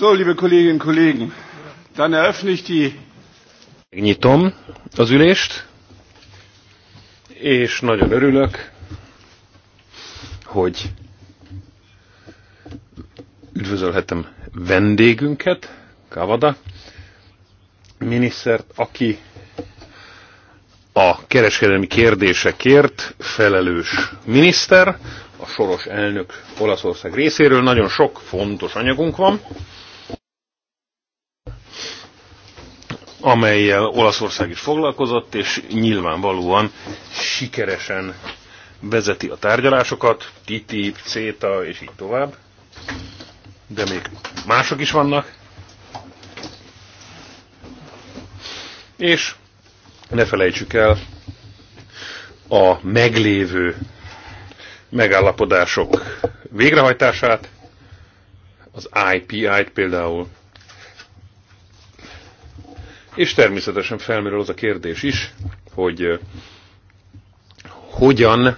So, liebe Kolleginnen und Kollegen, dann eröffne ich die... Nyitom az ülést, és nagyon örülök, hogy üdvözölhetem vendégünket, Kavada, minisztert, aki a kereskedelmi kérdésekért felelős miniszter, a soros elnök Olaszország részéről. Nagyon sok fontos anyagunk van, amelyel Olaszország is foglalkozott, és nyilvánvalóan sikeresen vezeti a tárgyalásokat, TTIP, CETA és így tovább. De még mások is vannak. És ne felejtsük el a meglévő megállapodások végrehajtását, az IPI-t például és természetesen felmerül az a kérdés is, hogy eh, hogyan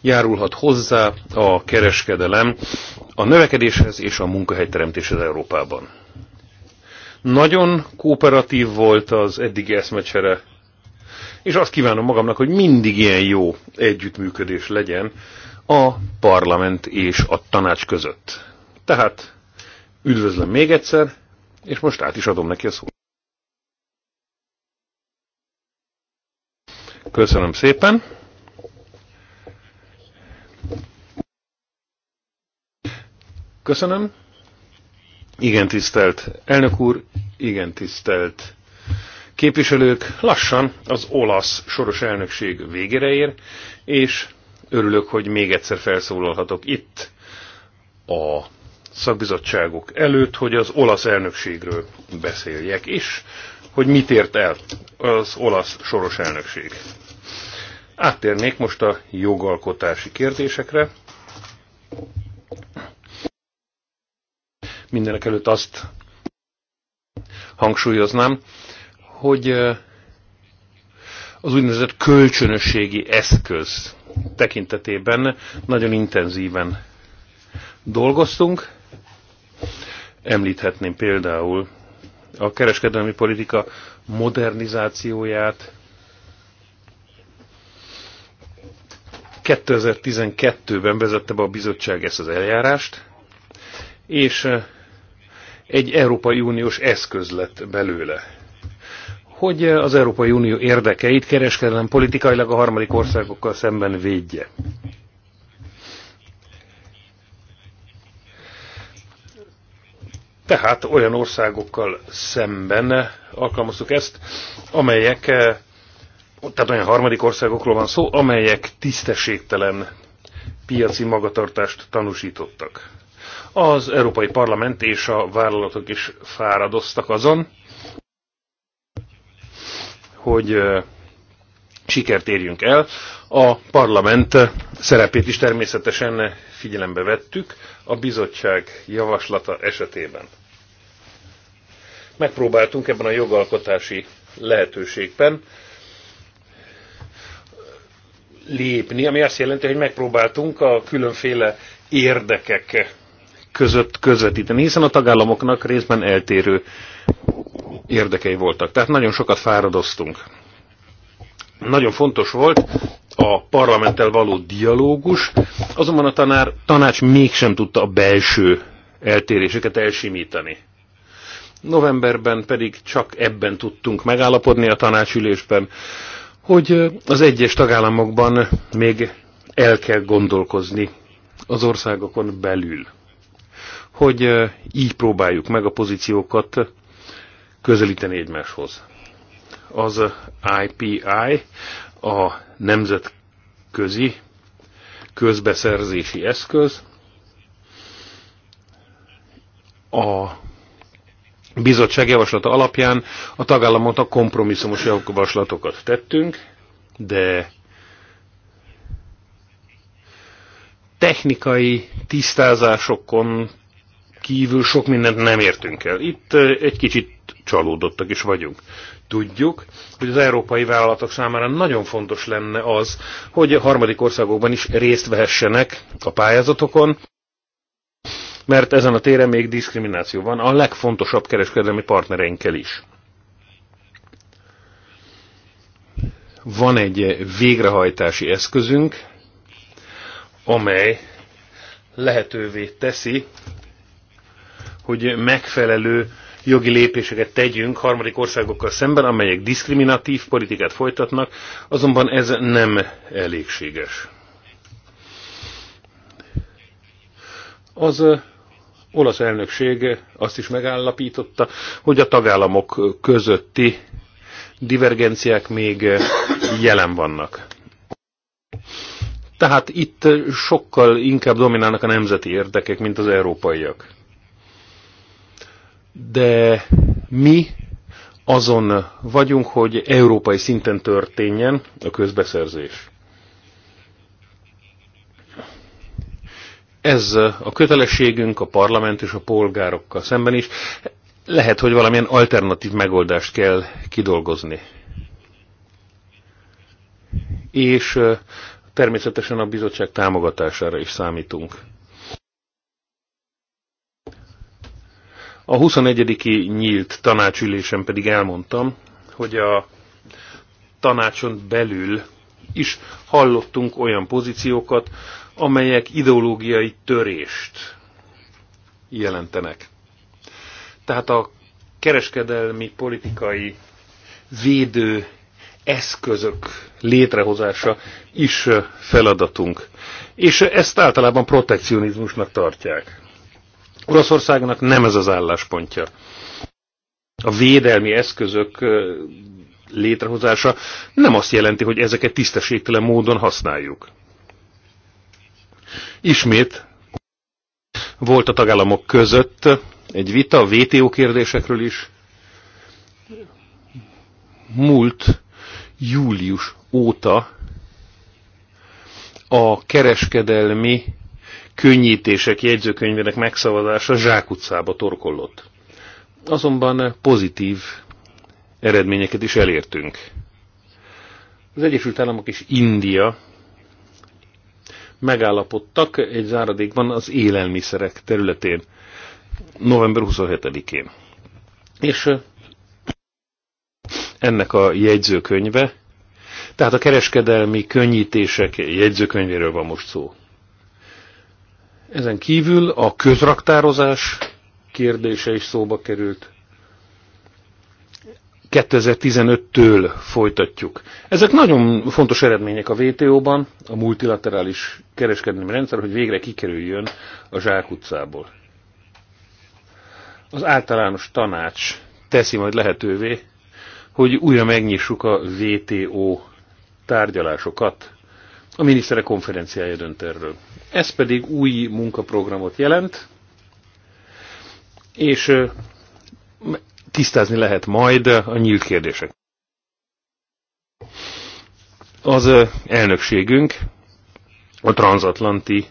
járulhat hozzá a kereskedelem a növekedéshez és a munkahelyteremtéshez Európában. Nagyon kooperatív volt az eddigi eszmecsere, és azt kívánom magamnak, hogy mindig ilyen jó együttműködés legyen a parlament és a tanács között. Tehát üdvözlöm még egyszer, és most át is adom neki a szót. Köszönöm szépen. Köszönöm. Igen tisztelt elnök úr, igen tisztelt képviselők, lassan az olasz soros elnökség végére ér, és örülök, hogy még egyszer felszólalhatok itt a szakbizottságok előtt, hogy az olasz elnökségről beszéljek, is hogy mit ért el az olasz soros elnökség. Áttérnék most a jogalkotási kérdésekre. Mindenek előtt azt hangsúlyoznám, hogy az úgynevezett kölcsönösségi eszköz tekintetében nagyon intenzíven dolgoztunk. Említhetném például a kereskedelmi politika modernizációját. 2012-ben vezette be a bizottság ezt az eljárást, és eh, egy Európai Uniós eszköz lett belőle hogy eh, az Európai Unió érdekeit kereskedelem politikailag a harmadik országokkal szemben védje. Tehát olyan országokkal szemben alkalmaztuk ezt, amelyek, eh, tehát olyan harmadik országokról van szó, amelyek tisztességtelen piaci magatartást tanúsítottak. Az Európai Parlament és a vállalatok is fáradoztak azon, hogy eh, sikert érjünk el. A parlament szerepét is természetesen figyelembe vettük a bizottság javaslata esetében megpróbáltunk ebben a jogalkotási lehetőségben lépni, ami azt jelenti, hogy megpróbáltunk a különféle érdekek között közvetíteni, hiszen a tagállamoknak részben eltérő érdekei voltak. Tehát nagyon sokat fáradoztunk. Nagyon fontos volt a parlamenttel való dialógus, azonban a tanár, tanács mégsem tudta a belső eltéréseket elsimítani novemberben pedig csak ebben tudtunk megállapodni a tanácsülésben, hogy az egyes tagállamokban még el kell gondolkozni az országokon belül, hogy így próbáljuk meg a pozíciókat közelíteni egymáshoz. Az IPI, a nemzetközi közbeszerzési eszköz, a bizottság javaslata alapján a tagállamoknak kompromisszumos javaslatokat tettünk, de technikai tisztázásokon kívül sok mindent nem értünk el. Itt egy kicsit csalódottak is vagyunk. Tudjuk, hogy az európai vállalatok számára nagyon fontos lenne az, hogy a harmadik országokban is részt vehessenek a pályázatokon, mert ezen a téren még diszkrimináció van a legfontosabb kereskedelmi partnereinkkel is. Van egy végrehajtási eszközünk, amely lehetővé teszi, hogy megfelelő jogi lépéseket tegyünk harmadik országokkal szemben, amelyek diszkriminatív politikát folytatnak, azonban ez nem elégséges. Az olasz elnökség azt is megállapította, hogy a tagállamok közötti divergenciák még jelen vannak. Tehát itt sokkal inkább dominálnak a nemzeti érdekek, mint az európaiak. De mi azon vagyunk, hogy európai szinten történjen a közbeszerzés. ez a kötelességünk a parlament és a polgárokkal szemben is. Lehet, hogy valamilyen alternatív megoldást kell kidolgozni. És természetesen a bizottság támogatására is számítunk. A 21. nyílt tanácsülésen pedig elmondtam, hogy a tanácson belül is hallottunk olyan pozíciókat, amelyek ideológiai törést jelentenek. Tehát a kereskedelmi politikai védő eszközök létrehozása is feladatunk. És ezt általában protekcionizmusnak tartják. Oroszországnak nem ez az álláspontja. A védelmi eszközök létrehozása nem azt jelenti, hogy ezeket tisztességtelen módon használjuk. Ismét volt a tagállamok között egy vita a VTO kérdésekről is. Múlt július óta a kereskedelmi könnyítések jegyzőkönyvének megszavazása zsákutcába torkollott. Azonban pozitív eredményeket is elértünk. Az Egyesült Államok és India megállapodtak egy záradékban az élelmiszerek területén november 27-én. És ennek a jegyzőkönyve, tehát a kereskedelmi könnyítések jegyzőkönyvéről van most szó. Ezen kívül a közraktározás kérdése is szóba került. 2015-től folytatjuk. Ezek nagyon fontos eredmények a WTO-ban, a multilaterális kereskedelmi rendszer, hogy végre kikerüljön a zsákutcából. Az általános tanács teszi majd lehetővé, hogy újra megnyissuk a WTO tárgyalásokat. A miniszterek konferenciája dönt erről. Ez pedig új munkaprogramot jelent, és tisztázni lehet majd a nyílt kérdések. Az elnökségünk a transatlanti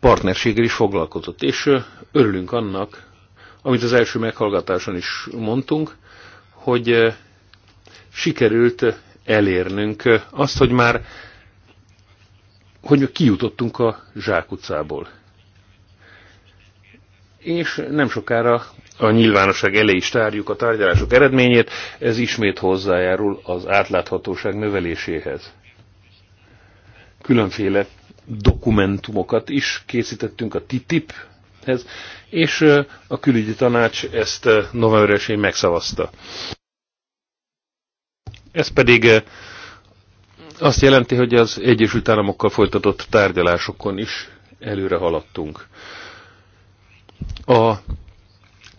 partnerséggel is foglalkozott, és örülünk annak, amit az első meghallgatáson is mondtunk, hogy sikerült elérnünk azt, hogy már hogy kijutottunk a zsákutcából és nem sokára a nyilvánosság elé is tárjuk a tárgyalások eredményét, ez ismét hozzájárul az átláthatóság növeléséhez. Különféle dokumentumokat is készítettünk a TTIP-hez, és a külügyi tanács ezt november esén megszavazta. Ez pedig azt jelenti, hogy az Egyesült Államokkal folytatott tárgyalásokon is előre haladtunk a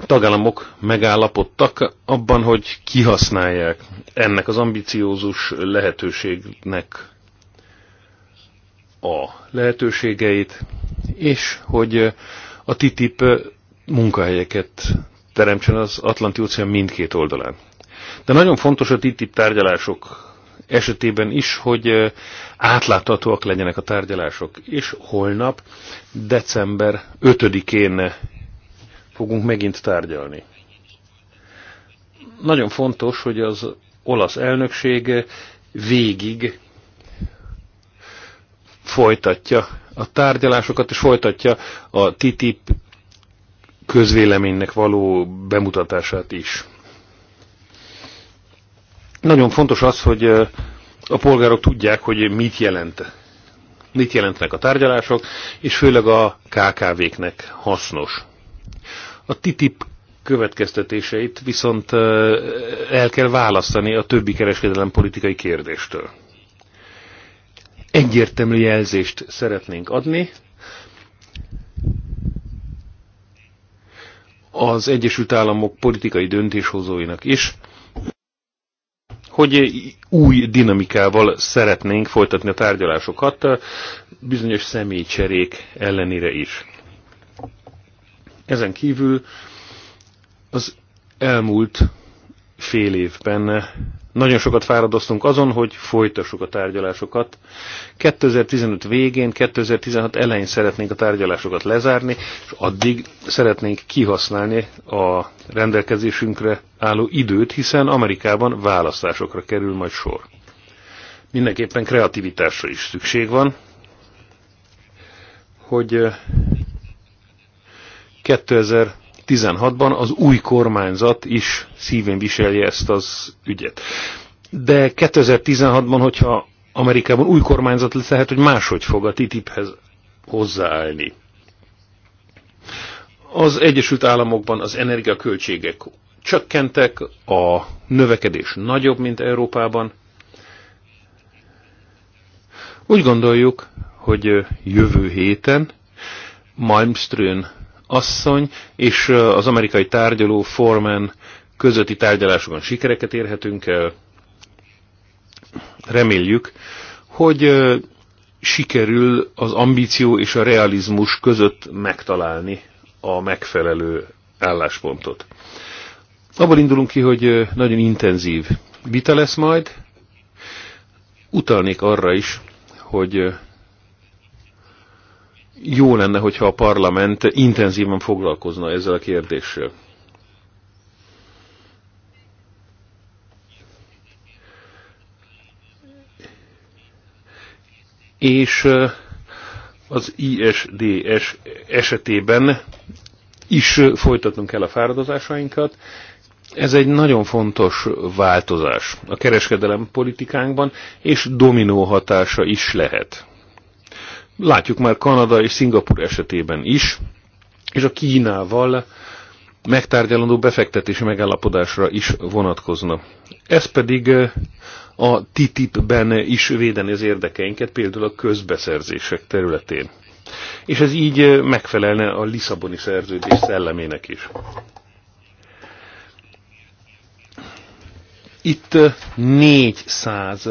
tagállamok megállapodtak abban, hogy kihasználják ennek az ambiciózus lehetőségnek a lehetőségeit, és hogy a TTIP munkahelyeket teremtsen az Atlanti óceán mindkét oldalán. De nagyon fontos a TTIP tárgyalások esetében is, hogy átláthatóak legyenek a tárgyalások. És holnap, december 5-én fogunk megint tárgyalni. Nagyon fontos, hogy az olasz elnökség végig folytatja a tárgyalásokat, és folytatja a TTIP közvéleménynek való bemutatását is. Nagyon fontos az, hogy a polgárok tudják, hogy mit jelent. Mit jelentnek a tárgyalások, és főleg a KKV-knek hasznos. A TTIP következtetéseit viszont el kell választani a többi kereskedelem politikai kérdéstől. Egyértelmű jelzést szeretnénk adni. Az Egyesült Államok politikai döntéshozóinak is, hogy új dinamikával szeretnénk folytatni a tárgyalásokat, bizonyos személycserék ellenére is. Ezen kívül az elmúlt fél évben nagyon sokat fáradoztunk azon, hogy folytassuk a tárgyalásokat. 2015 végén, 2016 elején szeretnénk a tárgyalásokat lezárni, és addig szeretnénk kihasználni a rendelkezésünkre álló időt, hiszen Amerikában választásokra kerül majd sor. Mindenképpen kreativitásra is szükség van, hogy 2000 eh, 2016-ban az új kormányzat is szívén viselje ezt az ügyet. De 2016-ban, hogyha Amerikában új kormányzat lesz, lehet, hogy máshogy fog a TTIP-hez hozzáállni. Az Egyesült Államokban az energiaköltségek csökkentek, a növekedés nagyobb, mint Európában. Úgy gondoljuk, hogy jövő héten Malmström asszony és az amerikai tárgyaló Foreman közötti tárgyalásokon sikereket érhetünk el. Reméljük, hogy sikerül az ambíció és a realizmus között megtalálni a megfelelő álláspontot. Abból indulunk ki, hogy nagyon intenzív vita lesz majd. Utalnék arra is, hogy jó lenne, hogyha a parlament intenzíven foglalkozna ezzel a kérdéssel. És az ISDS esetében is folytatnunk kell a fáradozásainkat. Ez egy nagyon fontos változás a kereskedelem politikánkban, és dominó hatása is lehet. Látjuk már Kanada és Szingapur esetében is, és a Kínával megtárgyalandó befektetési megállapodásra is vonatkozna. Ez pedig a TTIP-ben is védeni az érdekeinket, például a közbeszerzések területén. És ez így megfelelne a Lisszaboni szerződés szellemének is. Itt 400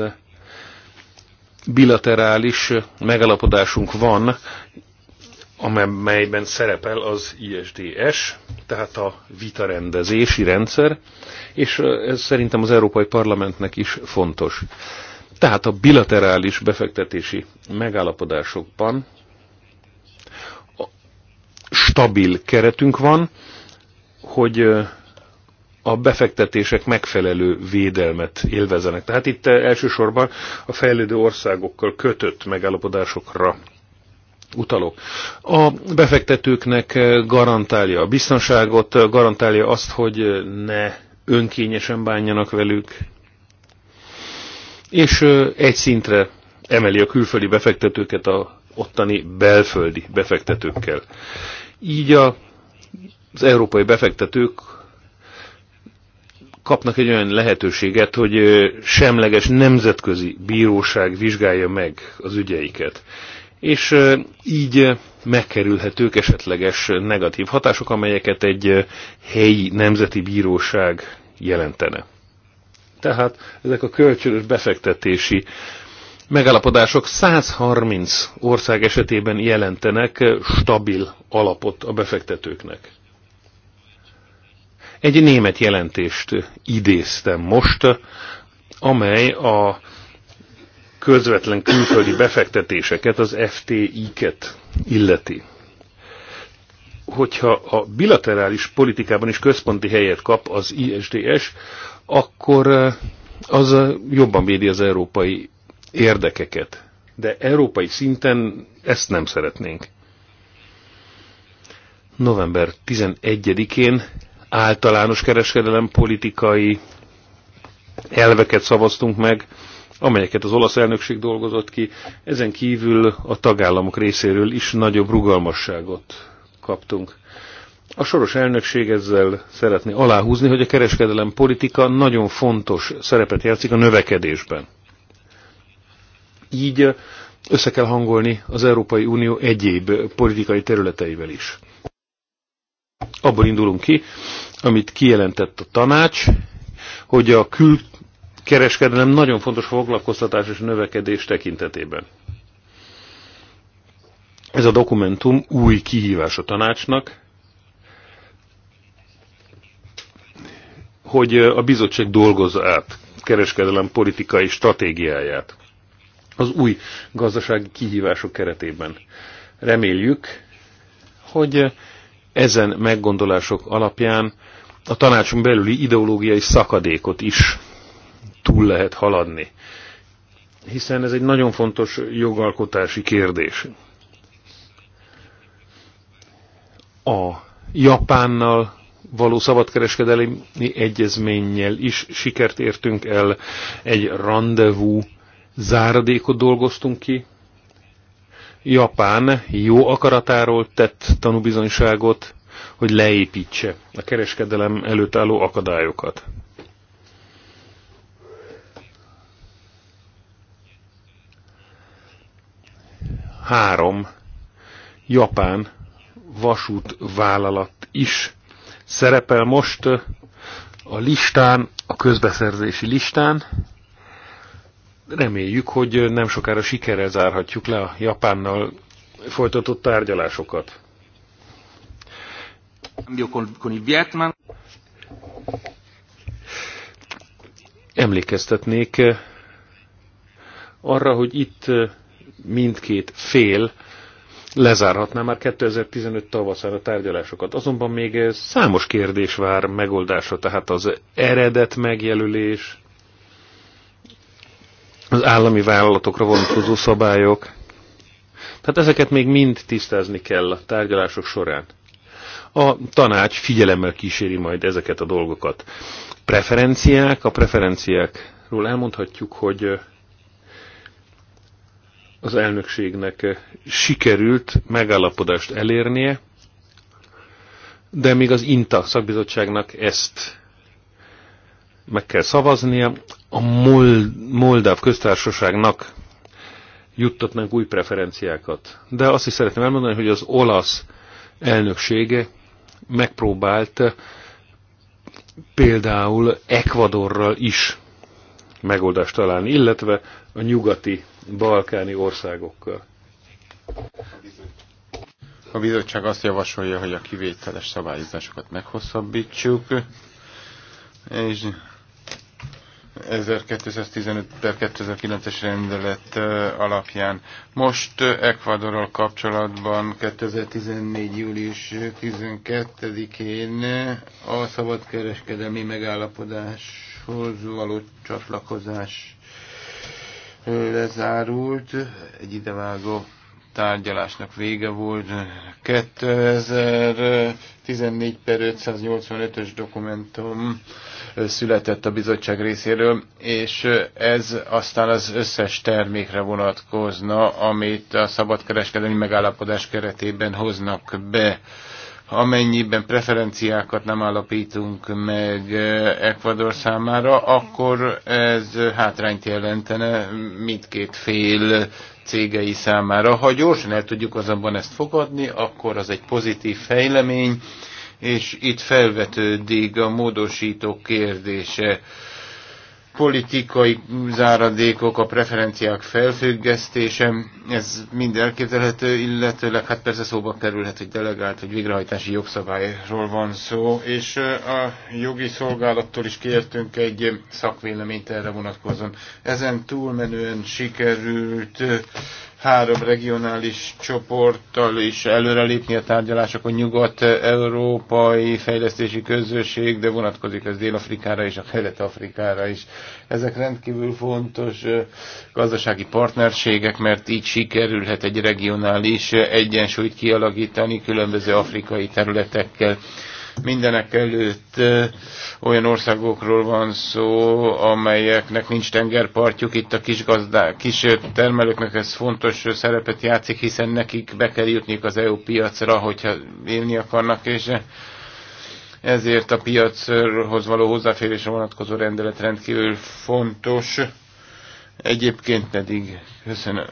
bilaterális megalapodásunk van, amelyben szerepel az ISDS, tehát a vitarendezési rendszer, és ez szerintem az Európai Parlamentnek is fontos. Tehát a bilaterális befektetési megállapodásokban stabil keretünk van, hogy a befektetések megfelelő védelmet élvezenek. Tehát itt eh, elsősorban a fejlődő országokkal kötött megállapodásokra utalok. A befektetőknek eh, garantálja a biztonságot, eh, garantálja azt, hogy ne önkényesen bánjanak velük, és egy szintre emeli a külföldi befektetőket a ottani belföldi befektetőkkel. Így a, az európai befektetők kapnak egy olyan lehetőséget, hogy semleges nemzetközi bíróság vizsgálja meg az ügyeiket. És így megkerülhetők esetleges negatív hatások, amelyeket egy helyi nemzeti bíróság jelentene. Tehát ezek a kölcsönös befektetési megállapodások 130 ország esetében jelentenek stabil alapot a befektetőknek. Egy német jelentést idéztem most, amely a közvetlen külföldi befektetéseket, az FTI-ket illeti. Hogyha a bilaterális politikában is központi helyet kap az ISDS, akkor eh, az eh, jobban védi az európai érdekeket. De európai szinten ezt nem szeretnénk. November 11-én általános kereskedelem politikai elveket szavaztunk meg, amelyeket az olasz elnökség dolgozott ki. Ezen kívül a tagállamok részéről is nagyobb rugalmasságot kaptunk. A soros elnökség ezzel szeretné aláhúzni, hogy a kereskedelem politika nagyon fontos szerepet játszik a növekedésben. Így össze kell hangolni az Európai Unió egyéb politikai területeivel is. Abból indulunk ki, amit kijelentett a tanács, hogy a külkereskedelem nagyon fontos foglalkoztatás és növekedés tekintetében. Ez a dokumentum új kihívás a tanácsnak, hogy a bizottság dolgozza át kereskedelem politikai stratégiáját az új gazdasági kihívások keretében. Reméljük, hogy ezen meggondolások alapján a tanácsunk belüli ideológiai szakadékot is túl lehet haladni. Hiszen ez egy nagyon fontos jogalkotási kérdés. A Japánnal való szabadkereskedelmi egyezménnyel is sikert értünk el, egy rendezvú záradékot dolgoztunk ki Japán jó akaratáról tett tanúbizonyságot, hogy leépítse a kereskedelem előtt álló akadályokat. Három japán vasútvállalat is szerepel most a listán, a közbeszerzési listán, reméljük, hogy nem sokára sikerrel zárhatjuk le a Japánnal folytatott tárgyalásokat. Emlékeztetnék arra, hogy itt mindkét fél lezárhatná már 2015 tavaszára tárgyalásokat. Azonban még számos kérdés vár megoldásra, tehát az eredet megjelölés, az állami vállalatokra vonatkozó szabályok. Tehát ezeket még mind tisztázni kell a tárgyalások során. A tanács figyelemmel kíséri majd ezeket a dolgokat. Preferenciák, a preferenciákról elmondhatjuk, hogy az elnökségnek sikerült megállapodást elérnie, de még az INTA szakbizottságnak ezt meg kell szavaznia. A Moldáv köztársaságnak juttatnánk új preferenciákat. De azt is szeretném elmondani, hogy az olasz elnöksége megpróbált például Ekvadorral is megoldást találni, illetve a nyugati balkáni országokkal. A bizottság azt javasolja, hogy a kivételes szabályozásokat meghosszabbítsuk, és 1215 2009-es rendelet alapján. Most Ecuadorral kapcsolatban 2014. július 12-én a szabadkereskedelmi megállapodáshoz való csatlakozás lezárult, egy idevágó tárgyalásnak vége volt. 2014 per 585-ös dokumentum született a bizottság részéről, és ez aztán az összes termékre vonatkozna, amit a szabadkereskedelmi megállapodás keretében hoznak be amennyiben preferenciákat nem állapítunk meg eh, Ecuador számára, akkor ez hátrányt jelentene mindkét fél cégei számára. Ha gyorsan el tudjuk azonban ezt fogadni, akkor az egy pozitív fejlemény, és itt felvetődik a módosító kérdése politikai záradékok, a preferenciák felfüggesztése, ez mind elképzelhető, illetőleg hát persze szóba kerülhet, hogy delegált, hogy végrehajtási jogszabályról van szó, és a jogi szolgálattól is kértünk egy szakvéleményt erre vonatkozóan. Ezen túlmenően sikerült három regionális csoporttal is előrelépni a tárgyalásokon nyugat-európai fejlesztési közösség, de vonatkozik ez Dél-Afrikára és a Kelet-Afrikára is. Ezek rendkívül fontos gazdasági partnerségek, mert így sikerülhet egy regionális egyensúlyt kialakítani különböző afrikai területekkel. Mindenek előtt olyan országokról van szó, amelyeknek nincs tengerpartjuk, itt a kis, gazdá, kis termelőknek ez fontos szerepet játszik, hiszen nekik be kell jutniuk az EU piacra, hogyha élni akarnak, és ezért a piachoz való hozzáférésre vonatkozó rendelet rendkívül fontos. Egyébként pedig köszönöm,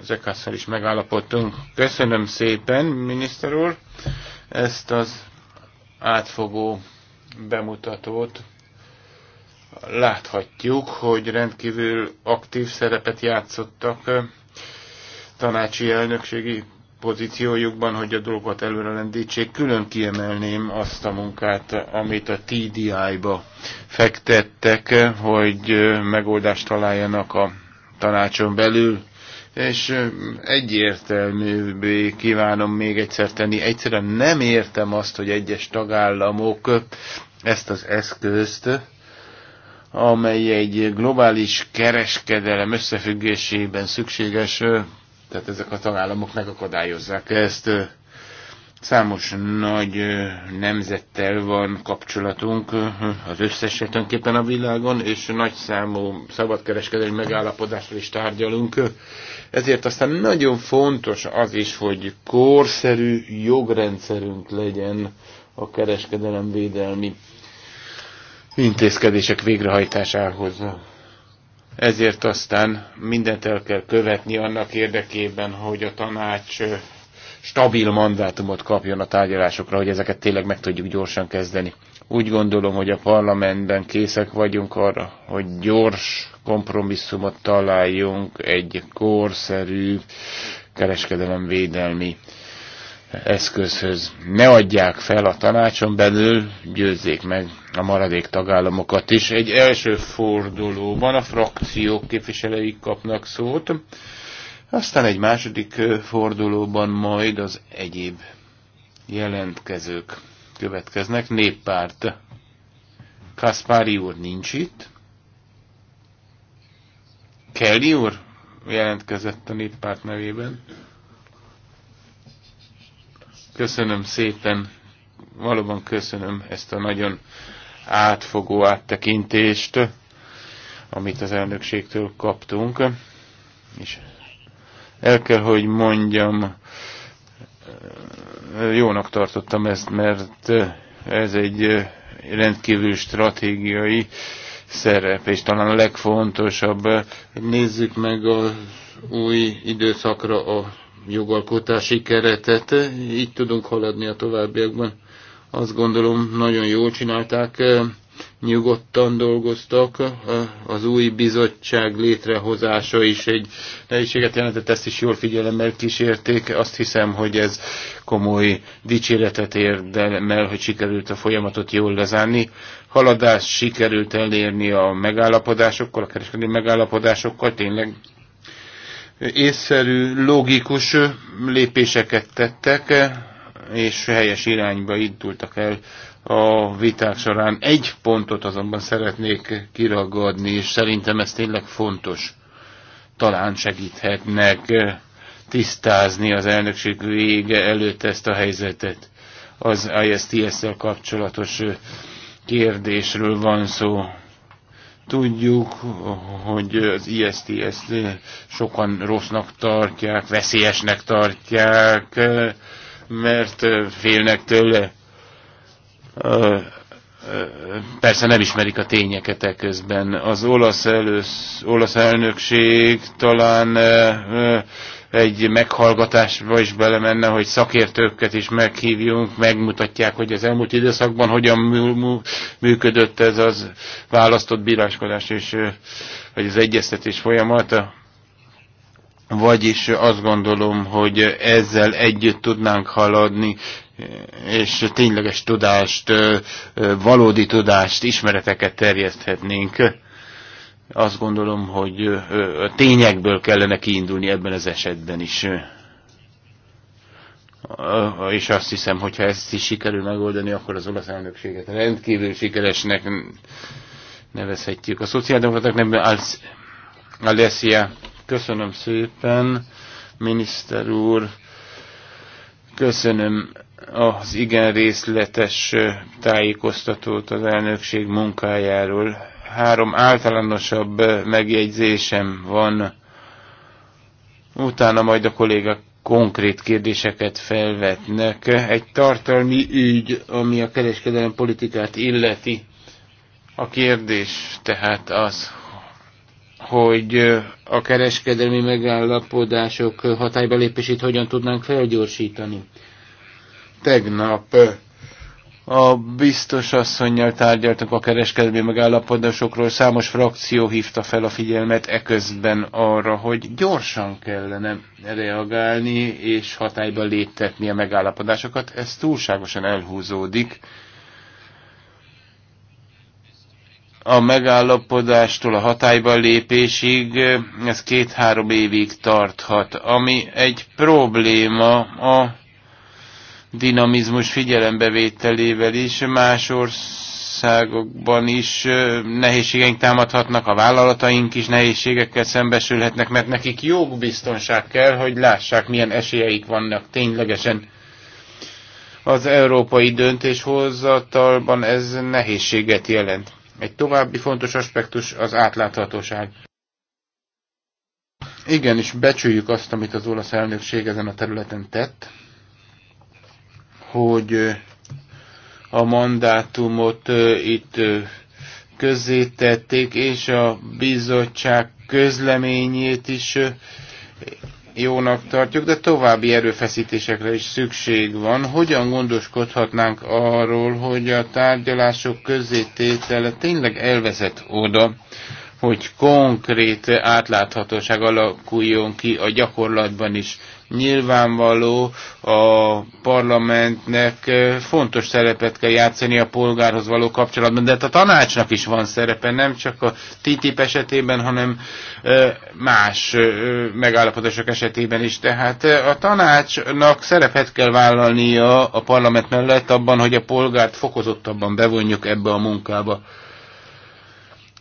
ezekkel is megállapodtunk. Köszönöm szépen, miniszter úr, ezt az átfogó bemutatót. Láthatjuk, hogy rendkívül aktív szerepet játszottak eh, tanácsi elnökségi pozíciójukban, hogy a dolgokat előre lendítsék. Külön kiemelném azt a munkát, amit a TDI-ba fektettek, eh, hogy eh, megoldást találjanak a tanácson belül és egyértelművé kívánom még egyszer tenni. Egyszerűen nem értem azt, hogy egyes tagállamok ezt az eszközt, amely egy globális kereskedelem összefüggésében szükséges, tehát ezek a tagállamok megakadályozzák ezt. Számos nagy nemzettel van kapcsolatunk, az összes tulajdonképpen a világon, és nagy számú szabadkereskedelmi megállapodásról is tárgyalunk. Ezért aztán nagyon fontos az is, hogy korszerű jogrendszerünk legyen a kereskedelem védelmi intézkedések végrehajtásához. Ezért aztán mindent el kell követni annak érdekében, hogy a tanács stabil mandátumot kapjon a tárgyalásokra, hogy ezeket tényleg meg tudjuk gyorsan kezdeni. Úgy gondolom, hogy a parlamentben készek vagyunk arra, hogy gyors kompromisszumot találjunk egy korszerű kereskedelemvédelmi eszközhöz. Ne adják fel a tanácson belül, győzzék meg a maradék tagállamokat is. Egy első fordulóban a frakciók képviselői kapnak szót. Aztán egy második fordulóban majd az egyéb jelentkezők következnek. Néppárt. Kaspári úr nincs itt. Kelly úr jelentkezett a néppárt nevében. Köszönöm szépen, valóban köszönöm ezt a nagyon átfogó áttekintést, amit az elnökségtől kaptunk, és el kell, hogy mondjam, jónak tartottam ezt, mert ez egy rendkívül stratégiai szerep, és talán a legfontosabb. Nézzük meg az új időszakra a jogalkotási keretet, így tudunk haladni a továbbiakban. Azt gondolom, nagyon jól csinálták nyugodtan dolgoztak. Az új bizottság létrehozása is egy nehézséget jelentett, ezt is jól figyelemmel kísérték. Azt hiszem, hogy ez komoly dicséretet érdemel, hogy sikerült a folyamatot jól lezárni. Haladást sikerült elérni a megállapodásokkal, a kereskedelmi megállapodásokkal, tényleg észszerű, logikus lépéseket tettek, és helyes irányba indultak el a viták során. Egy pontot azonban szeretnék kiragadni, és szerintem ez tényleg fontos. Talán segíthetnek eh, tisztázni az elnökség vége előtt ezt a helyzetet. Az ISTS-szel kapcsolatos eh, kérdésről van szó. Tudjuk, hogy az ists eh, sokan rossznak tartják, veszélyesnek tartják, mert félnek tőle persze nem ismerik a tényeket e közben Az olasz, elősz, olasz elnökség talán egy meghallgatásba is belemenne, hogy szakértőket is meghívjunk, megmutatják, hogy az elmúlt időszakban hogyan működött ez az választott bíráskodás és vagy az egyeztetés folyamata. Vagyis azt gondolom, hogy ezzel együtt tudnánk haladni, és tényleges tudást, valódi tudást, ismereteket terjeszthetnénk. Azt gondolom, hogy a tényekből kellene kiindulni ebben az esetben is. És azt hiszem, hogyha ezt is sikerül megoldani, akkor az olasz elnökséget rendkívül sikeresnek nevezhetjük. A szociáldemokraták nem Alessia. Köszönöm szépen, miniszter úr. Köszönöm az igen részletes tájékoztatót az elnökség munkájáról. Három általánosabb megjegyzésem van, utána majd a kollégák konkrét kérdéseket felvetnek. Egy tartalmi ügy, ami a kereskedelem politikát illeti. A kérdés tehát az, hogy a kereskedelmi megállapodások hatályba lépését hogyan tudnánk felgyorsítani. Tegnap a biztos asszonynal tárgyaltak a kereskedelmi megállapodásokról, számos frakció hívta fel a figyelmet eközben arra, hogy gyorsan kellene reagálni és hatályba léptetni a megállapodásokat. Ez túlságosan elhúzódik. A megállapodástól a hatályba lépésig ez két-három évig tarthat, ami egy probléma a dinamizmus figyelembevételével is más országokban is nehézségeink támadhatnak, a vállalataink is nehézségekkel szembesülhetnek, mert nekik jogbiztonság kell, hogy lássák, milyen esélyeik vannak ténylegesen. Az európai döntéshozatalban ez nehézséget jelent. Egy további fontos aspektus az átláthatóság. Igen, és becsüljük azt, amit az olasz elnökség ezen a területen tett, hogy a mandátumot itt közzétették, és a bizottság közleményét is jónak tartjuk, de további erőfeszítésekre is szükség van. Hogyan gondoskodhatnánk arról, hogy a tárgyalások közzététele tényleg elvezet oda, hogy konkrét átláthatóság alakuljon ki a gyakorlatban is, Nyilvánvaló a parlamentnek fontos szerepet kell játszani a polgárhoz való kapcsolatban, de hát a tanácsnak is van szerepe, nem csak a TTIP esetében, hanem más megállapodások esetében is. Tehát a tanácsnak szerepet kell vállalnia a parlament mellett abban, hogy a polgárt fokozottabban bevonjuk ebbe a munkába.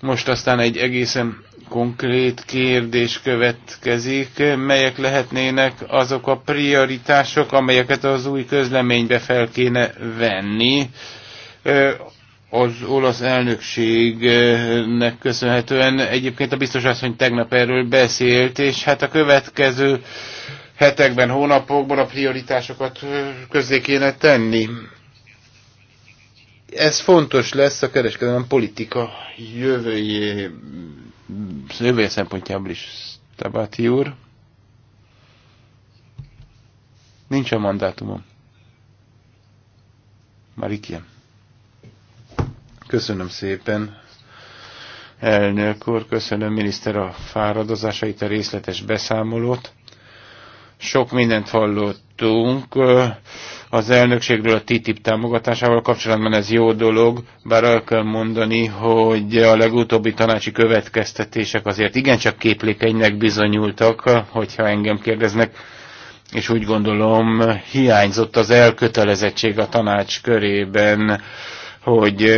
Most aztán egy egészen konkrét kérdés következik, melyek lehetnének azok a prioritások, amelyeket az új közleménybe fel kéne venni az olasz elnökségnek köszönhetően. Egyébként a biztos asszony tegnap erről beszélt, és hát a következő hetekben, hónapokban a prioritásokat közzé kéne tenni. Ez fontos lesz a kereskedelem politika jövőjé szövő szempontjából is Tabati úr. Nincs a mandátumom. Marikia. Köszönöm szépen. Elnök úr, köszönöm miniszter a fáradozásait, a részletes beszámolót. Sok mindent hallottunk az elnökségről a TTIP támogatásával kapcsolatban ez jó dolog, bár el kell mondani, hogy a legutóbbi tanácsi következtetések azért igencsak képlékenynek bizonyultak, hogyha engem kérdeznek, és úgy gondolom hiányzott az elkötelezettség a tanács körében hogy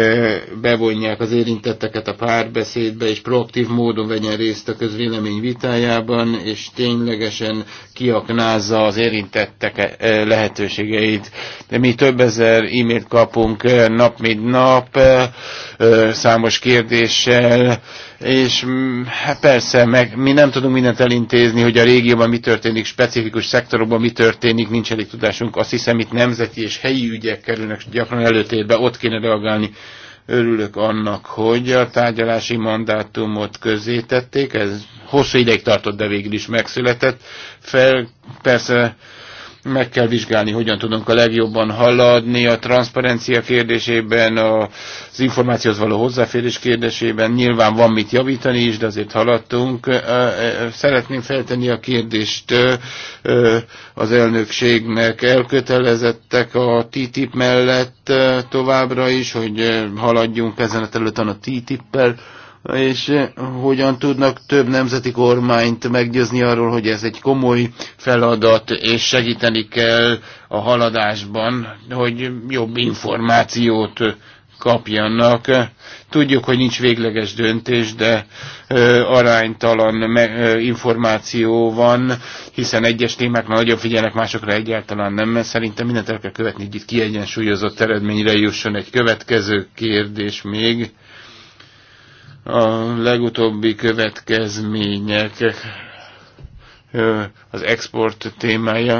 bevonják az érintetteket a párbeszédbe, és proaktív módon vegyen részt a közvélemény vitájában, és ténylegesen kiaknázza az érintettek lehetőségeit. De mi több ezer e-mailt kapunk nap, mint nap, számos kérdéssel, és mm, hát persze, meg mi nem tudunk mindent elintézni, hogy a régióban mi történik, specifikus szektorokban mi történik, nincs elég tudásunk. Azt hiszem, itt nemzeti és helyi ügyek kerülnek gyakran előtérbe, ott kéne reagálni. Örülök annak, hogy a tárgyalási mandátumot közé tették, ez hosszú ideig tartott, de végül is megszületett. Fel, persze meg kell vizsgálni, hogyan tudunk a legjobban haladni a transzparencia kérdésében, az információhoz való hozzáférés kérdésében. Nyilván van mit javítani is, de azért haladtunk. Szeretném feltenni a kérdést az elnökségnek. Elkötelezettek a TTIP mellett továbbra is, hogy haladjunk ezen a területen a TTIP-pel és eh, hogyan tudnak több nemzeti kormányt meggyőzni arról, hogy ez egy komoly feladat, és segíteni kell a haladásban, hogy jobb információt kapjanak. Tudjuk, hogy nincs végleges döntés, de ö, eh, aránytalan me, ö, eh, információ van, hiszen egyes témák már nagyobb figyelnek, másokra egyáltalán nem, mert szerintem mindent el kell követni, hogy itt kiegyensúlyozott eredményre jusson egy következő kérdés még a legutóbbi következmények az export témája.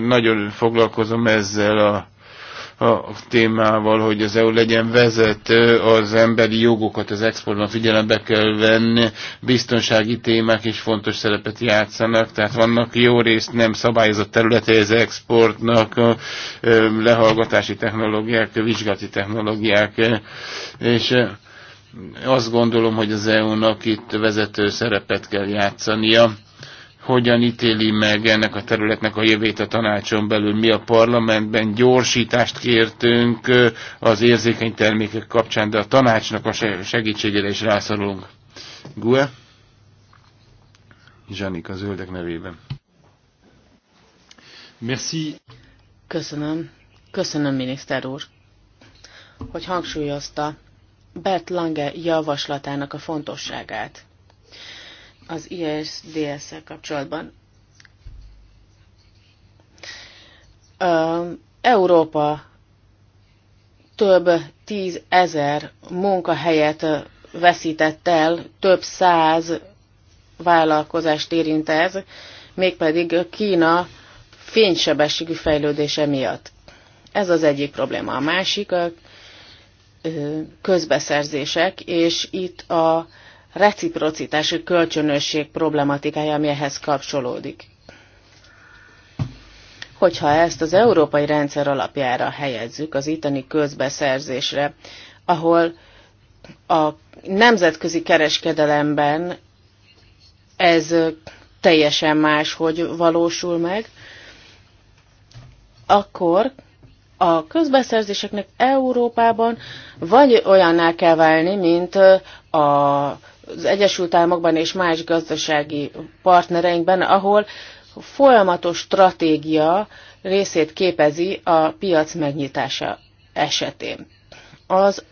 Nagyon foglalkozom ezzel a, a témával, hogy az EU legyen vezető, az emberi jogokat az exportban figyelembe kell venni, biztonsági témák is fontos szerepet játszanak, tehát vannak jó részt nem szabályozott területe az exportnak, lehallgatási technológiák, vizsgati technológiák, és azt gondolom, hogy az EU-nak itt vezető szerepet kell játszania. Hogyan ítéli meg ennek a területnek a jövét a tanácson belül? Mi a parlamentben gyorsítást kértünk az érzékeny termékek kapcsán, de a tanácsnak a segítségére is rászorulunk. Gue? Zsanik, az zöldek nevében. Merci. Köszönöm. Köszönöm, miniszter úr, hogy hangsúlyozta Bert Lange javaslatának a fontosságát az ISDS-szel kapcsolatban. Európa több tízezer munkahelyet veszített el, több száz vállalkozást érint ez, mégpedig Kína fénysebességű fejlődése miatt. Ez az egyik probléma. A másik közbeszerzések, és itt a reciprocitási kölcsönösség problematikája, ami ehhez kapcsolódik. Hogyha ezt az európai rendszer alapjára helyezzük, az itteni közbeszerzésre, ahol a nemzetközi kereskedelemben ez teljesen más, hogy valósul meg, akkor a közbeszerzéseknek Európában vagy olyanná kell válni, mint az Egyesült Államokban és más gazdasági partnereinkben, ahol folyamatos stratégia részét képezi a piac megnyitása esetén. Az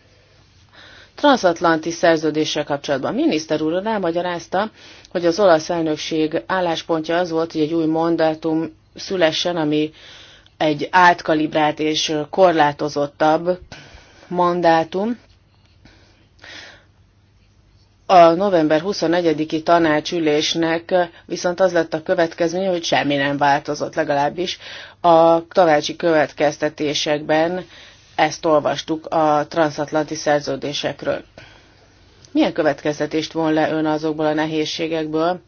transatlanti szerződéssel kapcsolatban miniszter úr elmagyarázta, hogy az olasz elnökség álláspontja az volt, hogy egy új mandátum szülessen, ami egy átkalibrált és korlátozottabb mandátum. A november 21-i tanácsülésnek viszont az lett a következménye, hogy semmi nem változott legalábbis. A tanácsi következtetésekben ezt olvastuk a transatlanti szerződésekről. Milyen következtetést von le ön azokból a nehézségekből,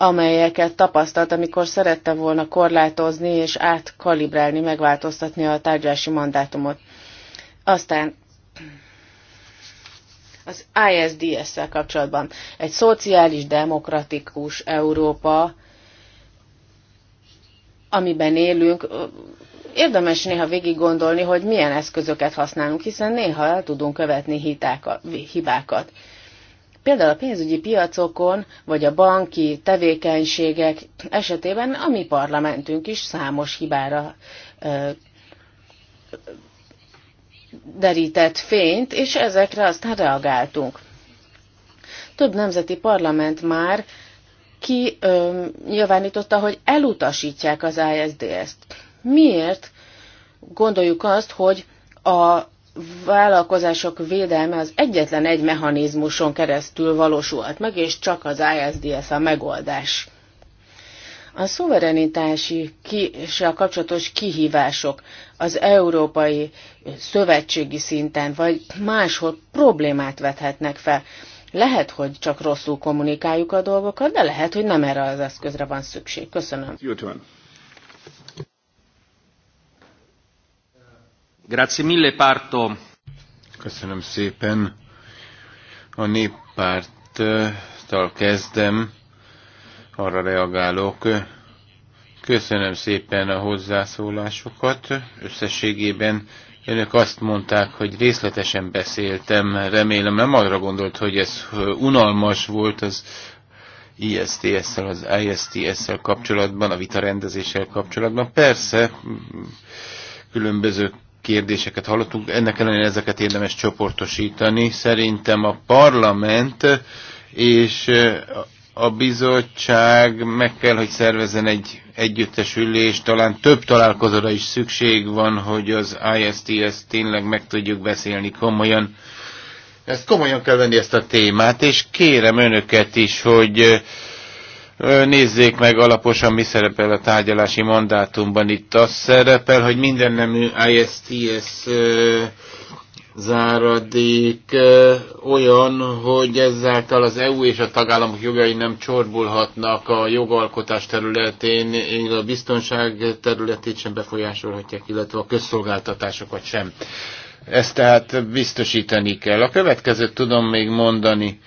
amelyeket tapasztalt, amikor szerette volna korlátozni és átkalibrálni, megváltoztatni a tárgyalási mandátumot. Aztán az ISDS-szel kapcsolatban egy szociális, demokratikus Európa, amiben élünk, érdemes néha végig gondolni, hogy milyen eszközöket használunk, hiszen néha el tudunk követni hitákat, hibákat. Például a pénzügyi piacokon, vagy a banki tevékenységek esetében a mi parlamentünk is számos hibára ö, derített fényt, és ezekre aztán reagáltunk. Több nemzeti parlament már ki ö, nyilvánította, hogy elutasítják az ISDS-t. Miért gondoljuk azt, hogy a vállalkozások védelme az egyetlen egy mechanizmuson keresztül valósulhat meg, és csak az ISDS a megoldás. A szuverenitási ki- és a kapcsolatos kihívások az európai szövetségi szinten, vagy máshol problémát vethetnek fel. Lehet, hogy csak rosszul kommunikáljuk a dolgokat, de lehet, hogy nem erre az eszközre van szükség. Köszönöm. Your turn. Köszönöm szépen. A néppárttal kezdem, arra reagálok. Köszönöm szépen a hozzászólásokat. Összességében önök azt mondták, hogy részletesen beszéltem. Remélem nem arra gondolt, hogy ez unalmas volt az ISTS-szel, az ISTS-szel kapcsolatban, a vitarendezéssel kapcsolatban. Persze, különböző kérdéseket hallottunk, ennek ellenére ezeket érdemes csoportosítani. Szerintem a parlament és a bizottság meg kell, hogy szervezzen egy együttesülést, talán több találkozóra is szükség van, hogy az ISTS tényleg meg tudjuk beszélni komolyan. Ezt komolyan kell venni ezt a témát, és kérem önöket is, hogy Nézzék meg alaposan, mi szerepel a tárgyalási mandátumban. Itt az szerepel, hogy minden nemű ISTS záradék olyan, hogy ezáltal az EU és a tagállamok jogai nem csorbulhatnak a jogalkotás területén, a biztonság területét sem befolyásolhatják, illetve a közszolgáltatásokat sem. Ezt tehát biztosítani kell. A következőt tudom még mondani.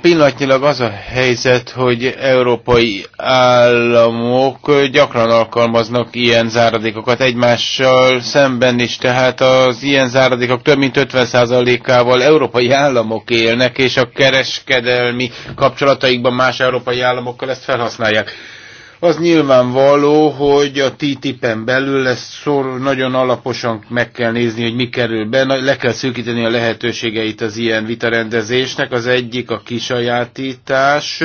Pillanatnyilag az a helyzet, hogy európai államok gyakran alkalmaznak ilyen záradékokat egymással szemben is, tehát az ilyen záradékok több mint 50%-ával európai államok élnek, és a kereskedelmi kapcsolataikban más európai államokkal ezt felhasználják az nyilvánvaló, hogy a TTIP-en belül lesz szor, nagyon alaposan meg kell nézni, hogy mi kerül be, le kell szűkíteni a lehetőségeit az ilyen vitarendezésnek. Az egyik a kisajátítás,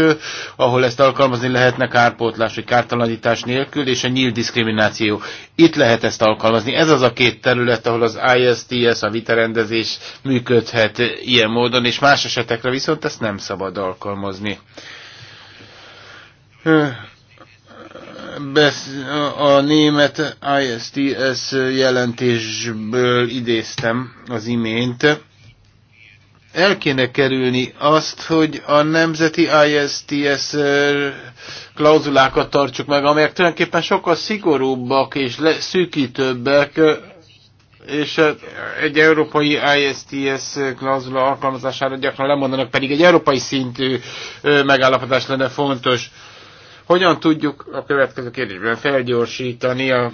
ahol ezt alkalmazni lehetne kárpótlás vagy kártalanítás nélkül, és a nyílt diszkrimináció. Itt lehet ezt alkalmazni. Ez az a két terület, ahol az ISTS, a vitarendezés működhet ilyen módon, és más esetekre viszont ezt nem szabad alkalmazni a német ISTS jelentésből idéztem az imént. El kéne kerülni azt, hogy a nemzeti ISTS klauzulákat tartsuk meg, amelyek tulajdonképpen sokkal szigorúbbak és szűkítőbbek, és egy európai ISTS klauzula alkalmazására gyakran lemondanak, pedig egy európai szintű megállapodás lenne fontos hogyan tudjuk a következő kérdésben felgyorsítani a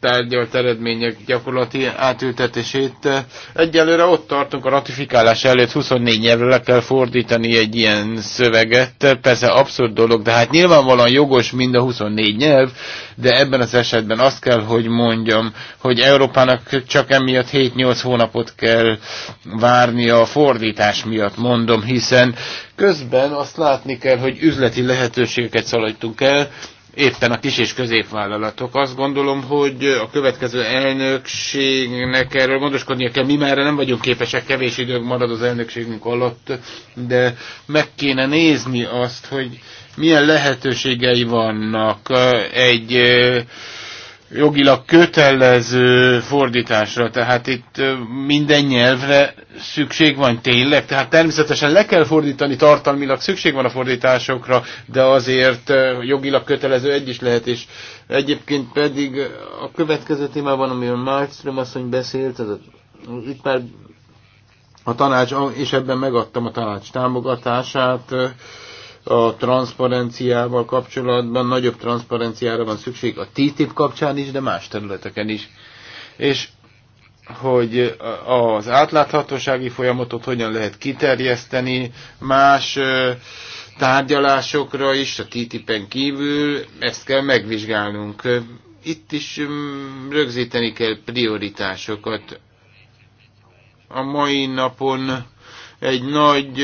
tárgyalt eredmények gyakorlati átültetését. Egyelőre ott tartunk a ratifikálás előtt, 24 nyelvre le kell fordítani egy ilyen szöveget. Persze abszurd dolog, de hát nyilvánvalóan jogos mind a 24 nyelv, de ebben az esetben azt kell, hogy mondjam, hogy Európának csak emiatt 7-8 hónapot kell várnia a fordítás miatt, mondom, hiszen közben azt látni kell, hogy üzleti lehetőségeket szaladtunk el, éppen a kis és középvállalatok. Azt gondolom, hogy a következő elnökségnek erről gondoskodnia kell. Mi már nem vagyunk képesek, kevés időnk marad az elnökségünk alatt, de meg kéne nézni azt, hogy milyen lehetőségei vannak egy jogilag kötelező fordításra, tehát itt minden nyelvre szükség van tényleg, tehát természetesen le kell fordítani, tartalmilag szükség van a fordításokra, de azért jogilag kötelező egy is lehet, és egyébként pedig a következő témában, amiről Malmström asszony beszélt, az a, itt már a tanács, és ebben megadtam a tanács támogatását, a transzparenciával kapcsolatban. Nagyobb transzparenciára van szükség a TTIP kapcsán is, de más területeken is. És hogy az átláthatósági folyamatot hogyan lehet kiterjeszteni más tárgyalásokra is, a TTIP-en kívül, ezt kell megvizsgálnunk. Itt is rögzíteni kell prioritásokat. A mai napon egy nagy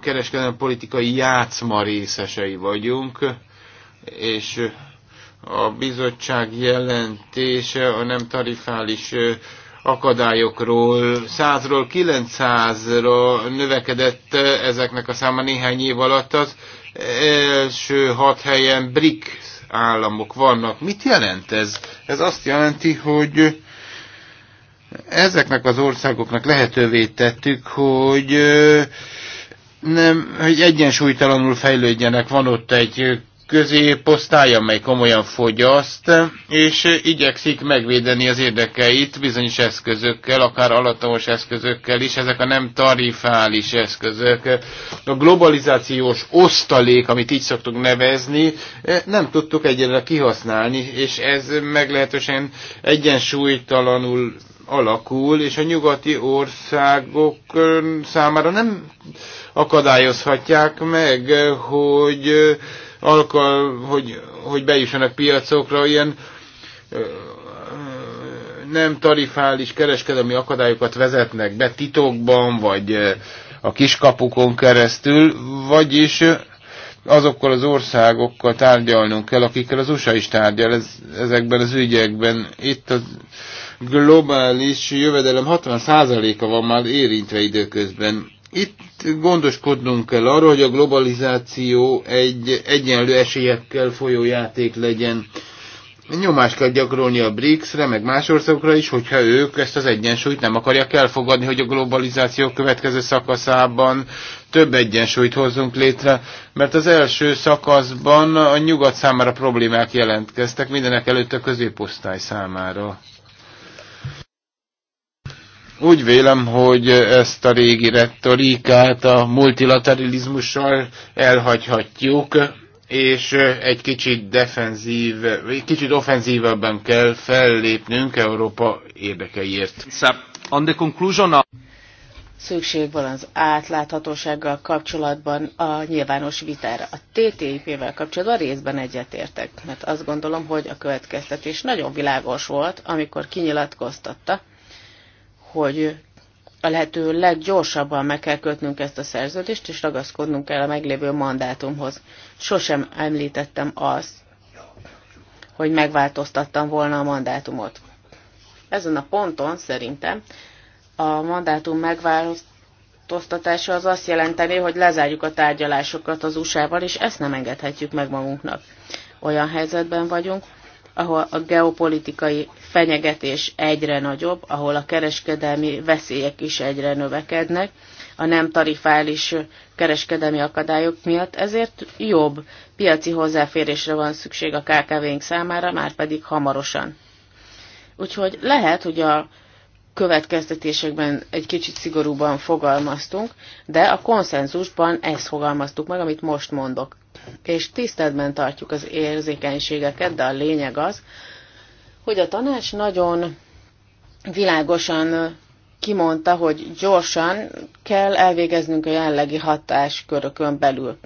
kereskedelmi politikai játszma részesei vagyunk, és a bizottság jelentése a nem tarifális akadályokról 100-ról 900-ra növekedett ezeknek a száma néhány év alatt az első hat helyen BRIC államok vannak. Mit jelent ez? Ez azt jelenti, hogy Ezeknek az országoknak lehetővé tettük, hogy nem, hogy egyensúlytalanul fejlődjenek. Van ott egy középosztály, amely komolyan fogyaszt, és igyekszik megvédeni az érdekeit bizonyos eszközökkel, akár alattomos eszközökkel is, ezek a nem tarifális eszközök. A globalizációs osztalék, amit így szoktuk nevezni, nem tudtuk egyre kihasználni, és ez meglehetősen egyensúlytalanul alakul, és a nyugati országok számára nem akadályozhatják meg, hogy, eh, alkal, hogy, hogy bejussanak piacokra ilyen eh, nem tarifális kereskedelmi akadályokat vezetnek be titokban, vagy eh, a kiskapukon keresztül, vagyis azokkal az országokkal tárgyalnunk kell, akikkel az USA is tárgyal ez, ezekben az ügyekben. Itt az globális jövedelem 60%-a van már érintve időközben. Itt gondoskodnunk kell arról, hogy a globalizáció egy egyenlő esélyekkel folyó játék legyen. Nyomást kell gyakorolni a BRICS-re, meg más országokra is, hogyha ők ezt az egyensúlyt nem akarják elfogadni, hogy a globalizáció következő szakaszában több egyensúlyt hozzunk létre, mert az első szakaszban a nyugat számára problémák jelentkeztek, mindenek előtt a középosztály számára. Úgy vélem, hogy ezt a régi retorikát a multilateralizmussal elhagyhatjuk, és egy kicsit defenzív, kicsit offenzívabban kell fellépnünk Európa érdekeiért. On the conclusion of... Szükség van az átláthatósággal kapcsolatban a nyilvános vitára. A TTIP-vel kapcsolatban részben egyetértek, mert azt gondolom, hogy a következtetés nagyon világos volt, amikor kinyilatkoztatta, hogy a lehető leggyorsabban meg kell kötnünk ezt a szerződést, és ragaszkodnunk kell a meglévő mandátumhoz. Sosem említettem azt, hogy megváltoztattam volna a mandátumot. Ezen a ponton szerintem a mandátum megváltoztatása az azt jelenteni, hogy lezárjuk a tárgyalásokat az USA-val, és ezt nem engedhetjük meg magunknak. Olyan helyzetben vagyunk, ahol a geopolitikai fenyegetés egyre nagyobb, ahol a kereskedelmi veszélyek is egyre növekednek a nem tarifális kereskedelmi akadályok miatt, ezért jobb piaci hozzáférésre van szükség a KKV-nk számára, már pedig hamarosan. Úgyhogy lehet, hogy a következtetésekben egy kicsit szigorúban fogalmaztunk, de a konszenzusban ezt fogalmaztuk meg, amit most mondok. És tiszteletben tartjuk az érzékenységeket, de a lényeg az, hogy a tanács nagyon világosan kimondta, hogy gyorsan kell elvégeznünk a jelenlegi hatáskörökön belül.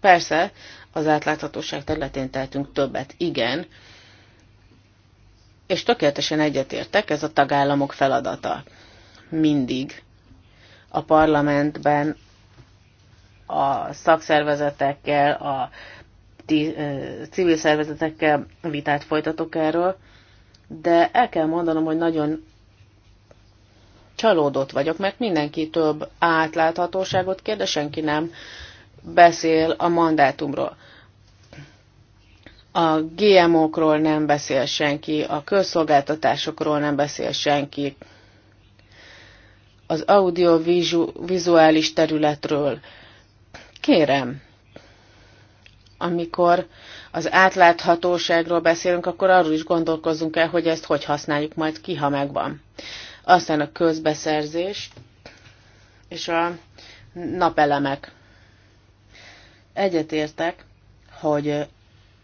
Persze, az átláthatóság területén tehetünk többet, igen, és tökéletesen egyetértek, ez a tagállamok feladata. Mindig a parlamentben a szakszervezetekkel, a civil szervezetekkel vitát folytatok erről, de el kell mondanom, hogy nagyon csalódott vagyok, mert mindenki több átláthatóságot kér, de senki nem beszél a mandátumról. A GMO-król nem beszél senki, a közszolgáltatásokról nem beszél senki, az audiovizuális területről. Kérem, amikor az átláthatóságról beszélünk, akkor arról is gondolkozzunk el, hogy ezt hogy használjuk majd ki, ha megvan. Aztán a közbeszerzés és a napelemek. Egyetértek, hogy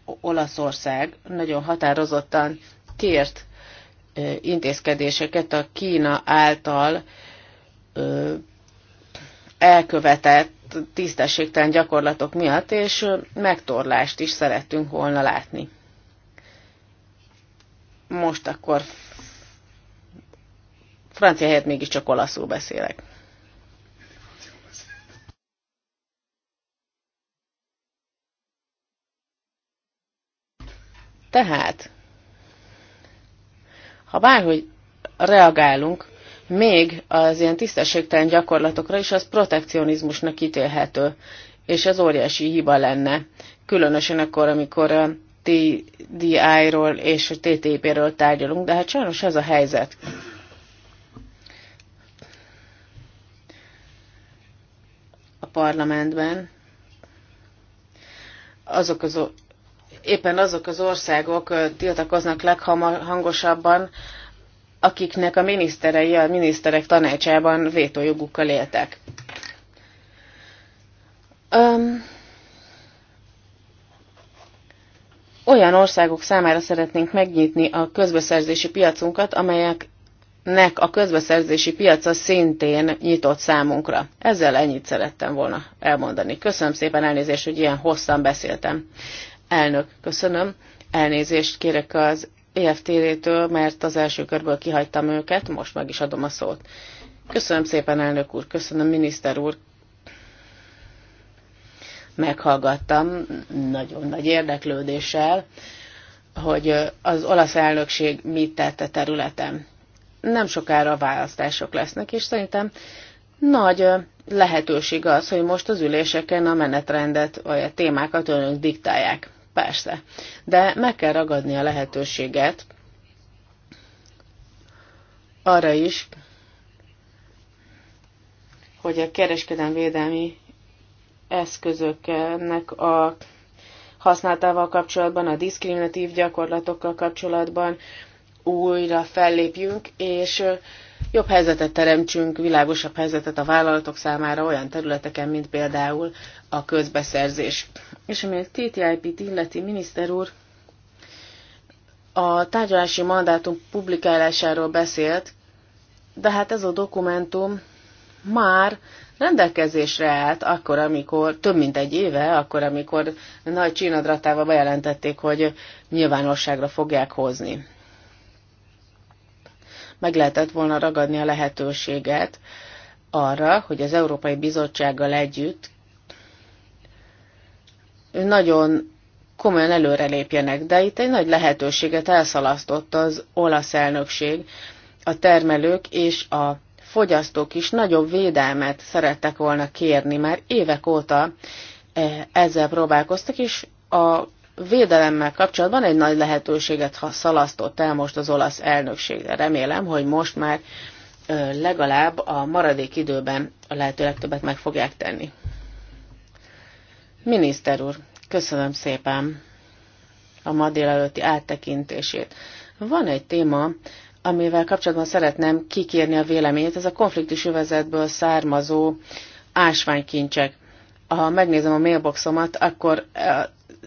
Olaszország nagyon határozottan kért intézkedéseket a Kína által elkövetett tisztességtelen gyakorlatok miatt, és megtorlást is szerettünk volna látni. Most akkor francia helyett mégiscsak olaszul beszélek. Tehát, ha bárhogy reagálunk még az ilyen tisztességtelen gyakorlatokra is, az protekcionizmusnak ítélhető, és ez óriási hiba lenne, különösen akkor, amikor a TDI-ról és a ttp ről tárgyalunk, de hát sajnos ez a helyzet. A parlamentben azok az, éppen azok az országok tiltakoznak leghangosabban, akiknek a miniszterei a miniszterek tanácsában vétójogukkal éltek. Um, olyan országok számára szeretnénk megnyitni a közbeszerzési piacunkat, amelyeknek a közbeszerzési piaca szintén nyitott számunkra. Ezzel ennyit szerettem volna elmondani. Köszönöm szépen elnézést, hogy ilyen hosszan beszéltem. Elnök, köszönöm. Elnézést kérek az EFTD-től, mert az első körből kihagytam őket, most meg is adom a szót. Köszönöm szépen, elnök úr, köszönöm, miniszter úr. Meghallgattam nagyon nagy érdeklődéssel, hogy az olasz elnökség mit tett a területen. Nem sokára választások lesznek, és szerintem nagy lehetőség az, hogy most az üléseken a menetrendet vagy a témákat önök diktálják persze. De meg kell ragadni a lehetőséget arra is, hogy a kereskedelmvédelmi eszközöknek a használatával kapcsolatban, a diszkriminatív gyakorlatokkal kapcsolatban újra fellépjünk, és jobb helyzetet teremtsünk, világosabb helyzetet a vállalatok számára olyan területeken, mint például a közbeszerzés. És ami a TTIP-t illeti miniszter úr, a tárgyalási mandátum publikálásáról beszélt, de hát ez a dokumentum már rendelkezésre állt akkor, amikor több mint egy éve, akkor, amikor nagy csínadratával bejelentették, hogy nyilvánosságra fogják hozni meg lehetett volna ragadni a lehetőséget arra, hogy az Európai Bizottsággal együtt nagyon komolyan előrelépjenek, de itt egy nagy lehetőséget elszalasztott az olasz elnökség. A termelők és a fogyasztók is nagyobb védelmet szerettek volna kérni, már évek óta eh, ezzel próbálkoztak, és a védelemmel kapcsolatban egy nagy lehetőséget ha szalasztott el most az olasz elnökségre. Remélem, hogy most már legalább a maradék időben a lehető legtöbbet meg fogják tenni. Miniszter úr, köszönöm szépen a ma délelőtti áttekintését. Van egy téma, amivel kapcsolatban szeretném kikérni a véleményét, ez a konfliktus övezetből származó ásványkincsek. Ha megnézem a mailboxomat, akkor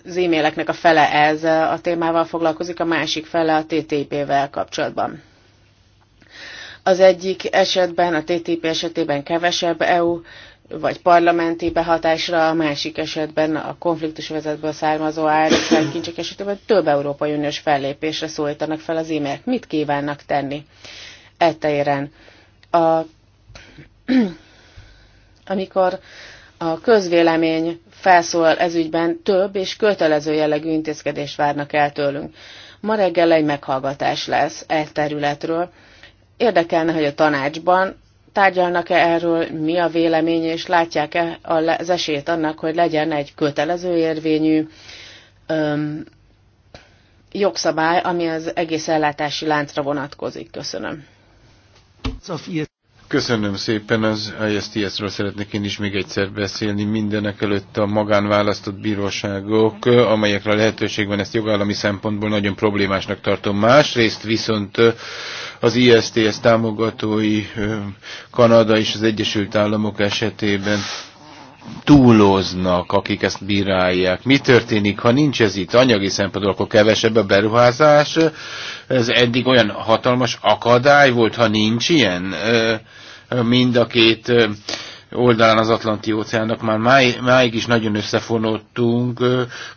az e-maileknek a fele ez a témával foglalkozik, a másik fele a TTIP-vel kapcsolatban. Az egyik esetben, a TTIP esetében kevesebb EU vagy parlamenti behatásra, a másik esetben a vezetből származó kincsek esetében több Európai Uniós fellépésre szólítanak fel az e-mailek. Mit kívánnak tenni ettéren? A, amikor a közvélemény felszólal ezügyben, több és kötelező jellegű intézkedés várnak el tőlünk. Ma reggel egy meghallgatás lesz egy területről. Érdekelne, hogy a tanácsban tárgyalnak-e erről, mi a vélemény, és látják-e az esélyt annak, hogy legyen egy kötelező érvényű öm, jogszabály, ami az egész ellátási láncra vonatkozik. Köszönöm. Köszönöm szépen, az ISTS-ről szeretnék én is még egyszer beszélni. Mindenek előtt a magánválasztott bíróságok, amelyekre lehetőség van, ezt jogállami szempontból nagyon problémásnak tartom. Másrészt viszont az ISTS támogatói Kanada és az Egyesült Államok esetében túloznak, akik ezt bírálják. Mi történik, ha nincs ez itt anyagi szempontból, akkor kevesebb a beruházás. Ez eddig olyan hatalmas akadály volt, ha nincs ilyen. Mind a két oldalán az Atlanti óceánnak. Már máig, is nagyon összefonódtunk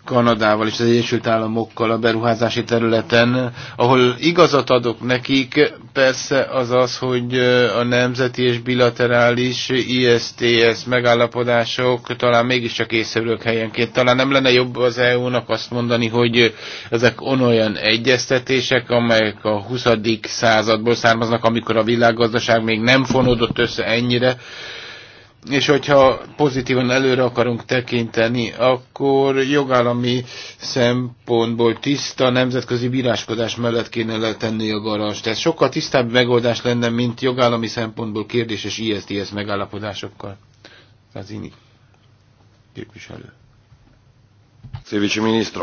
Kanadával és az Egyesült Államokkal a beruházási területen, ahol igazat adok nekik, persze az az, hogy a nemzeti és bilaterális ISTS megállapodások talán mégiscsak észrevők helyenként. Talán nem lenne jobb az EU-nak azt mondani, hogy ezek olyan egyeztetések, amelyek a 20. századból származnak, amikor a világgazdaság még nem fonódott össze ennyire, és hogyha pozitívan előre akarunk tekinteni, akkor jogállami szempontból tiszta nemzetközi bíráskodás mellett kéne letenni a garast. tehát sokkal tisztább megoldás lenne, mint jogállami szempontból kérdéses ISDS megállapodásokkal. ini képviselő. Szévicsi minisztra.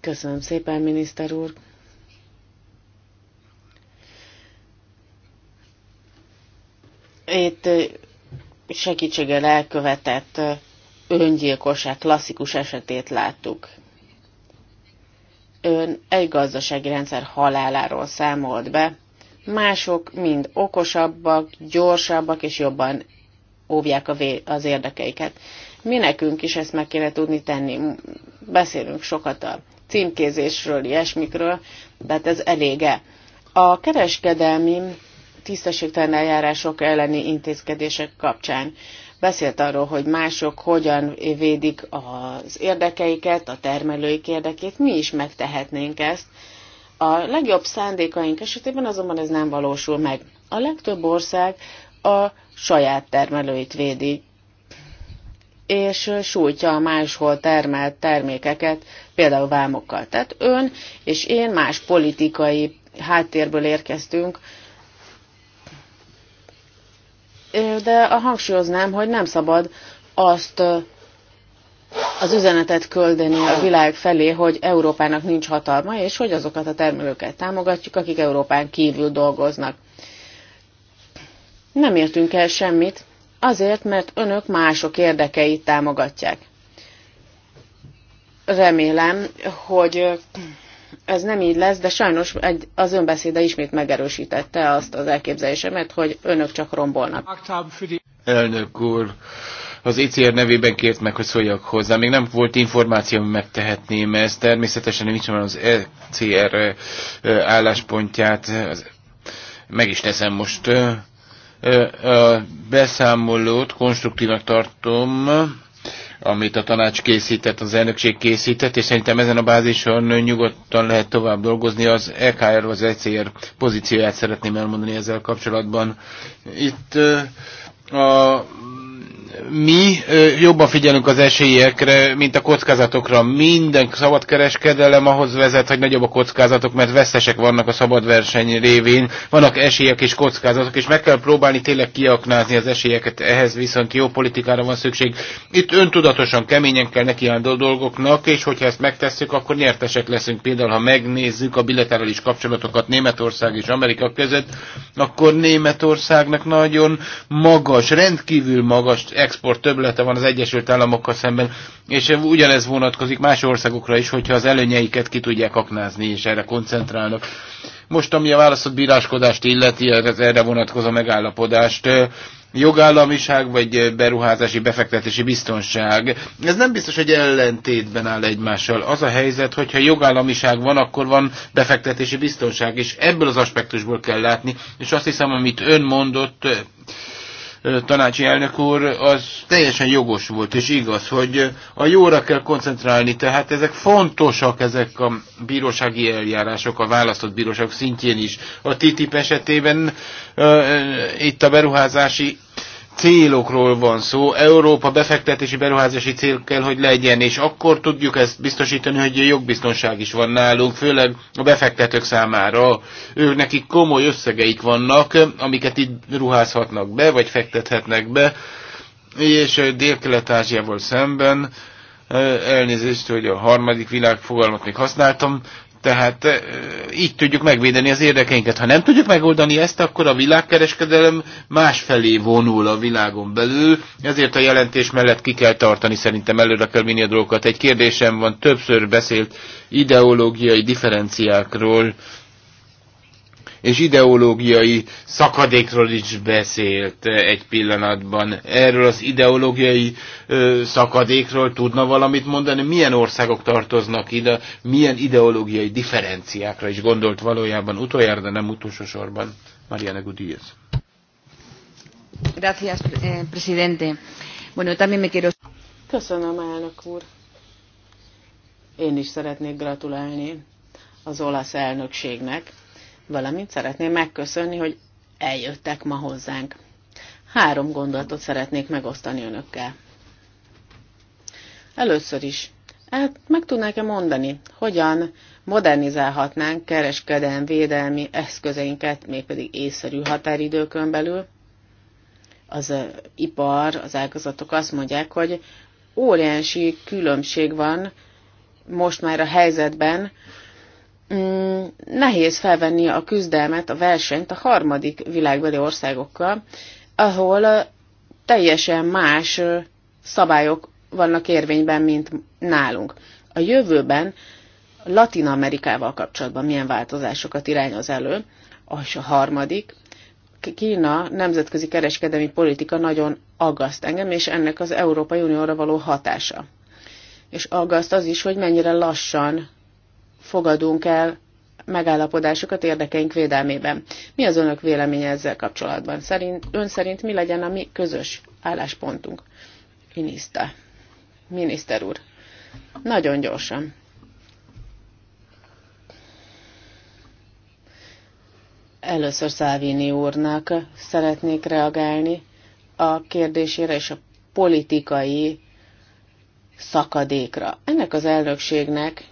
Köszönöm szépen, miniszter úr. itt segítséggel elkövetett öngyilkosság klasszikus esetét láttuk. Ön egy gazdasági rendszer haláláról számolt be, mások mind okosabbak, gyorsabbak és jobban óvják az érdekeiket. Mi nekünk is ezt meg kéne tudni tenni. Beszélünk sokat a címkézésről, ilyesmikről, de hát ez elége. A kereskedelmi tisztességtelen eljárások elleni intézkedések kapcsán. Beszélt arról, hogy mások hogyan védik az érdekeiket, a termelőik érdekét, mi is megtehetnénk ezt. A legjobb szándékaink esetében azonban ez nem valósul meg. A legtöbb ország a saját termelőit védi, és sújtja a máshol termelt termékeket, például vámokkal. Tehát ön és én más politikai háttérből érkeztünk, de a hangsúlyoznám, hogy nem szabad azt az üzenetet küldeni a világ felé, hogy Európának nincs hatalma, és hogy azokat a termelőket támogatjuk, akik Európán kívül dolgoznak. Nem értünk el semmit, azért, mert önök mások érdekeit támogatják. Remélem, hogy ez nem így lesz, de sajnos egy, az önbeszéde ismét megerősítette azt az elképzelésemet, hogy önök csak rombolnak. Elnök úr, az ICR nevében kért meg, hogy szóljak hozzá. Még nem volt információ, hogy megtehetném ezt. Természetesen nincs az ECR álláspontját. Meg is teszem most. A beszámolót konstruktívnak tartom amit a tanács készített, az elnökség készített, és szerintem ezen a bázison nyugodtan lehet tovább dolgozni. Az EKR, az ECR pozícióját szeretném elmondani ezzel kapcsolatban. Itt a mi jobban figyelünk az esélyekre, mint a kockázatokra. Minden szabadkereskedelem ahhoz vezet, hogy nagyobb a kockázatok, mert veszesek vannak a szabad verseny révén, vannak esélyek és kockázatok, és meg kell próbálni tényleg kiaknázni az esélyeket, ehhez viszont jó politikára van szükség. Itt öntudatosan, keményen kell nekiállni a dolgoknak, és hogyha ezt megtesszük, akkor nyertesek leszünk. Például, ha megnézzük a bilaterális kapcsolatokat Németország és Amerika között, akkor Németországnak nagyon magas, rendkívül magas export többlete van az Egyesült Államokkal szemben, és ugyanez vonatkozik más országokra is, hogyha az előnyeiket ki tudják aknázni, és erre koncentrálnak. Most, ami a válaszott bíráskodást illeti, az erre vonatkozó megállapodást, jogállamiság vagy beruházási befektetési biztonság. Ez nem biztos, hogy ellentétben áll egymással. Az a helyzet, hogyha jogállamiság van, akkor van befektetési biztonság, és ebből az aspektusból kell látni, és azt hiszem, amit ön mondott, tanácsi elnök úr, az teljesen jogos volt, és igaz, hogy a jóra kell koncentrálni, tehát ezek fontosak, ezek a bírósági eljárások, a választott bíróság szintjén is. A TTIP esetében itt a beruházási célokról van szó, Európa befektetési beruházási cél kell, hogy legyen, és akkor tudjuk ezt biztosítani, hogy jogbiztonság is van nálunk, főleg a befektetők számára. Ők nekik komoly összegeik vannak, amiket itt ruházhatnak be, vagy fektethetnek be, és Dél-Kelet-Ázsiával szemben eh, elnézést, hogy a harmadik világ fogalmat még használtam, tehát így tudjuk megvédeni az érdekeinket. Ha nem tudjuk megoldani ezt, akkor a világkereskedelem másfelé vonul a világon belül, ezért a jelentés mellett ki kell tartani, szerintem előre kell vinni a dolgokat. Egy kérdésem van, többször beszélt ideológiai differenciákról, és ideológiai szakadékról is beszélt eh, egy pillanatban. Erről az ideológiai ö, szakadékról tudna valamit mondani? Milyen országok tartoznak ide? Milyen ideológiai differenciákra is gondolt valójában utoljára, de nem utolsó sorban? Mariana Gutiérrez. Gracias, eh, presidente. Bueno, también me quiero... Köszönöm, elnök úr. Én is szeretnék gratulálni az olasz elnökségnek valamint szeretném megköszönni, hogy eljöttek ma hozzánk. Három gondolatot szeretnék megosztani önökkel. Először is, hát meg tudnák-e mondani, hogyan modernizálhatnánk kereskedelmi védelmi eszközeinket, mégpedig észszerű határidőkön belül? Az ipar, az ágazatok azt mondják, hogy óriási különbség van most már a helyzetben, mm, nehéz felvenni a küzdelmet, a versenyt a harmadik világbeli országokkal, ahol teljesen más szabályok vannak érvényben, mint nálunk. A jövőben Latin Amerikával kapcsolatban milyen változásokat irányoz elő, és a harmadik, Kína nemzetközi kereskedelmi politika nagyon aggaszt engem, és ennek az Európai Unióra való hatása. És aggaszt az is, hogy mennyire lassan fogadunk el megállapodásokat érdekeink védelmében. Mi az önök véleménye ezzel kapcsolatban? Szerint, ön szerint mi legyen a mi közös álláspontunk? Miniszter. Miniszter úr. Nagyon gyorsan. Először Szávini úrnak szeretnék reagálni a kérdésére és a politikai szakadékra. Ennek az elnökségnek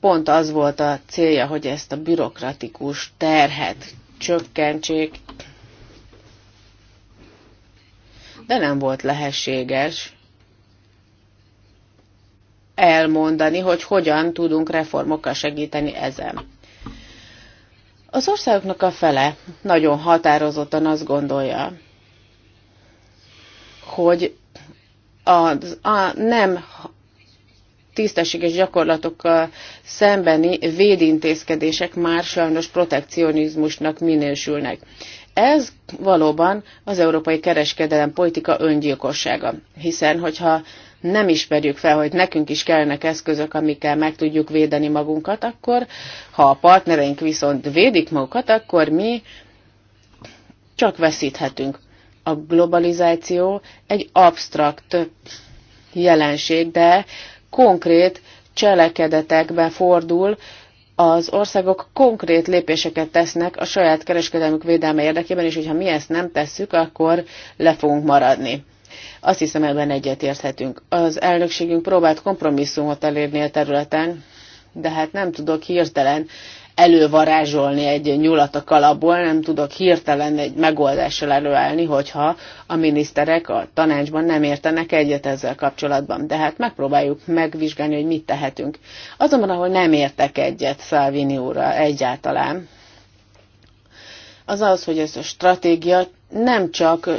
pont az volt a célja, hogy ezt a bürokratikus terhet csökkentsék, de nem volt lehetséges elmondani, hogy hogyan tudunk reformokkal segíteni ezen. Az országoknak a fele nagyon határozottan azt gondolja, hogy az, a nem tisztességes gyakorlatokkal szembeni védintézkedések már sajnos protekcionizmusnak minősülnek. Ez valóban az európai kereskedelem politika öngyilkossága, hiszen hogyha nem ismerjük fel, hogy nekünk is kellnek eszközök, amikkel meg tudjuk védeni magunkat, akkor ha a partnereink viszont védik magukat, akkor mi csak veszíthetünk. A globalizáció egy absztrakt jelenség, de konkrét cselekedetekbe fordul, az országok konkrét lépéseket tesznek a saját kereskedelmük védelme érdekében, és hogyha mi ezt nem tesszük, akkor le fogunk maradni. Azt hiszem, ebben egyetérthetünk. Az elnökségünk próbált kompromisszumot elérni a területen, de hát nem tudok hirtelen elővarázsolni egy nyulat a kalapból, nem tudok hirtelen egy megoldással előállni, hogyha a miniszterek a tanácsban nem értenek egyet ezzel kapcsolatban. De hát megpróbáljuk megvizsgálni, hogy mit tehetünk. Azonban, ahol nem értek egyet Salvini úrra egyáltalán, az az, hogy ez a stratégia nem csak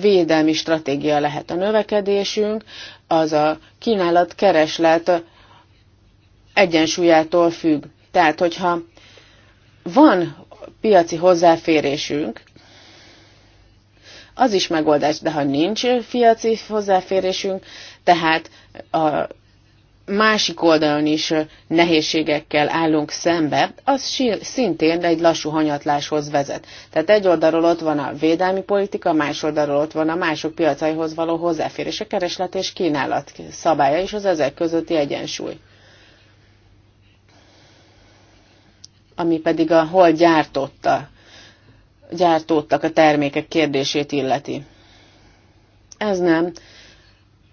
védelmi stratégia lehet a növekedésünk, az a kínálat-kereslet egyensúlyától függ. Tehát, hogyha van piaci hozzáférésünk, az is megoldás, de ha nincs piaci hozzáférésünk, tehát a másik oldalon is nehézségekkel állunk szembe, az szintén egy lassú hanyatláshoz vezet. Tehát egy oldalról ott van a védelmi politika, más oldalról ott van a mások piacaihoz való hozzáférés, a kereslet és kínálat szabálya is, az ezek közötti egyensúly. ami pedig a hol gyártotta, gyártottak a termékek kérdését illeti. Ez nem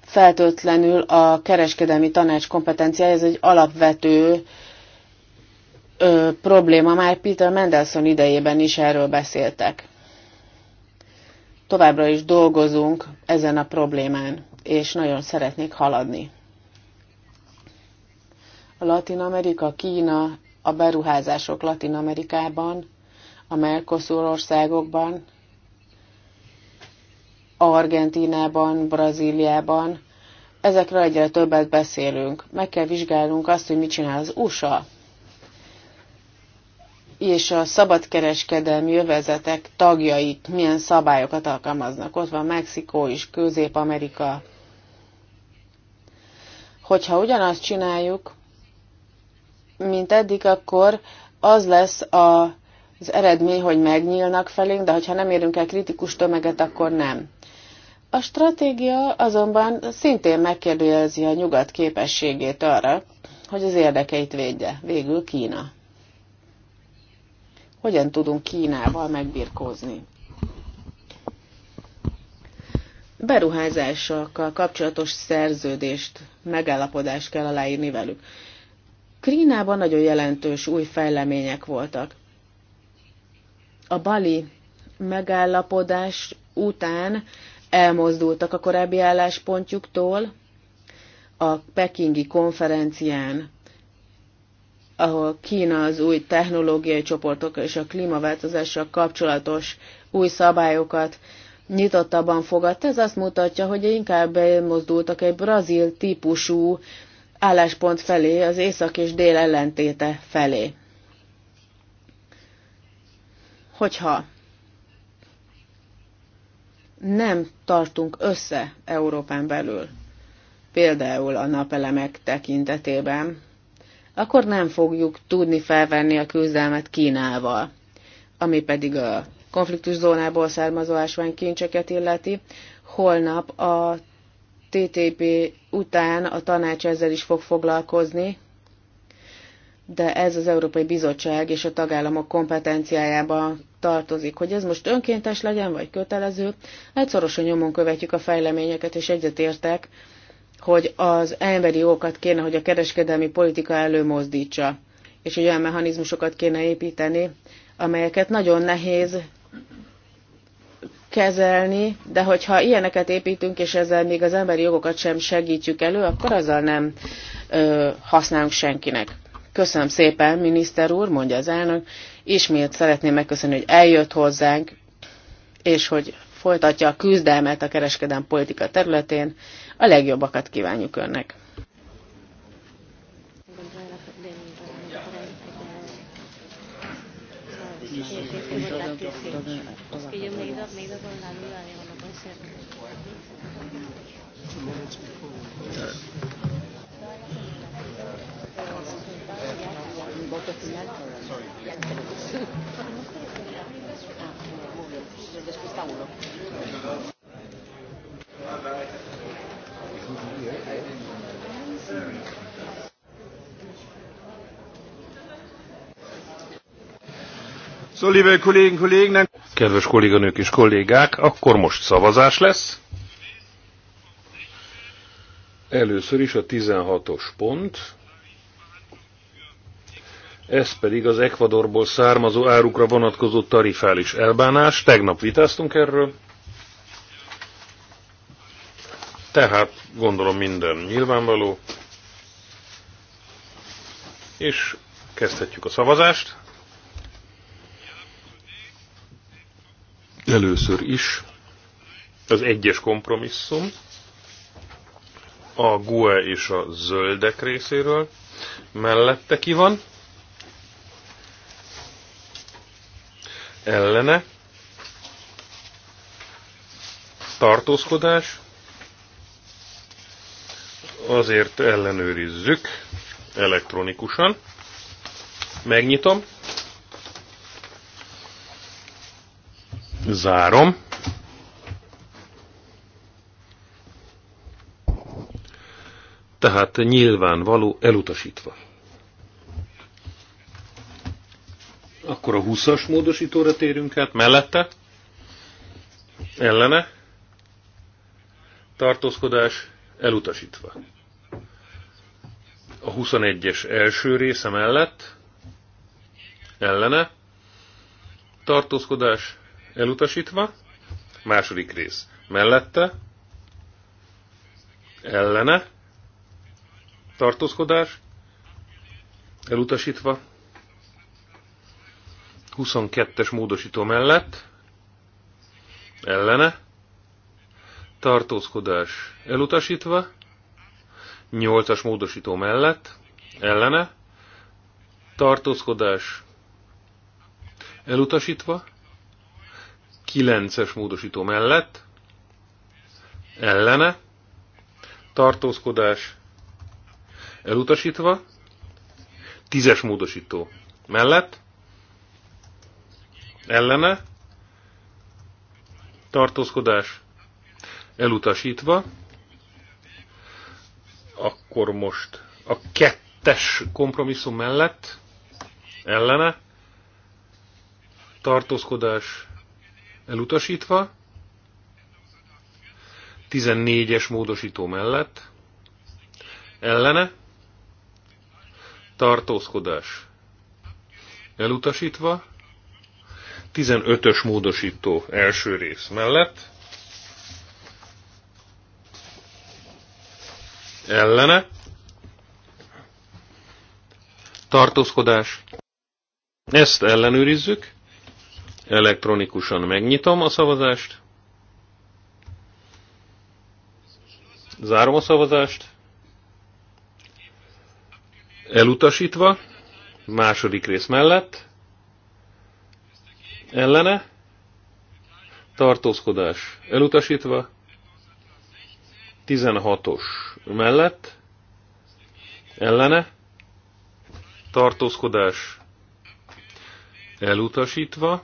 feltöltlenül a kereskedelmi tanács kompetenciája, ez egy alapvető ö, probléma, már Peter Mendelssohn idejében is erről beszéltek. Továbbra is dolgozunk ezen a problémán, és nagyon szeretnék haladni. A Latin Amerika, Kína, a beruházások Latin Amerikában, a Mercosur országokban, Argentínában, Brazíliában. Ezekről egyre többet beszélünk. Meg kell vizsgálnunk azt, hogy mit csinál az USA. És a szabadkereskedelmi övezetek tagjait milyen szabályokat alkalmaznak. Ott van Mexikó is, Közép-Amerika. Hogyha ugyanazt csináljuk, mint eddig, akkor az lesz a, az eredmény, hogy megnyílnak felénk, de hogyha nem érünk el kritikus tömeget, akkor nem. A stratégia azonban szintén megkérdőjelezi a nyugat képességét arra, hogy az érdekeit védje. Végül Kína. Hogyan tudunk Kínával megbirkózni? Beruházásokkal kapcsolatos szerződést, megállapodást kell aláírni velük. Krínában nagyon jelentős új fejlemények voltak. A bali megállapodás után elmozdultak a korábbi álláspontjuktól, a pekingi konferencián, ahol Kína az új technológiai csoportok és a klímaváltozással kapcsolatos új szabályokat nyitottabban fogadta. Ez azt mutatja, hogy inkább elmozdultak egy brazil típusú álláspont felé, az észak és dél ellentéte felé. Hogyha nem tartunk össze Európán belül, például a napelemek tekintetében, akkor nem fogjuk tudni felvenni a küzdelmet Kínával, ami pedig a zónából származó ásványkincseket illeti. Holnap a TTP után a tanács ezzel is fog foglalkozni, de ez az Európai Bizottság és a tagállamok kompetenciájába tartozik. Hogy ez most önkéntes legyen, vagy kötelező, hát szorosan nyomon követjük a fejleményeket, és egyetértek, hogy az emberi jókat kéne, hogy a kereskedelmi politika előmozdítsa, és hogy olyan mechanizmusokat kéne építeni, amelyeket nagyon nehéz kezelni, de hogyha ilyeneket építünk, és ezzel még az emberi jogokat sem segítjük elő, akkor azzal nem ö, használunk senkinek. Köszönöm szépen, miniszter úr, mondja az elnök. Ismét szeretném megköszönni, hogy eljött hozzánk, és hogy folytatja a küzdelmet a kereskedelmi politika területén. A legjobbakat kívánjuk önnek! Saulo. Kedves kolléganők és kollégák, akkor most szavazás lesz. Először is a 16-os pont ez pedig az Ecuadorból származó árukra vonatkozó tarifális elbánás. Tegnap vitáztunk erről. Tehát gondolom minden nyilvánvaló. És kezdhetjük a szavazást. Először is az egyes kompromisszum a GUE és a zöldek részéről. Mellette ki van? ellene, tartózkodás, azért ellenőrizzük elektronikusan. Megnyitom, zárom, tehát nyilvánvaló elutasítva. Akkor a 20-as módosítóra térünk át, mellette, ellene, tartózkodás elutasítva. A 21-es első része mellett, ellene, tartózkodás elutasítva, második rész mellette, ellene, tartózkodás elutasítva, 22-es módosító mellett ellene tartózkodás elutasítva, 8-as módosító mellett ellene tartózkodás elutasítva, 9-es módosító mellett ellene tartózkodás elutasítva, 10-es módosító mellett ellene, tartózkodás elutasítva, akkor most a kettes kompromisszum mellett ellene, tartózkodás elutasítva, 14-es módosító mellett, ellene, tartózkodás elutasítva, 15-ös módosító első rész mellett, ellene, tartózkodás, ezt ellenőrizzük, elektronikusan megnyitom a szavazást, zárom a szavazást, elutasítva, második rész mellett, ellene, tartózkodás elutasítva, 16-os mellett, ellene, tartózkodás elutasítva,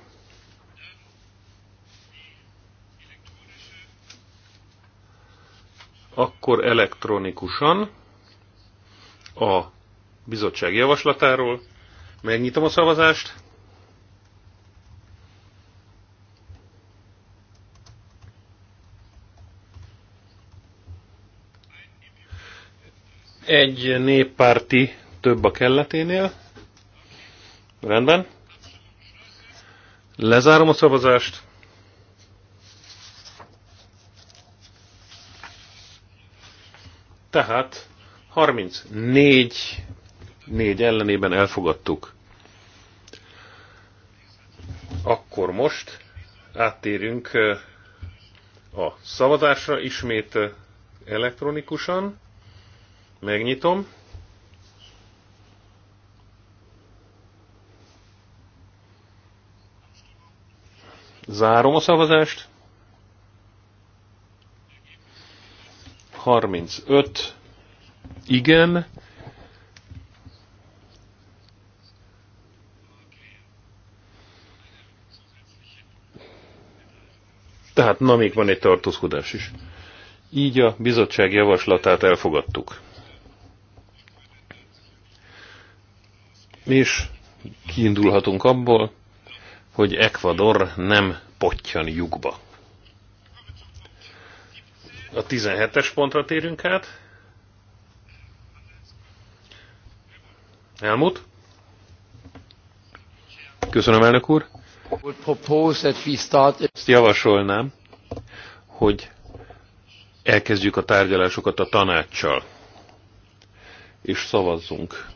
akkor elektronikusan a bizottság javaslatáról megnyitom a szavazást, Egy néppárti több a kelleténél. Rendben. Lezárom a szavazást. Tehát 34 négy ellenében elfogadtuk. Akkor most áttérünk a szavazásra ismét elektronikusan. Megnyitom. Zárom a szavazást. 35. Igen. Tehát na még van egy tartózkodás is. Így a bizottság javaslatát elfogadtuk. És kiindulhatunk abból, hogy Ecuador nem potyan lyukba. A 17-es pontra térünk át. Elmúlt? Köszönöm, elnök úr. Ezt javasolnám, hogy elkezdjük a tárgyalásokat a tanácssal, és szavazzunk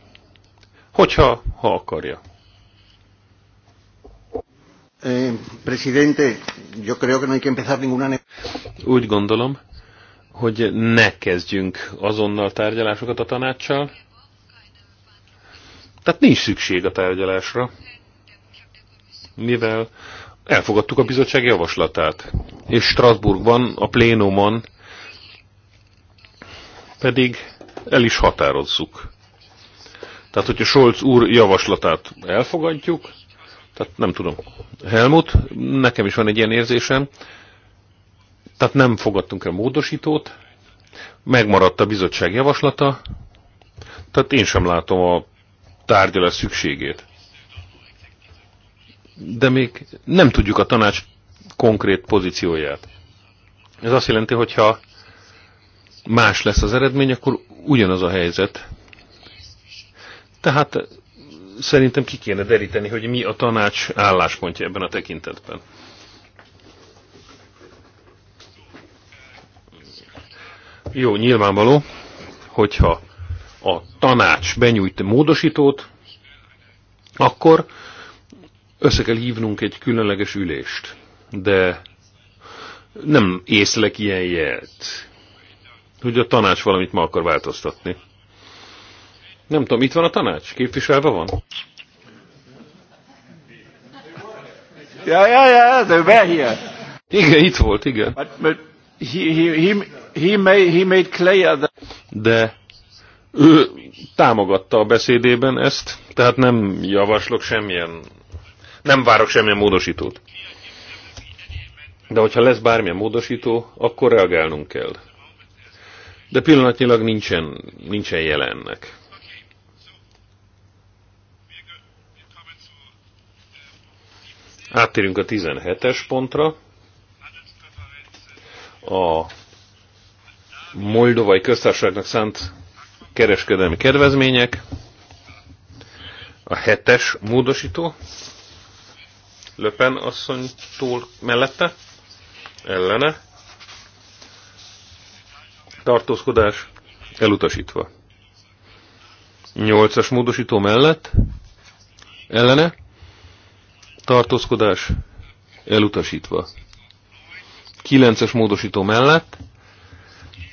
hogyha, ha akarja. Eh, presidente, yo creo que no hay que empezar ninguna... Úgy gondolom, hogy ne kezdjünk azonnal tárgyalásokat a tanácssal. Tehát nincs szükség a tárgyalásra, mivel elfogadtuk a bizottság javaslatát. És Strasbourgban, a plénumon pedig el is határozzuk tehát, hogyha Scholz úr javaslatát elfogadjuk, tehát nem tudom. Helmut, nekem is van egy ilyen érzésem. Tehát nem fogadtunk el módosítót, megmaradt a bizottság javaslata, tehát én sem látom a tárgyalás szükségét. De még nem tudjuk a tanács konkrét pozícióját. Ez azt jelenti, hogyha más lesz az eredmény, akkor ugyanaz a helyzet, tehát eh, szerintem ki kéne deríteni, hogy mi a tanács álláspontja ebben a tekintetben. Jó, nyilvánvaló, hogyha a tanács benyújt módosítót, akkor össze kell hívnunk egy különleges ülést. De nem észlek ilyen jelt, hogy a tanács valamit ma akar változtatni. Nem tudom, itt van a tanács? Képviselve van? Ja, ja, ja, ez ő Igen, itt volt, igen. But, but he, he, he, made, he made clear that... De ő támogatta a beszédében ezt, tehát nem javaslok semmilyen, nem várok semmilyen módosítót. De hogyha lesz bármilyen módosító, akkor reagálnunk kell. De pillanatnyilag nincsen, nincsen jelennek. Áttérünk a 17-es pontra. A Moldovai Köztársaságnak szánt kereskedelmi kedvezmények. A 7-es módosító. Löpen asszony túl mellette. Ellene. Tartózkodás elutasítva. Nyolcas módosító mellett. Ellene tartózkodás elutasítva. 9-es módosító mellett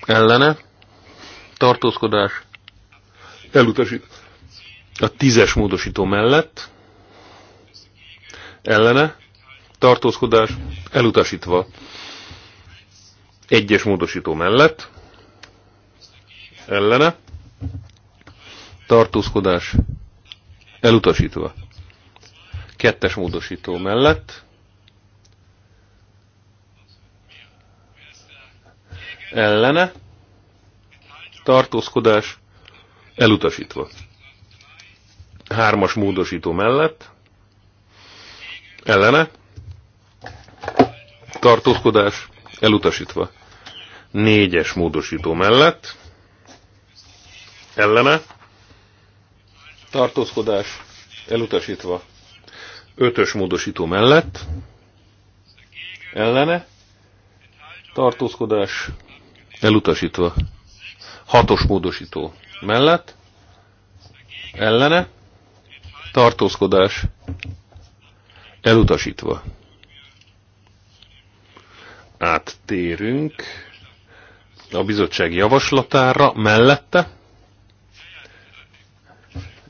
ellene tartózkodás elutasítva. A 10-es módosító mellett ellene tartózkodás elutasítva. Egyes módosító mellett ellene tartózkodás elutasítva. Kettes módosító mellett. Ellene. Tartózkodás elutasítva. Hármas módosító mellett. Ellene. Tartózkodás elutasítva. Négyes módosító mellett. Ellene. Tartózkodás elutasítva. Ötös módosító mellett ellene tartózkodás elutasítva. Hatos módosító mellett ellene tartózkodás elutasítva. Áttérünk a bizottság javaslatára mellette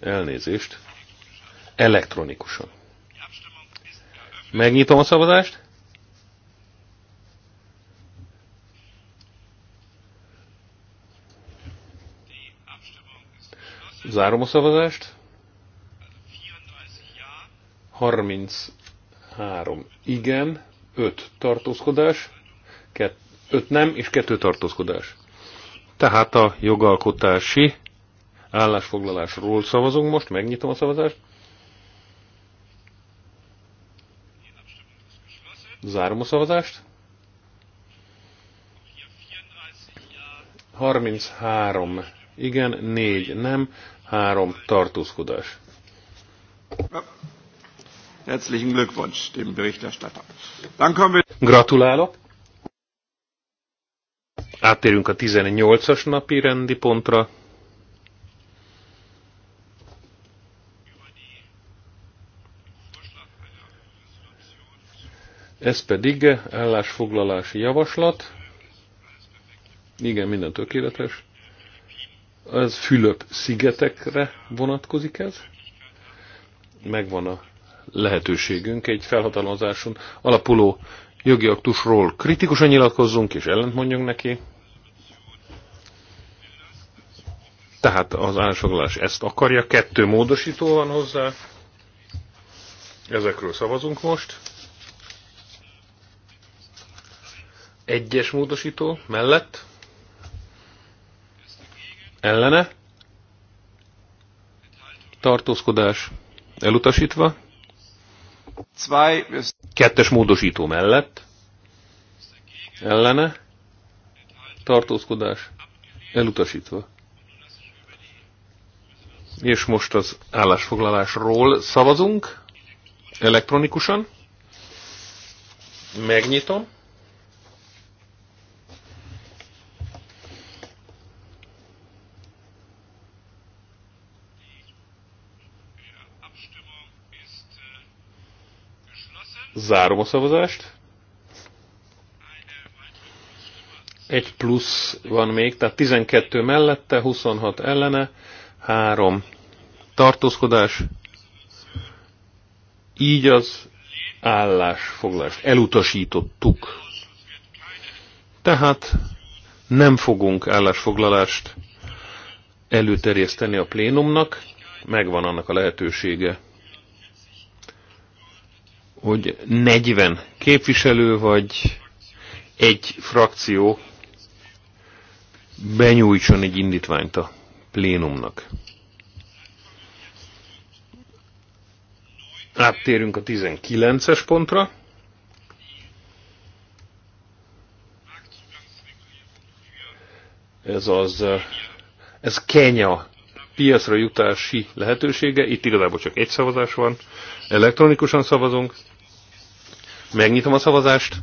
elnézést elektronikusan. Megnyitom a szavazást. Zárom a szavazást. 33 igen, 5 tartózkodás, 5 nem és 2 tartózkodás. Tehát a jogalkotási állásfoglalásról szavazunk most, megnyitom a szavazást. Zárom a szavazást. 33 igen, 4 nem, 3 tartózkodás. Herzlichen Glückwunsch dem Berichterstatter. Dann kommen wir Gratulálok. Áttérünk a 18-as napi rendi pontra. Ez pedig állásfoglalási javaslat. Igen, minden tökéletes. Ez Fülöp-szigetekre vonatkozik ez. Megvan a lehetőségünk egy felhatalmazáson alapuló jogi aktusról kritikusan nyilatkozzunk és ellentmondjunk neki. Tehát az állásfoglalás ezt akarja, kettő módosító van hozzá. Ezekről szavazunk most. Egyes módosító mellett. Ellene. Tartózkodás elutasítva. Kettes módosító mellett. Ellene. Tartózkodás elutasítva. És most az állásfoglalásról szavazunk elektronikusan. Megnyitom. Zárom a szavazást. Egy plusz van még, tehát 12 mellette, 26 ellene, 3 tartózkodás. Így az állásfoglalást elutasítottuk. Tehát nem fogunk állásfoglalást előterjeszteni a plénumnak, megvan annak a lehetősége hogy 40 képviselő vagy egy frakció benyújtson egy indítványt a plénumnak. Áttérünk a 19-es pontra. Ez az, ez Kenya piacra jutási lehetősége. Itt igazából csak egy szavazás van. Elektronikusan szavazunk. Megnyitom a szavazást.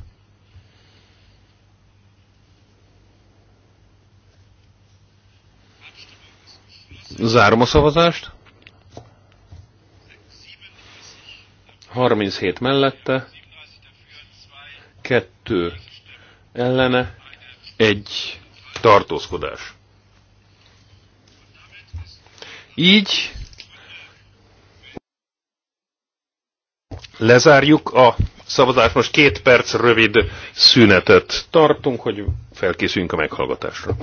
Zárom a szavazást. 37 mellette, 2 ellene, 1 tartózkodás. Így lezárjuk a szavazást. Most két perc rövid szünetet tartunk, hogy felkészüljünk a meghallgatásra.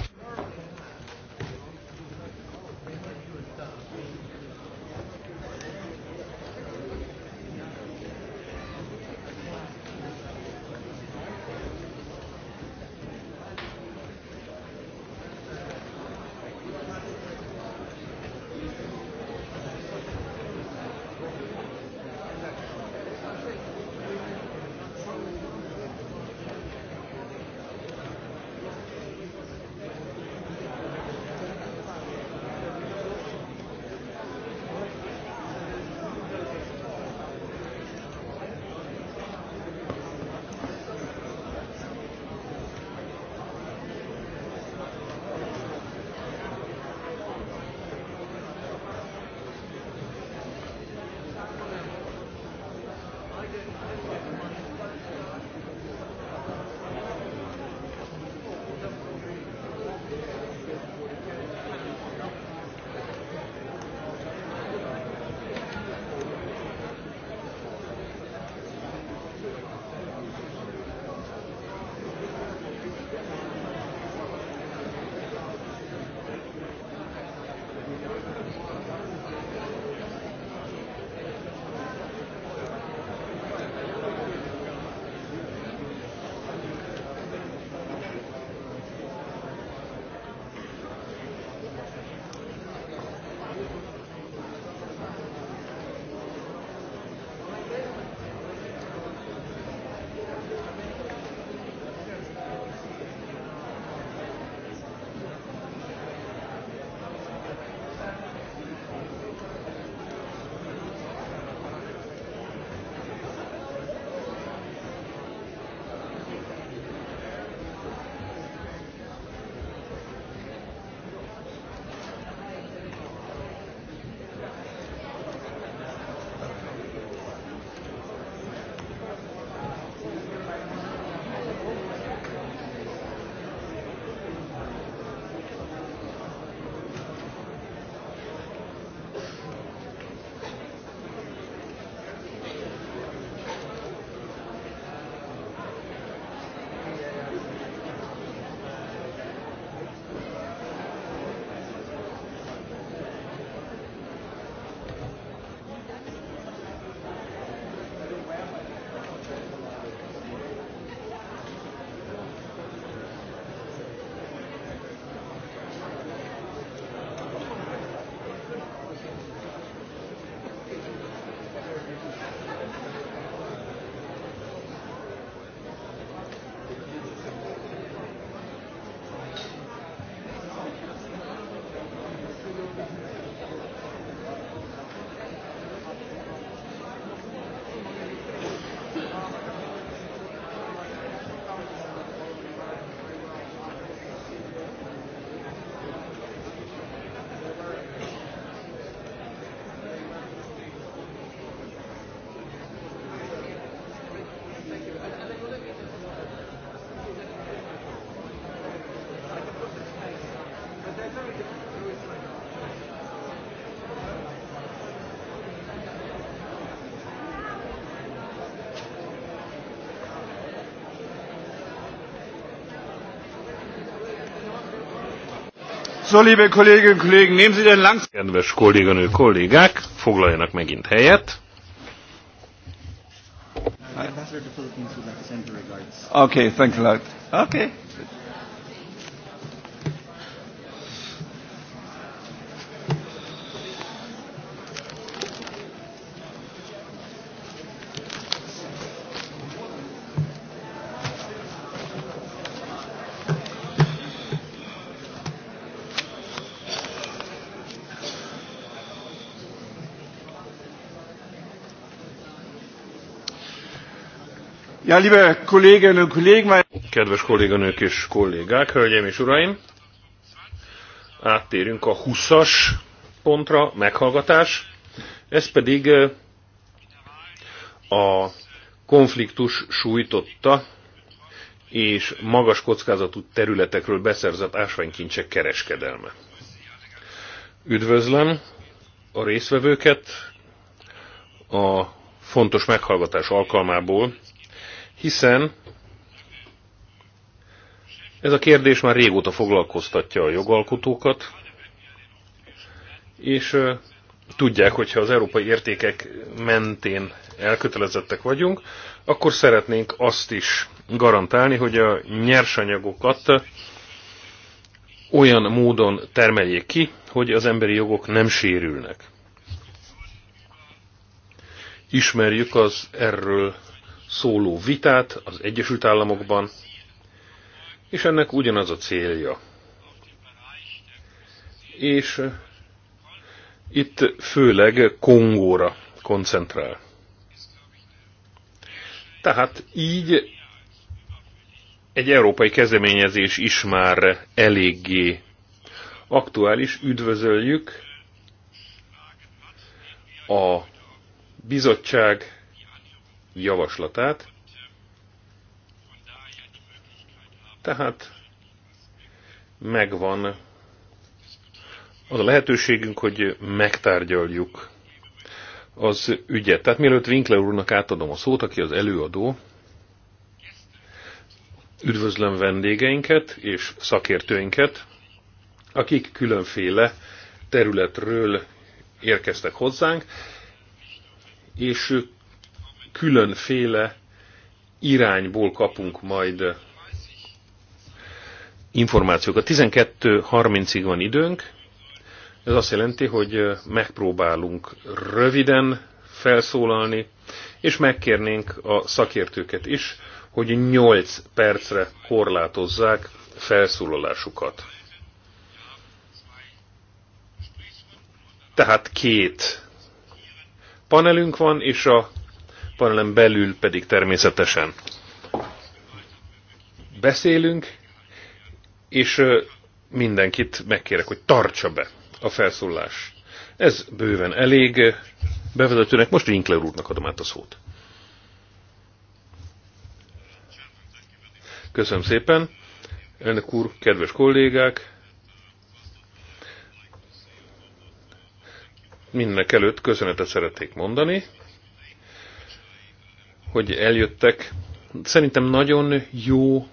So, liebe Kolleginnen und Kollegen, nehmen Sie denn langsam... Kedves kolléganő kollégák, foglaljanak megint helyet. Okay, thanks a lot. Okay. Ja, liebe Kolleginnen und Kollegen, Kedves kolléganők és kollégák, hölgyeim és uraim! Áttérünk a 20-as pontra, meghallgatás. Ez pedig a konfliktus sújtotta és magas kockázatú területekről beszerzett ásványkincsek kereskedelme. Üdvözlöm a résztvevőket a fontos meghallgatás alkalmából, hiszen ez a kérdés már régóta foglalkoztatja a jogalkotókat, és tudják, hogyha az európai értékek mentén elkötelezettek vagyunk, akkor szeretnénk azt is garantálni, hogy a nyersanyagokat olyan módon termeljék ki, hogy az emberi jogok nem sérülnek. Ismerjük az erről szóló vitát az Egyesült Államokban, és ennek ugyanaz a célja. És eh, itt főleg Kongóra koncentrál. Tehát így egy európai kezdeményezés is már eléggé aktuális. Üdvözöljük a bizottság javaslatát. Tehát megvan az a lehetőségünk, hogy megtárgyaljuk az ügyet. Tehát mielőtt Winkler úrnak átadom a szót, aki az előadó, üdvözlöm vendégeinket és szakértőinket, akik különféle területről érkeztek hozzánk, és különféle irányból kapunk majd információkat. 12.30-ig van időnk, ez azt jelenti, hogy megpróbálunk röviden felszólalni, és megkérnénk a szakértőket is, hogy 8 percre korlátozzák felszólalásukat. Tehát két panelünk van, és a parlament belül pedig természetesen beszélünk, és mindenkit megkérek, hogy tartsa be a felszólás. Ez bőven elég bevezetőnek. Most Winkler úrnak adom át a szót. Köszönöm szépen. Elnök úr, kedves kollégák! Mindenek előtt köszönetet szeretnék mondani hogy eljöttek. Szerintem nagyon jó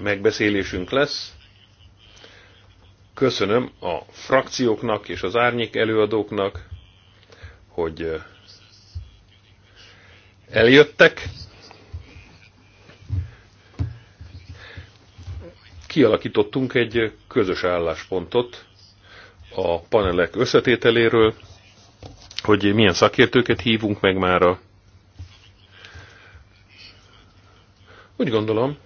megbeszélésünk lesz. Köszönöm a frakcióknak és az árnyék előadóknak, hogy eljöttek. Kialakítottunk egy közös álláspontot a panelek összetételéről, hogy milyen szakértőket hívunk meg már a Úgy gondolom,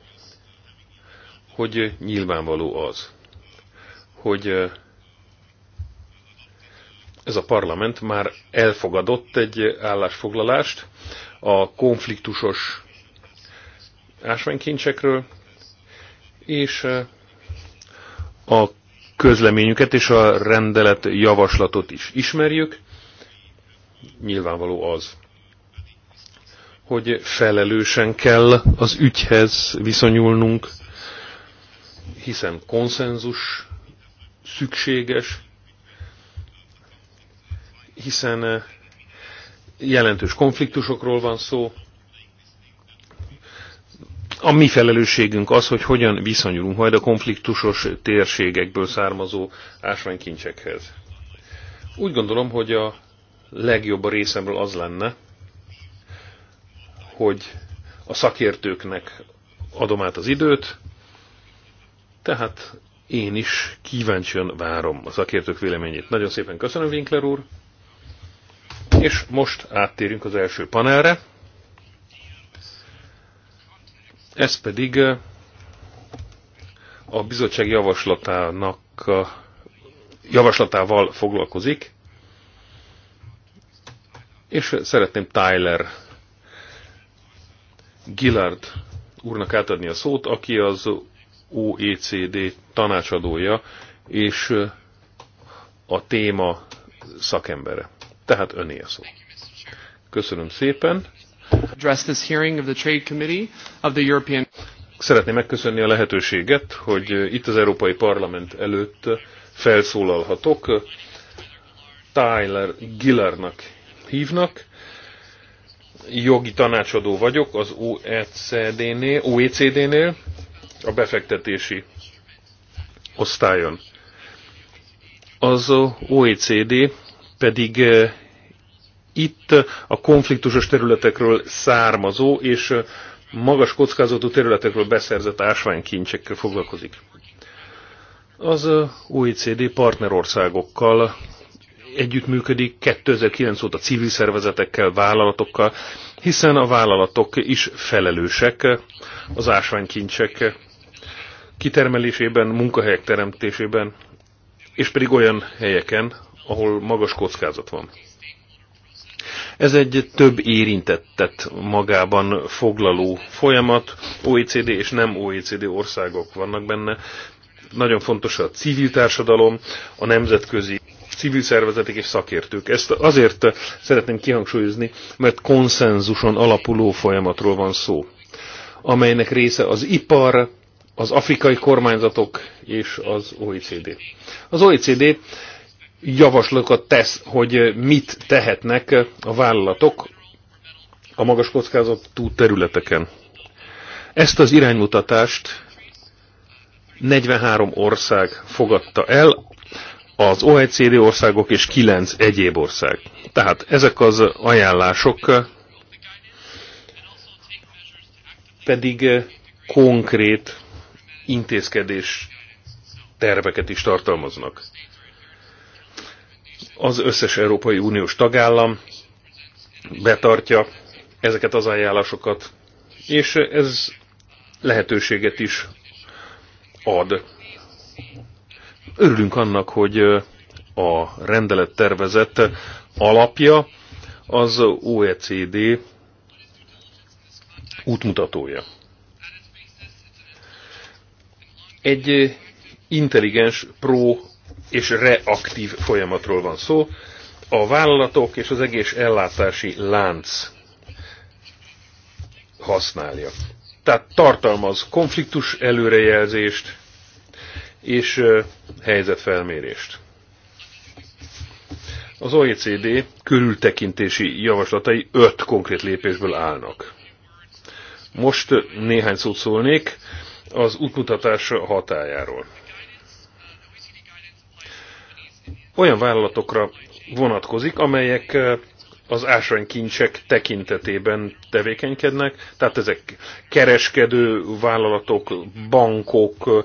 hogy nyilvánvaló az, hogy eh, ez a parlament már elfogadott egy állásfoglalást a konfliktusos ásványkincsekről, és eh, a közleményüket és a rendelet javaslatot is ismerjük. Nyilvánvaló az, hogy felelősen kell az ügyhez viszonyulnunk, hiszen konszenzus szükséges, hiszen eh, jelentős konfliktusokról van szó. A mi felelősségünk az, hogy hogyan viszonyulunk majd a konfliktusos térségekből származó ásványkincsekhez. Úgy gondolom, hogy a legjobb a részemről az lenne, hogy a szakértőknek adom át az időt, tehát én is kíváncsian várom a szakértők véleményét. Nagyon szépen köszönöm, Winkler úr! És most áttérünk az első panelre. Ez pedig eh, a bizottság javaslatának javaslatával foglalkozik, és szeretném Tyler Gillard úrnak átadni a szót, aki az OECD tanácsadója és a téma szakembere. Tehát öné a szó. Köszönöm szépen. Szeretném megköszönni a lehetőséget, hogy itt az Európai Parlament előtt felszólalhatok. Tyler Gillardnak hívnak, jogi tanácsadó vagyok az OECD-nél, OECD-nél a befektetési osztályon. Az OECD pedig eh, itt a konfliktusos területekről származó és eh, magas kockázatú területekről beszerzett ásványkincsekkel foglalkozik. Az OECD eh, e partnerországokkal együttműködik 2009 óta civil szervezetekkel, vállalatokkal, hiszen a vállalatok is felelősek az ásványkincsek kitermelésében, munkahelyek teremtésében, és pedig olyan helyeken, ahol magas kockázat van. Ez egy több érintettet magában foglaló folyamat, OECD és nem OECD országok vannak benne. Nagyon fontos a civil társadalom, a nemzetközi civil szervezetek és szakértők. Ezt azért szeretném kihangsúlyozni, mert konszenzuson alapuló folyamatról van szó, amelynek része az ipar, az afrikai kormányzatok és az OECD. Az OECD javaslatokat tesz, hogy mit tehetnek a vállalatok a magas kockázatú területeken. Ezt az iránymutatást 43 ország fogadta el, az OECD országok és kilenc egyéb ország. Tehát ezek az ajánlások pedig eh, konkrét intézkedés terveket is tartalmaznak. Az összes Európai Uniós tagállam betartja ezeket az ajánlásokat, és ez lehetőséget is ad Örülünk annak, hogy a rendelet tervezett alapja az OECD útmutatója. Egy intelligens, pro és reaktív folyamatról van szó. A vállalatok és az egész ellátási lánc használja. Tehát tartalmaz konfliktus előrejelzést, és helyzetfelmérést. Az OECD körültekintési javaslatai öt konkrét lépésből állnak. Most néhány szót szólnék az útmutatás hatájáról. Olyan vállalatokra vonatkozik, amelyek az ásványkincsek tekintetében tevékenykednek, tehát ezek kereskedő vállalatok, bankok,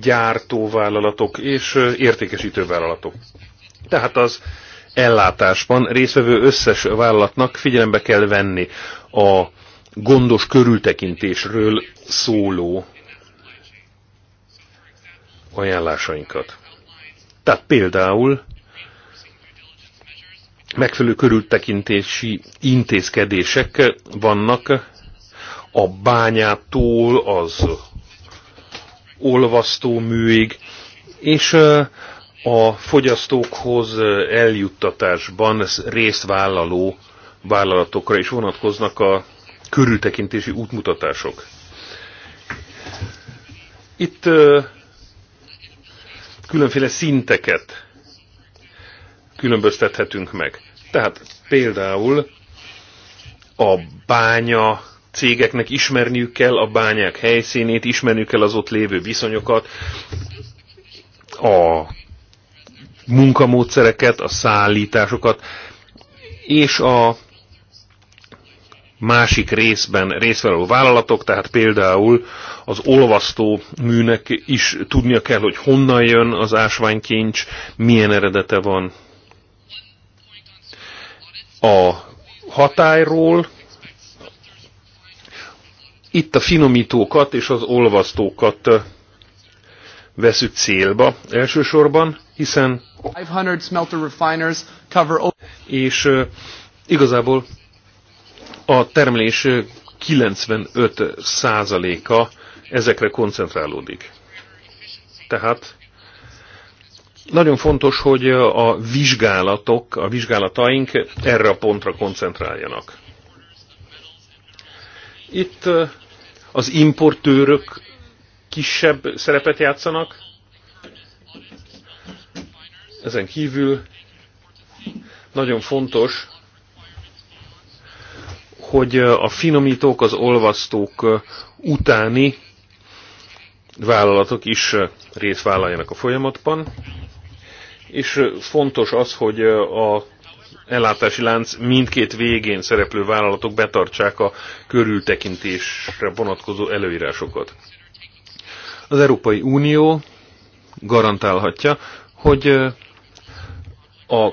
gyártóvállalatok és értékesítő vállalatok. Tehát az ellátásban részvevő összes vállalatnak figyelembe kell venni a gondos körültekintésről szóló ajánlásainkat. Tehát például megfelelő körültekintési intézkedések vannak a bányától az műig és a fogyasztókhoz eljuttatásban részt vállaló vállalatokra is vonatkoznak a körültekintési útmutatások. Itt különféle szinteket különböztethetünk meg. Tehát például a bánya cégeknek ismerniük kell a bányák helyszínét, ismerniük kell az ott lévő viszonyokat, a munkamódszereket, a szállításokat, és a másik részben részvevő vállalatok, tehát például az olvasztó műnek is tudnia kell, hogy honnan jön az ásványkincs, milyen eredete van, a hatályról, itt a finomítókat és az olvasztókat veszük célba elsősorban, hiszen 500 smelter refiners cover és igazából a termelés 95%-a ezekre koncentrálódik. Tehát nagyon fontos, hogy a vizsgálatok, a vizsgálataink erre a pontra koncentráljanak. Itt az importőrök kisebb szerepet játszanak, ezen kívül nagyon fontos, hogy a finomítók, az olvasztók utáni vállalatok is részt vállaljanak a folyamatban és fontos az, hogy a ellátási lánc mindkét végén szereplő vállalatok betartsák a körültekintésre vonatkozó előírásokat. Az Európai Unió garantálhatja, hogy a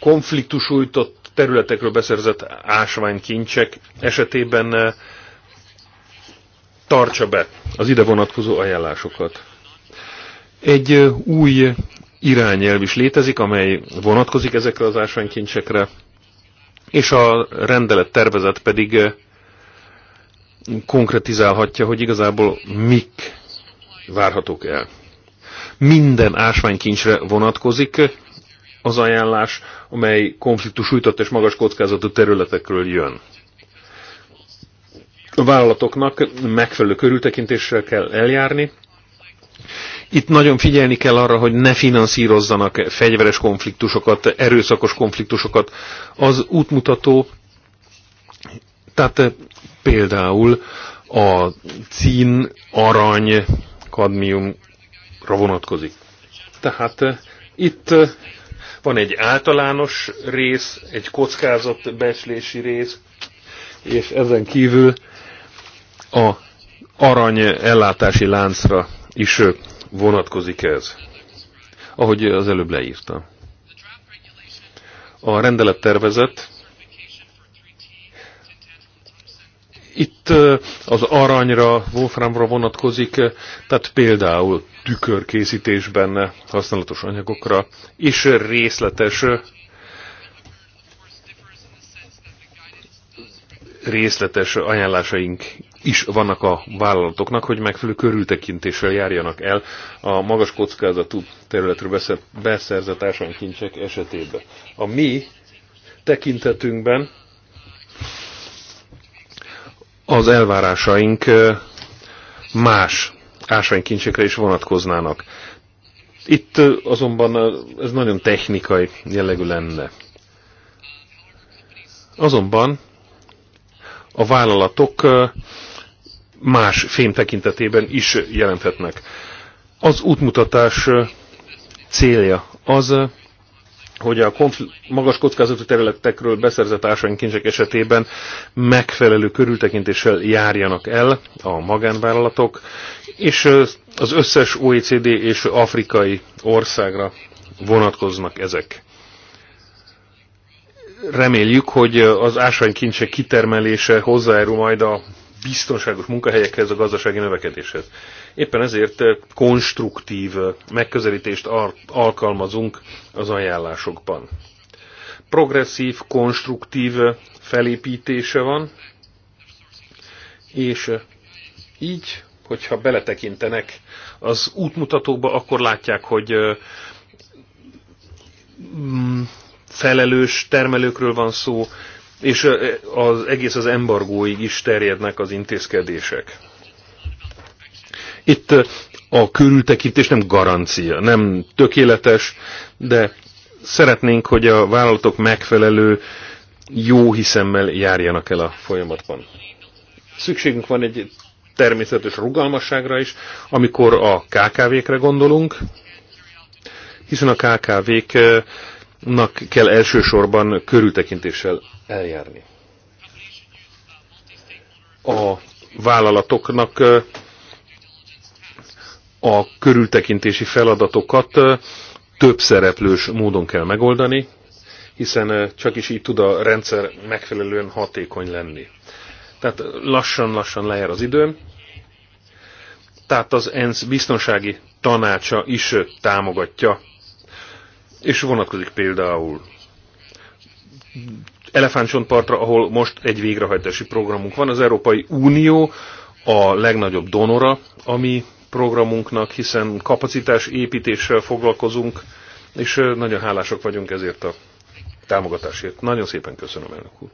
konfliktusújtott területekről beszerzett ásványkincsek esetében tartsa be az ide vonatkozó ajánlásokat. Egy új irányelv is létezik, amely vonatkozik ezekre az ásványkincsekre, és a rendelet tervezet pedig eh, konkretizálhatja, hogy igazából mik várhatók el. Minden ásványkincsre vonatkozik eh, az ajánlás, amely konfliktus újtott és magas kockázatú területekről jön. A vállalatoknak megfelelő körültekintéssel kell eljárni, itt nagyon figyelni kell arra, hogy ne finanszírozzanak fegyveres konfliktusokat, erőszakos konfliktusokat. Az útmutató, tehát eh, például a cín, arany, kadmiumra vonatkozik. Tehát eh, itt eh, van egy általános rész, egy beslési rész, és ezen kívül a arany ellátási láncra is vonatkozik ez, ahogy az előbb leírta. A rendelet tervezet itt az aranyra, wolframra vonatkozik, tehát például tükörkészítésben használatos anyagokra, és részletes részletes ajánlásaink is vannak a vállalatoknak, hogy megfelelő körültekintéssel járjanak el a magas kockázatú területről beszerzett ásványkincsek esetében. A mi tekintetünkben az elvárásaink más ásványkincsekre is vonatkoznának. Itt azonban ez nagyon technikai jellegű lenne. Azonban a vállalatok más fém tekintetében is jelenthetnek. Az útmutatás célja az, hogy a magas kockázatú területekről beszerzett ásványkincsek esetében megfelelő körültekintéssel járjanak el a magánvállalatok, és az összes OECD és afrikai országra vonatkoznak ezek. Reméljük, hogy az ásványkincsek kitermelése hozzájárul majd a biztonságos munkahelyekhez, a gazdasági növekedéshez. Éppen ezért eh, konstruktív eh, megközelítést alkalmazunk az ajánlásokban. Progresszív, konstruktív eh, felépítése van, és így, hogyha beletekintenek az útmutatókba, akkor látják, hogy mm, felelős termelőkről van szó, és az egész az embargóig is terjednek az intézkedések. Itt a körültekintés nem garancia, nem tökéletes, de szeretnénk, hogy a vállalatok megfelelő jó hiszemmel járjanak el a folyamatban. Szükségünk van egy természetes rugalmasságra is, amikor a KKV-kre gondolunk, hiszen a KKV-k nak kell elsősorban körültekintéssel eljárni. A vállalatoknak a körültekintési feladatokat több szereplős módon kell megoldani, hiszen csak is így tud a rendszer megfelelően hatékony lenni. Tehát lassan-lassan lejár az időm. Tehát az ENSZ biztonsági tanácsa is támogatja és vonatkozik például Elefántcsontpartra, ahol most egy végrehajtási programunk van. Az Európai Unió a legnagyobb donora a mi programunknak, hiszen kapacitás építéssel foglalkozunk, és nagyon hálások vagyunk ezért a támogatásért. Nagyon szépen köszönöm, elnök úr.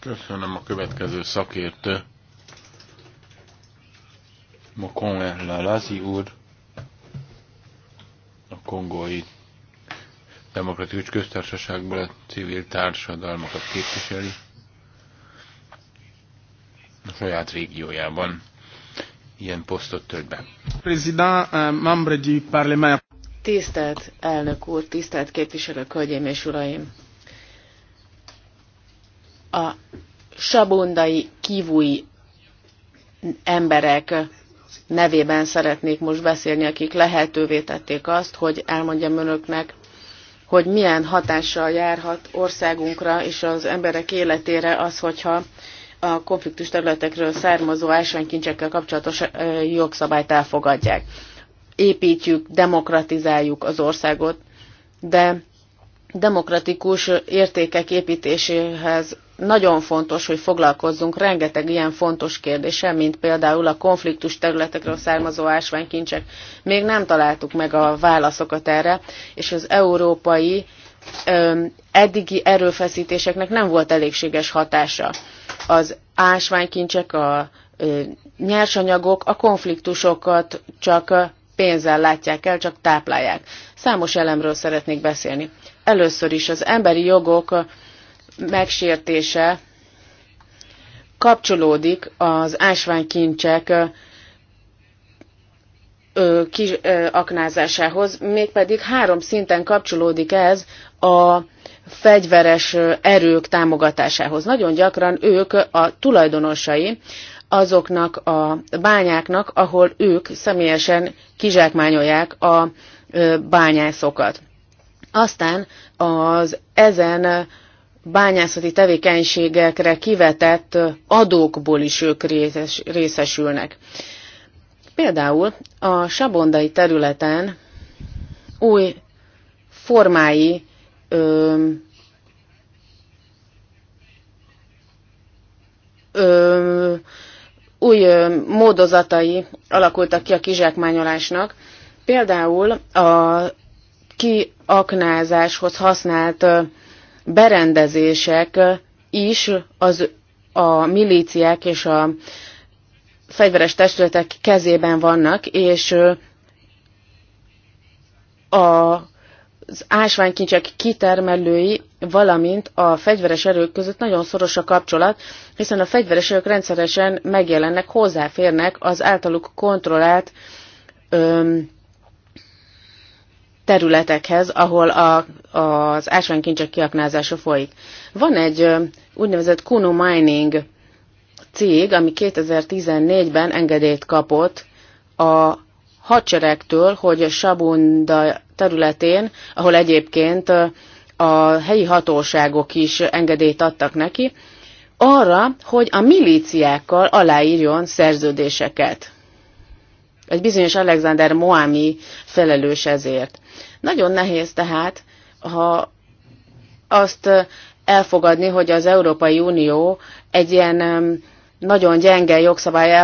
Köszönöm a következő szakértő. Mokon Lalazi úr kongói demokratikus köztársaságból a civil társadalmakat képviseli a saját régiójában. Ilyen posztot tölt be. Euh, tisztelt elnök úr, tisztelt képviselők, hölgyeim és uraim! A sabondai, kivúi emberek nevében szeretnék most beszélni, akik lehetővé tették azt, hogy elmondjam önöknek, hogy milyen hatással járhat országunkra és az emberek életére az, hogyha a konfliktus területekről származó ásványkincsekkel kapcsolatos jogszabályt elfogadják. Építjük, demokratizáljuk az országot, de demokratikus értékek építéséhez nagyon fontos, hogy foglalkozzunk rengeteg ilyen fontos kérdéssel, mint például a konfliktus területekről származó ásványkincsek. Még nem találtuk meg a válaszokat erre, és az európai öm, eddigi erőfeszítéseknek nem volt elégséges hatása. Az ásványkincsek, a ö, nyersanyagok a konfliktusokat csak pénzzel látják el, csak táplálják. Számos elemről szeretnék beszélni. Először is az emberi jogok megsértése kapcsolódik az ásványkincsek kiaknázásához, mégpedig három szinten kapcsolódik ez a fegyveres erők támogatásához. Nagyon gyakran ők a tulajdonosai azoknak a bányáknak, ahol ők személyesen kizsákmányolják a bányászokat. Aztán az ezen bányászati tevékenységekre kivetett adókból is ők részesülnek. Például a sabondai területen új formái ö, ö, új ö, módozatai alakultak ki a kizsákmányolásnak. Például a kiaknázáshoz használt ö, berendezések is az a milíciák és a fegyveres testületek kezében vannak, és az ásványkincsek kitermelői, valamint a fegyveres erők között nagyon szoros a kapcsolat, hiszen a fegyveres erők rendszeresen megjelennek, hozzáférnek az általuk kontrollált öm, területekhez, ahol a, az ásványkincsek kiaknázása folyik. Van egy úgynevezett Kuno Mining cég, ami 2014-ben engedélyt kapott a hadseregtől, hogy a Sabunda területén, ahol egyébként a helyi hatóságok is engedélyt adtak neki, arra, hogy a milíciákkal aláírjon szerződéseket. Egy bizonyos Alexander Moami felelős ezért. Nagyon nehéz tehát, ha azt elfogadni, hogy az Európai Unió egy ilyen nagyon gyenge jogszabály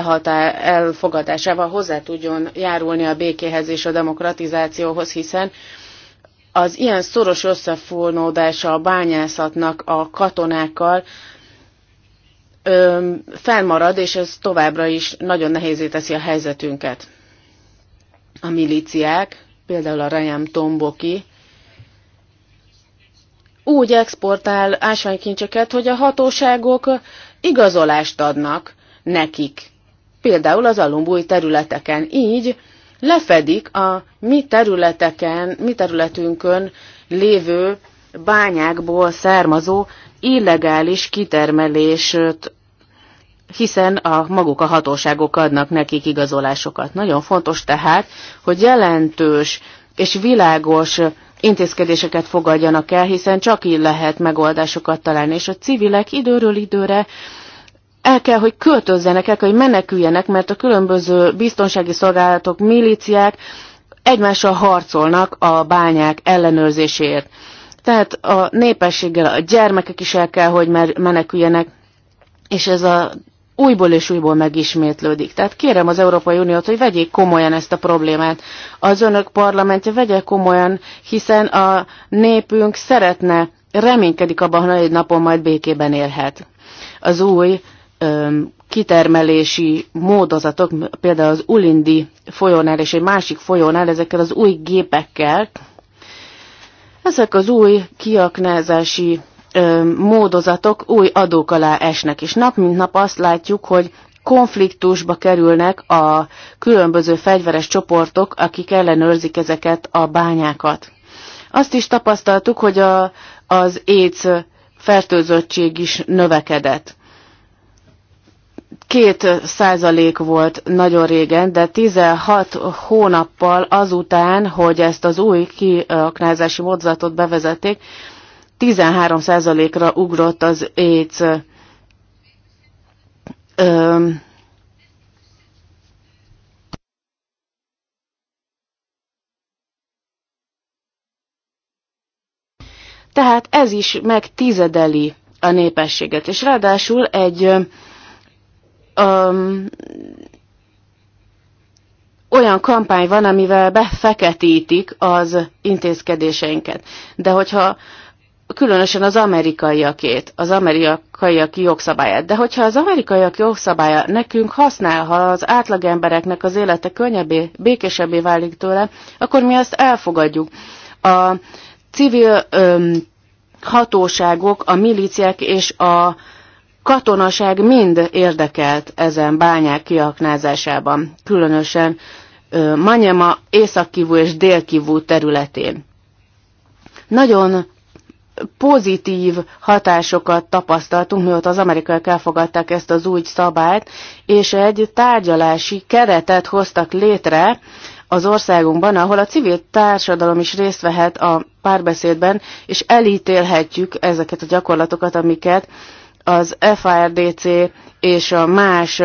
elfogadásával hozzá tudjon járulni a békéhez és a demokratizációhoz, hiszen az ilyen szoros összefonódása a bányászatnak a katonákkal felmarad, és ez továbbra is nagyon nehézé teszi a helyzetünket. A milíciák például a Rajám Tomboki, úgy exportál ásványkincseket, hogy a hatóságok igazolást adnak nekik, például az alumbúj területeken. Így lefedik a mi területeken, mi területünkön lévő bányákból származó illegális kitermelést hiszen a maguk a hatóságok adnak nekik igazolásokat. Nagyon fontos tehát, hogy jelentős és világos intézkedéseket fogadjanak el, hiszen csak így lehet megoldásokat találni, és a civilek időről időre el kell, hogy költözzenek, el kell, hogy meneküljenek, mert a különböző biztonsági szolgálatok, milíciák egymással harcolnak a bányák ellenőrzéséért. Tehát a népességgel a gyermekek is el kell, hogy meneküljenek, és ez a újból és újból megismétlődik. Tehát kérem az Európai Uniót, hogy vegyék komolyan ezt a problémát. Az önök parlamentje vegye komolyan, hiszen a népünk szeretne, reménykedik abban, hogy egy napon majd békében élhet. Az új öm, kitermelési módozatok, például az Ulindi folyónál és egy másik folyónál ezekkel az új gépekkel, ezek az új kiaknázási módozatok új adók alá esnek, és nap mint nap azt látjuk, hogy konfliktusba kerülnek a különböző fegyveres csoportok, akik ellenőrzik ezeket a bányákat. Azt is tapasztaltuk, hogy a, az éc fertőzöttség is növekedett. Két százalék volt nagyon régen, de 16 hónappal azután, hogy ezt az új kiaknázási módzatot bevezették, 13%-ra ugrott az AIDS Tehát ez is megtizedeli a népességet, és ráadásul egy um, olyan kampány van, amivel befeketítik az intézkedéseinket. De hogyha különösen az amerikaiakét, az amerikaiak jogszabályát. De hogyha az amerikaiak jogszabálya nekünk használ, ha az átlagembereknek az élete könnyebbé, békésebbé válik tőle, akkor mi ezt elfogadjuk. A civil öm, hatóságok, a milíciák és a katonaság mind érdekelt ezen bányák kiaknázásában, különösen ö, Manyema északkivú és délkivú területén. Nagyon pozitív hatásokat tapasztaltunk, mióta az amerikaiak elfogadták ezt az új szabályt, és egy tárgyalási keretet hoztak létre az országunkban, ahol a civil társadalom is részt vehet a párbeszédben, és elítélhetjük ezeket a gyakorlatokat, amiket az FARDC és a más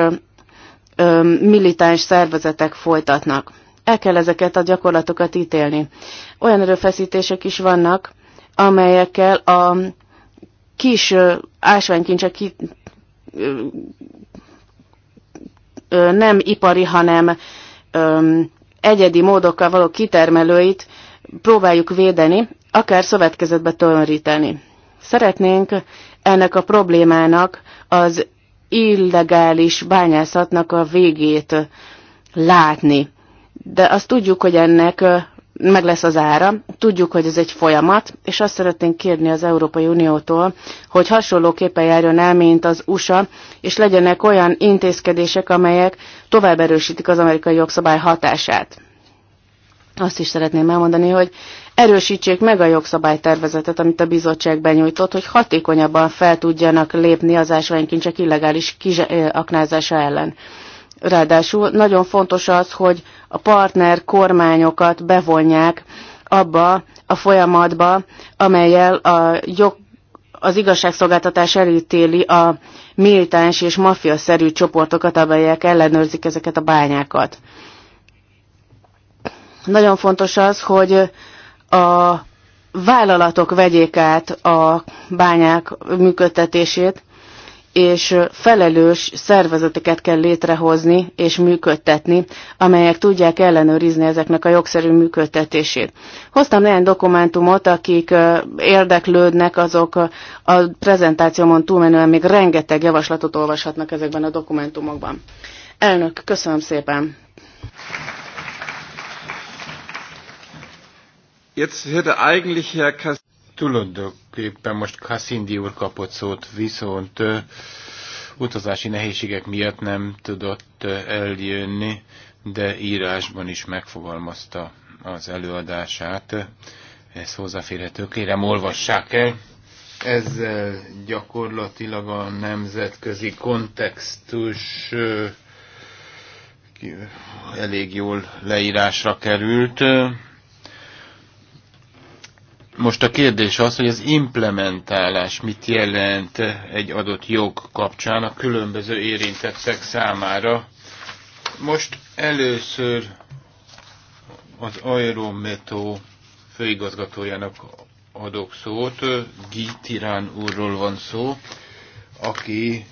militáns szervezetek folytatnak. El kell ezeket a gyakorlatokat ítélni. Olyan erőfeszítések is vannak, amelyekkel a kis ásványkincsek ki, nem ipari, hanem egyedi módokkal való kitermelőit próbáljuk védeni, akár szövetkezetbe tömöríteni. Szeretnénk ennek a problémának, az illegális bányászatnak a végét látni. De azt tudjuk, hogy ennek meg lesz az ára. Tudjuk, hogy ez egy folyamat, és azt szeretnénk kérni az Európai Uniótól, hogy hasonlóképpen járjon el, mint az USA, és legyenek olyan intézkedések, amelyek tovább erősítik az amerikai jogszabály hatását. Azt is szeretném elmondani, hogy erősítsék meg a jogszabálytervezetet, amit a bizottság benyújtott, hogy hatékonyabban fel tudjanak lépni az ásványkincsek illegális aknázása ellen. Ráadásul nagyon fontos az, hogy a partner kormányokat bevonják abba a folyamatba, amelyel a jog, az igazságszolgáltatás elítéli a méltáns és mafiaszerű csoportokat, amelyek ellenőrzik ezeket a bányákat. Nagyon fontos az, hogy a vállalatok vegyék át a bányák működtetését, és felelős szervezeteket kell létrehozni és működtetni, amelyek tudják ellenőrizni ezeknek a jogszerű működtetését. Hoztam néhány dokumentumot, akik érdeklődnek, azok a prezentációmon túlmenően még rengeteg javaslatot olvashatnak ezekben a dokumentumokban. Elnök, köszönöm szépen! Jetzt hätte eigentlich Herr Tulondok éppen most Kassindi úr kapott szót, viszont ö, utazási nehézségek miatt nem tudott eljönni, de írásban is megfogalmazta az előadását. Ez hozzáférhető, kérem olvassák el. Ezzel gyakorlatilag a nemzetközi kontextus elég jól leírásra került. Most a kérdés az, hogy az implementálás mit jelent egy adott jog kapcsán a különböző érintettek számára. Most először az Aerometó főigazgatójának adok szót. Guy Tirán úrról van szó, aki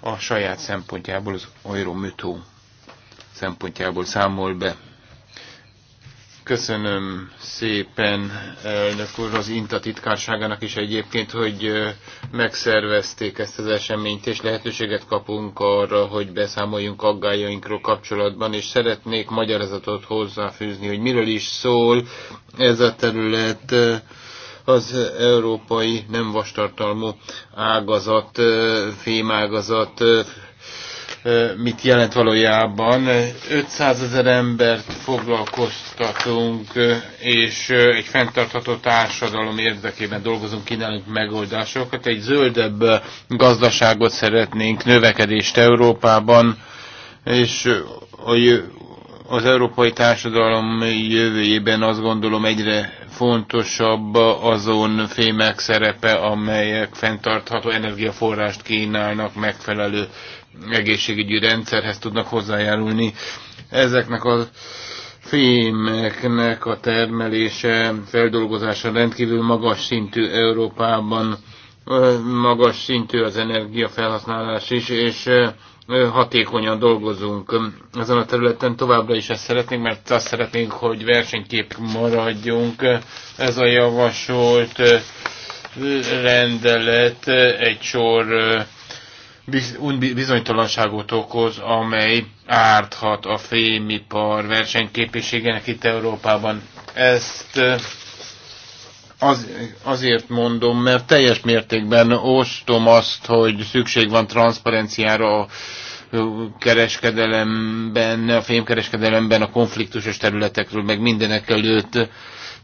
a saját szempontjából, az Aerometó szempontjából számol be Köszönöm szépen elnök úr az INTA titkárságának is egyébként, hogy megszervezték ezt az eseményt, és lehetőséget kapunk arra, hogy beszámoljunk aggájainkról kapcsolatban, és szeretnék magyarázatot hozzáfűzni, hogy miről is szól ez a terület az európai nem vastartalmú ágazat, fémágazat mit jelent valójában. 500 ezer embert foglalkoztatunk, és egy fenntartható társadalom érdekében dolgozunk, kínálunk megoldásokat. Egy zöldebb gazdaságot szeretnénk, növekedést Európában, és az európai társadalom jövőjében azt gondolom egyre fontosabb azon fémek szerepe, amelyek fenntartható energiaforrást kínálnak megfelelő egészségügyi rendszerhez tudnak hozzájárulni. Ezeknek a fémeknek a termelése, feldolgozása rendkívül magas szintű Európában, magas szintű az energiafelhasználás is, és hatékonyan dolgozunk ezen a területen. Továbbra is ezt szeretnénk, mert azt szeretnénk, hogy versenykép maradjunk. Ez a javasolt rendelet egy sor bizonytalanságot okoz, amely árthat a fémipar versenyképességének itt Európában. Ezt az, azért mondom, mert teljes mértékben osztom azt, hogy szükség van transzparenciára a kereskedelemben, a fémkereskedelemben, a konfliktusos területekről, meg mindenek előtt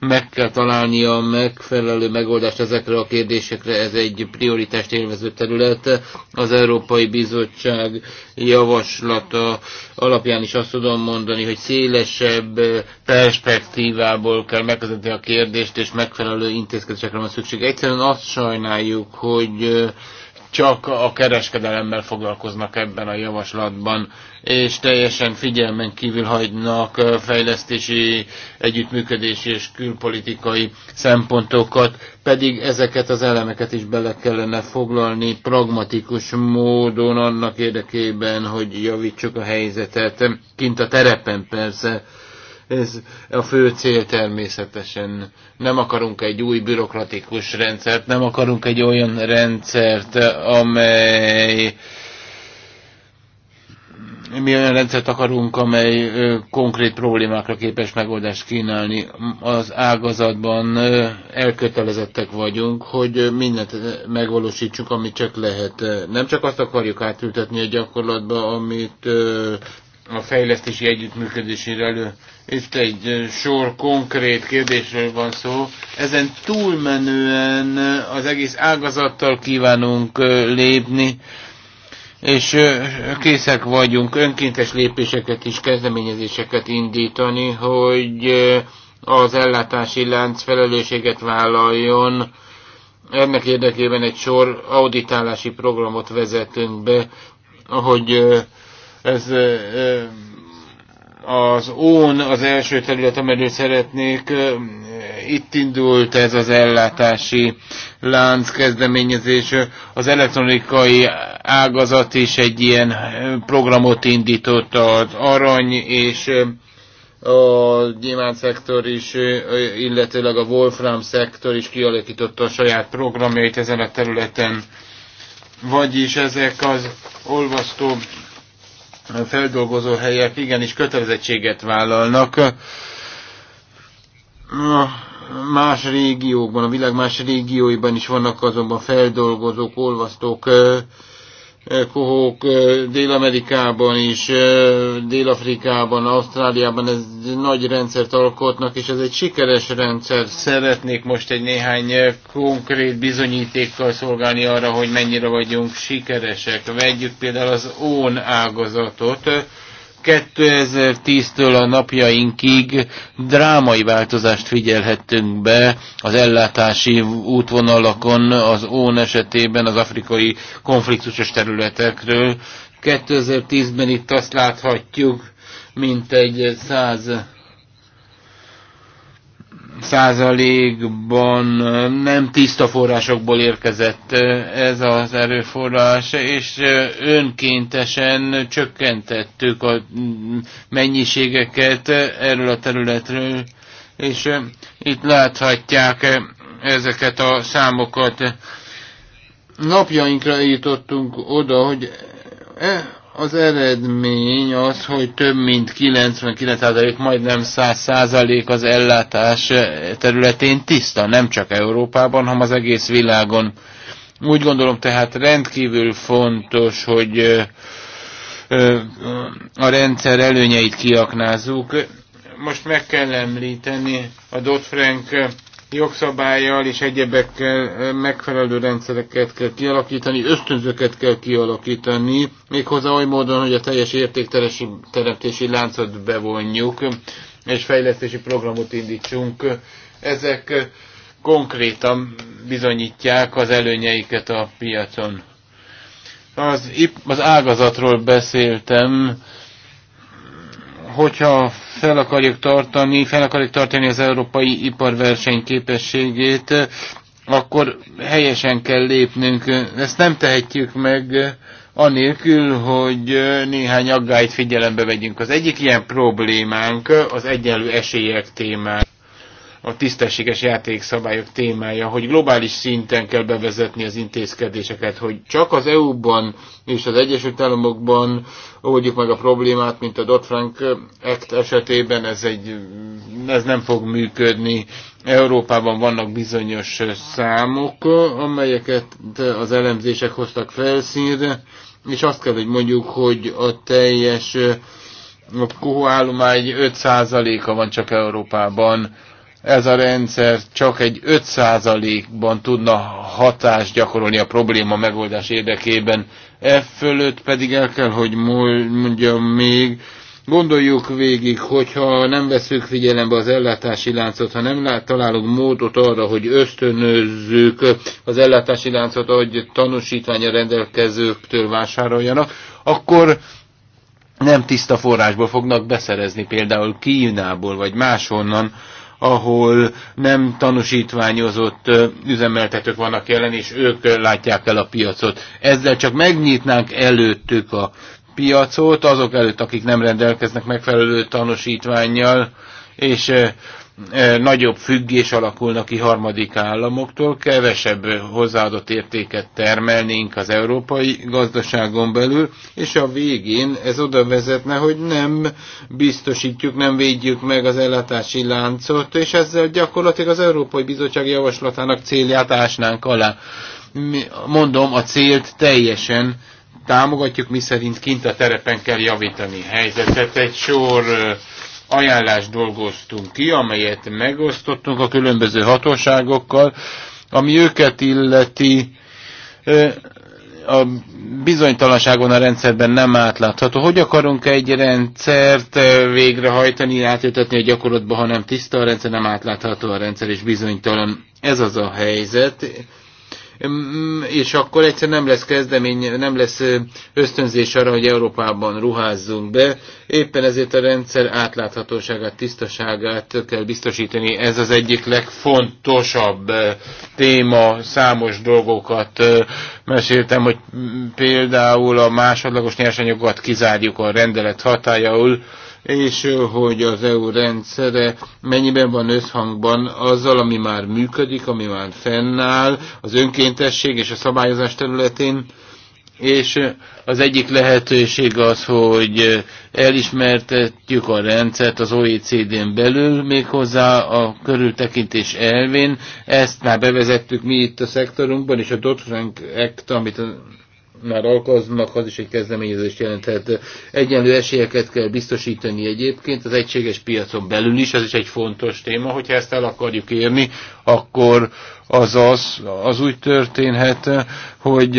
meg kell találni a megfelelő megoldást ezekre a kérdésekre, ez egy prioritást élvező terület. Az Európai Bizottság javaslata alapján is azt tudom mondani, hogy szélesebb perspektívából kell megközelíteni a kérdést, és megfelelő intézkedésekre van szükség. Egyszerűen azt sajnáljuk, hogy csak a kereskedelemmel foglalkoznak ebben a javaslatban, és teljesen figyelmen kívül hagynak fejlesztési, együttműködési és külpolitikai szempontokat, pedig ezeket az elemeket is bele kellene foglalni pragmatikus módon annak érdekében, hogy javítsuk a helyzetet, kint a terepen persze, ez a fő cél természetesen. Nem akarunk egy új bürokratikus rendszert, nem akarunk egy olyan rendszert, amely mi olyan rendszert akarunk, amely konkrét problémákra képes megoldást kínálni. Az ágazatban elkötelezettek vagyunk, hogy mindent megvalósítsuk, amit csak lehet. Nem csak azt akarjuk átültetni a gyakorlatba, amit a fejlesztési együttműködésére elő. Itt egy sor konkrét kérdésről van szó. Ezen túlmenően az egész ágazattal kívánunk lépni, és készek vagyunk önkéntes lépéseket és kezdeményezéseket indítani, hogy az ellátási lánc felelősséget vállaljon, ennek érdekében egy sor auditálási programot vezetünk be, hogy ez az ON az első terület, amelyről szeretnék. Itt indult ez az ellátási lánc kezdeményezés. Az elektronikai ágazat is egy ilyen programot indított az arany és a gyémánt szektor is, illetőleg a Wolfram szektor is kialakította a saját programjait ezen a területen. Vagyis ezek az olvasztó feldolgozó helyek igenis kötelezettséget vállalnak. Más régiókban, a világ más régióiban is vannak azonban feldolgozók, olvasztók, kohók Dél-Amerikában is, Dél-Afrikában, Ausztráliában ez nagy rendszert alkotnak, és ez egy sikeres rendszer. Szeretnék most egy néhány konkrét bizonyítékkal szolgálni arra, hogy mennyire vagyunk sikeresek. Vegyük például az ON ágazatot, 2010-től a napjainkig drámai változást figyelhettünk be az ellátási útvonalakon, az ON esetében, az afrikai konfliktusos területekről. 2010-ben itt azt láthatjuk, mint egy 100 százalékban nem tiszta forrásokból érkezett ez az erőforrás, és önkéntesen csökkentettük a mm, mennyiségeket erről a területről, és itt láthatják ezeket a számokat. Napjainkra jutottunk oda, hogy az eredmény az, hogy több mint 99%, majdnem 100% az ellátás területén tiszta, nem csak Európában, hanem az egész világon. Úgy gondolom tehát rendkívül fontos, hogy a rendszer előnyeit kiaknázzuk. Most meg kell említeni a Dodd-Frank jogszabályjal és egyebekkel eh, megfelelő rendszereket kell kialakítani, ösztönzőket kell kialakítani, méghozzá oly módon, hogy a teljes értékteremtési láncot bevonjuk, és fejlesztési programot indítsunk. Ezek eh, konkrétan bizonyítják az előnyeiket a piacon. Az, az ágazatról beszéltem, hogyha fel akarjuk tartani, fel akarjuk tartani az európai iparverseny képességét, akkor helyesen kell lépnünk. Ezt nem tehetjük meg anélkül, hogy néhány aggályt figyelembe vegyünk. Az egyik ilyen problémánk az egyenlő esélyek témája a tisztességes játékszabályok témája, hogy globális szinten kell bevezetni az intézkedéseket, hogy csak az EU-ban és az Egyesült Államokban oldjuk meg a problémát, mint a Dodd-Frank Act esetében, ez, egy, ez nem fog működni. Európában vannak bizonyos számok, amelyeket az elemzések hoztak felszínre, és azt kell, hogy mondjuk, hogy a teljes a kohállomány 5%-a van csak Európában, ez a rendszer csak egy 5%-ban tudna hatást gyakorolni a probléma megoldás érdekében. E fölött pedig el kell, hogy mondjam még, gondoljuk végig, hogyha nem veszük figyelembe az ellátási láncot, ha nem lát, találunk módot arra, hogy ösztönözzük az ellátási láncot, hogy tanúsítványa rendelkezőktől vásároljanak, akkor nem tiszta forrásból fognak beszerezni, például Kínából vagy máshonnan, ahol nem tanúsítványozott üzemeltetők vannak jelen, és ők látják el a piacot. Ezzel csak megnyitnánk előttük a piacot, azok előtt, akik nem rendelkeznek megfelelő tanúsítványjal, és Eh, nagyobb függés alakulna ki harmadik államoktól, kevesebb hozzáadott értéket termelnénk az európai gazdaságon belül, és a végén ez oda vezetne, hogy nem biztosítjuk, nem védjük meg az ellátási láncot, és ezzel gyakorlatilag az Európai Bizottság javaslatának célját ásnánk alá. Mondom, a célt teljesen támogatjuk, mi szerint kint a terepen kell javítani helyzetet. Egy sor eh, ajánlást dolgoztunk ki, amelyet megosztottunk a különböző hatóságokkal, ami őket illeti a bizonytalanságon a rendszerben nem átlátható. Hogy akarunk egy rendszert végrehajtani, átültetni a gyakorlatba, ha nem tiszta a rendszer, nem átlátható a rendszer, és bizonytalan. Ez az a helyzet és akkor egyszer nem lesz kezdemény, nem lesz ösztönzés arra, hogy Európában ruházzunk be. Éppen ezért a rendszer átláthatóságát, tisztaságát kell biztosítani. Ez az egyik legfontosabb téma, számos dolgokat meséltem, hogy például a másodlagos nyersanyagokat kizárjuk a rendelet hatájául, és hogy az EU rendszere mennyiben van összhangban azzal, ami már működik, ami már fennáll, az önkéntesség és a szabályozás területén, és az egyik lehetőség az, hogy elismertetjük a rendszert az OECD-n belül, méghozzá a körültekintés elvén. Ezt már bevezettük mi itt a szektorunkban, és a Dodd-Frank Act, amit már alkalmaznak, az is egy kezdeményezést jelenthet. Egyenlő esélyeket kell biztosítani egyébként az egységes piacon belül is, ez is egy fontos téma, hogyha ezt el akarjuk érni, akkor azaz az úgy történhet, hogy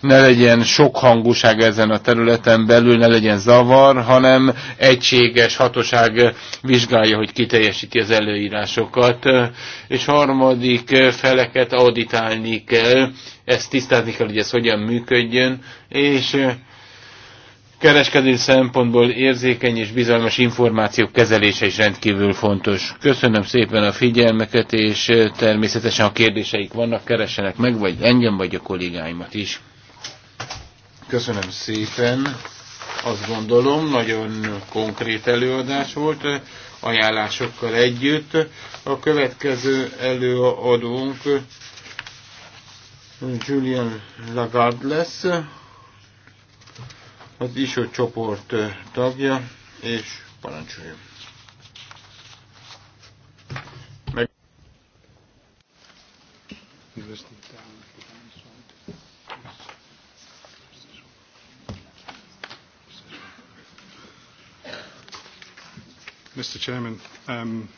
ne legyen sok hangúság ezen a területen belül, ne legyen zavar, hanem egységes hatóság vizsgálja, hogy kiteljesíti az előírásokat, és harmadik feleket auditálni kell, ezt tisztázni kell, hogy ez hogyan működjön, és kereskedő szempontból érzékeny és bizalmas információk kezelése is rendkívül fontos. Köszönöm szépen a figyelmeket, és természetesen a kérdéseik vannak, keressenek meg, vagy engem, vagy a kollégáimat is. Köszönöm szépen. Azt gondolom, nagyon konkrét előadás volt ajánlásokkal együtt. A következő előadónk Julian Lagarde lesz, az ISO csoport tagja, és parancsolja. Meg... Mr. Chairman, um,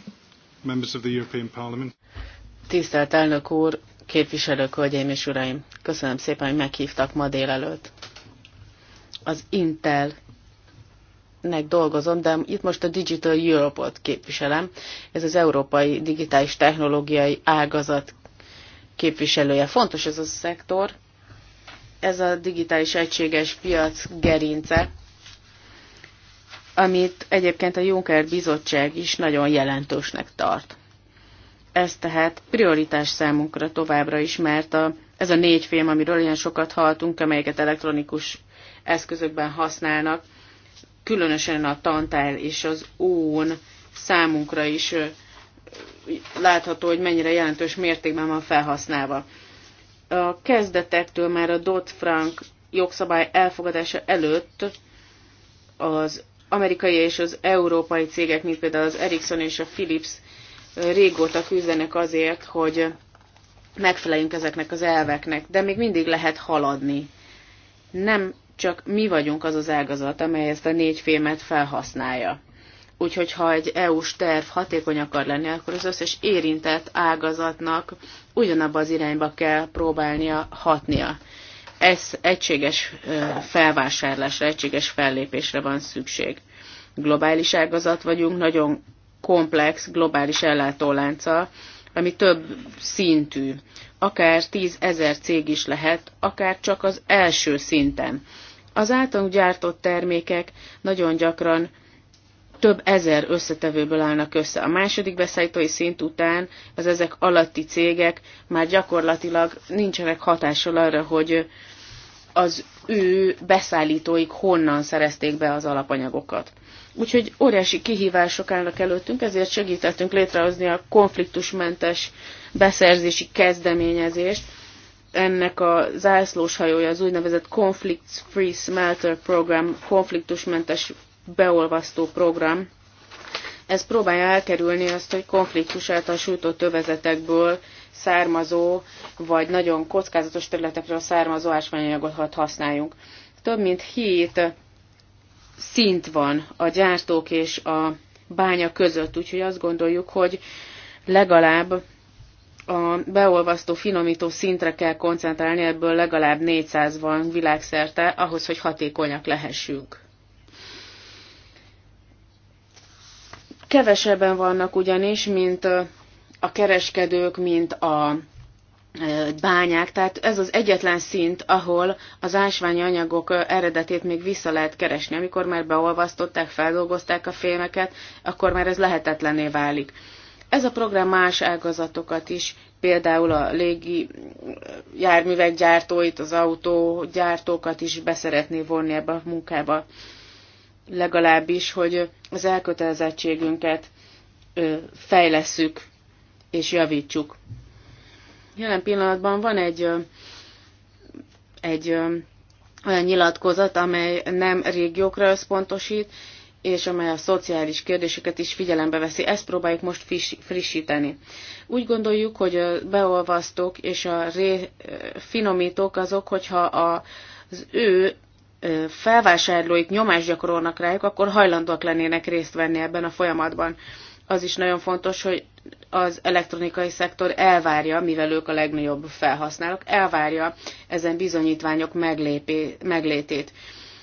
members of the European Parliament. Tisztelt elnök úr, képviselők, hölgyeim és uraim! Köszönöm szépen, hogy meghívtak ma délelőtt az intel nek dolgozom, de itt most a Digital Europe-ot képviselem. Ez az Európai Digitális Technológiai Ágazat képviselője. Fontos ez a szektor, ez a digitális egységes piac gerince, amit egyébként a Juncker Bizottság is nagyon jelentősnek tart. Ez tehát prioritás számunkra továbbra is, mert a, ez a négy fém, amiről ilyen sokat halltunk, amelyeket elektronikus eszközökben használnak, különösen a tantál és az ón számunkra is látható, hogy mennyire jelentős mértékben van felhasználva. A kezdetektől már a Dodd-Frank jogszabály elfogadása előtt az amerikai és az európai cégek, mint például az Ericsson és a Philips régóta küzdenek azért, hogy megfeleljünk ezeknek az elveknek, de még mindig lehet haladni. Nem csak mi vagyunk az az ágazat, amely ezt a négy fémet felhasználja. Úgyhogy ha egy EU-s terv hatékony akar lenni, akkor az összes érintett ágazatnak ugyanabba az irányba kell próbálnia hatnia. Ez egységes felvásárlásra, egységes fellépésre van szükség. Globális ágazat vagyunk, nagyon komplex globális ellátólánca, ami több szintű. Akár tízezer cég is lehet, akár csak az első szinten az általunk gyártott termékek nagyon gyakran több ezer összetevőből állnak össze. A második beszállítói szint után az ezek alatti cégek már gyakorlatilag nincsenek hatással arra, hogy az ő beszállítóik honnan szerezték be az alapanyagokat. Úgyhogy óriási kihívások állnak előttünk, ezért segítettünk létrehozni a konfliktusmentes beszerzési kezdeményezést, ennek a zászlós hajója az úgynevezett Conflict Free Smelter Program, konfliktusmentes beolvasztó program. Ez próbálja elkerülni azt, hogy konfliktus által sújtott övezetekből származó, vagy nagyon kockázatos területekről származó ásványanyagot használjunk. Több mint hét szint van a gyártók és a bánya között, úgyhogy azt gondoljuk, hogy legalább a beolvasztó finomító szintre kell koncentrálni, ebből legalább 400 van világszerte, ahhoz, hogy hatékonyak lehessünk. Kevesebben vannak ugyanis, mint a kereskedők, mint a bányák, tehát ez az egyetlen szint, ahol az ásványi anyagok eredetét még vissza lehet keresni. Amikor már beolvasztották, feldolgozták a fémeket, akkor már ez lehetetlené válik. Ez a program más ágazatokat is, például a légi járművek gyártóit, az autógyártókat is beszeretné vonni ebbe a munkába. Legalábbis, hogy az elkötelezettségünket fejlesszük és javítsuk. Jelen pillanatban van egy, egy olyan nyilatkozat, amely nem régiókra összpontosít, és amely a szociális kérdéseket is figyelembe veszi. Ezt próbáljuk most frissíteni. Úgy gondoljuk, hogy a beolvasztók és a ré, finomítók azok, hogyha az ő felvásárlóik nyomást gyakorolnak rájuk, akkor hajlandóak lennének részt venni ebben a folyamatban. Az is nagyon fontos, hogy az elektronikai szektor elvárja, mivel ők a legnagyobb felhasználók, elvárja ezen bizonyítványok meglépé, meglétét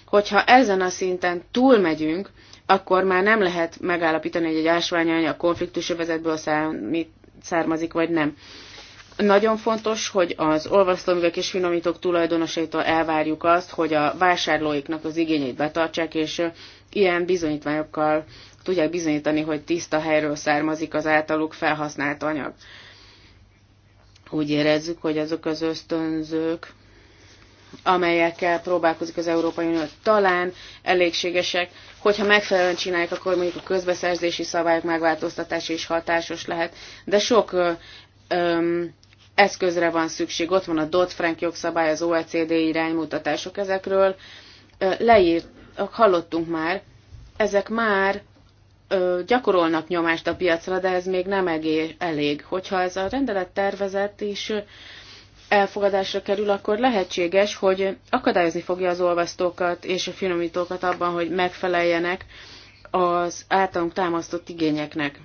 hogyha ezen a szinten túlmegyünk, akkor már nem lehet megállapítani, hogy egy konfliktus övezetből származik, vagy nem. Nagyon fontos, hogy az olvasztóművek és finomítók tulajdonosaitól elvárjuk azt, hogy a vásárlóiknak az igényeit betartsák, és ilyen bizonyítványokkal tudják bizonyítani, hogy tiszta helyről származik az általuk felhasznált anyag. Úgy érezzük, hogy azok az ösztönzők, amelyekkel próbálkozik az Európai Unió, talán elégségesek. Hogyha megfelelően csinálják, akkor mondjuk a közbeszerzési szabályok megváltoztatása is hatásos lehet, de sok ö, ö, eszközre van szükség. Ott van a Dodd-Frank jogszabály, az OECD iránymutatások ezekről. Ö, leírt, hallottunk már, ezek már ö, gyakorolnak nyomást a piacra, de ez még nem elég. Hogyha ez a rendelet tervezett is elfogadásra kerül, akkor lehetséges, hogy akadályozni fogja az olvasztókat és a finomítókat abban, hogy megfeleljenek az általunk támasztott igényeknek.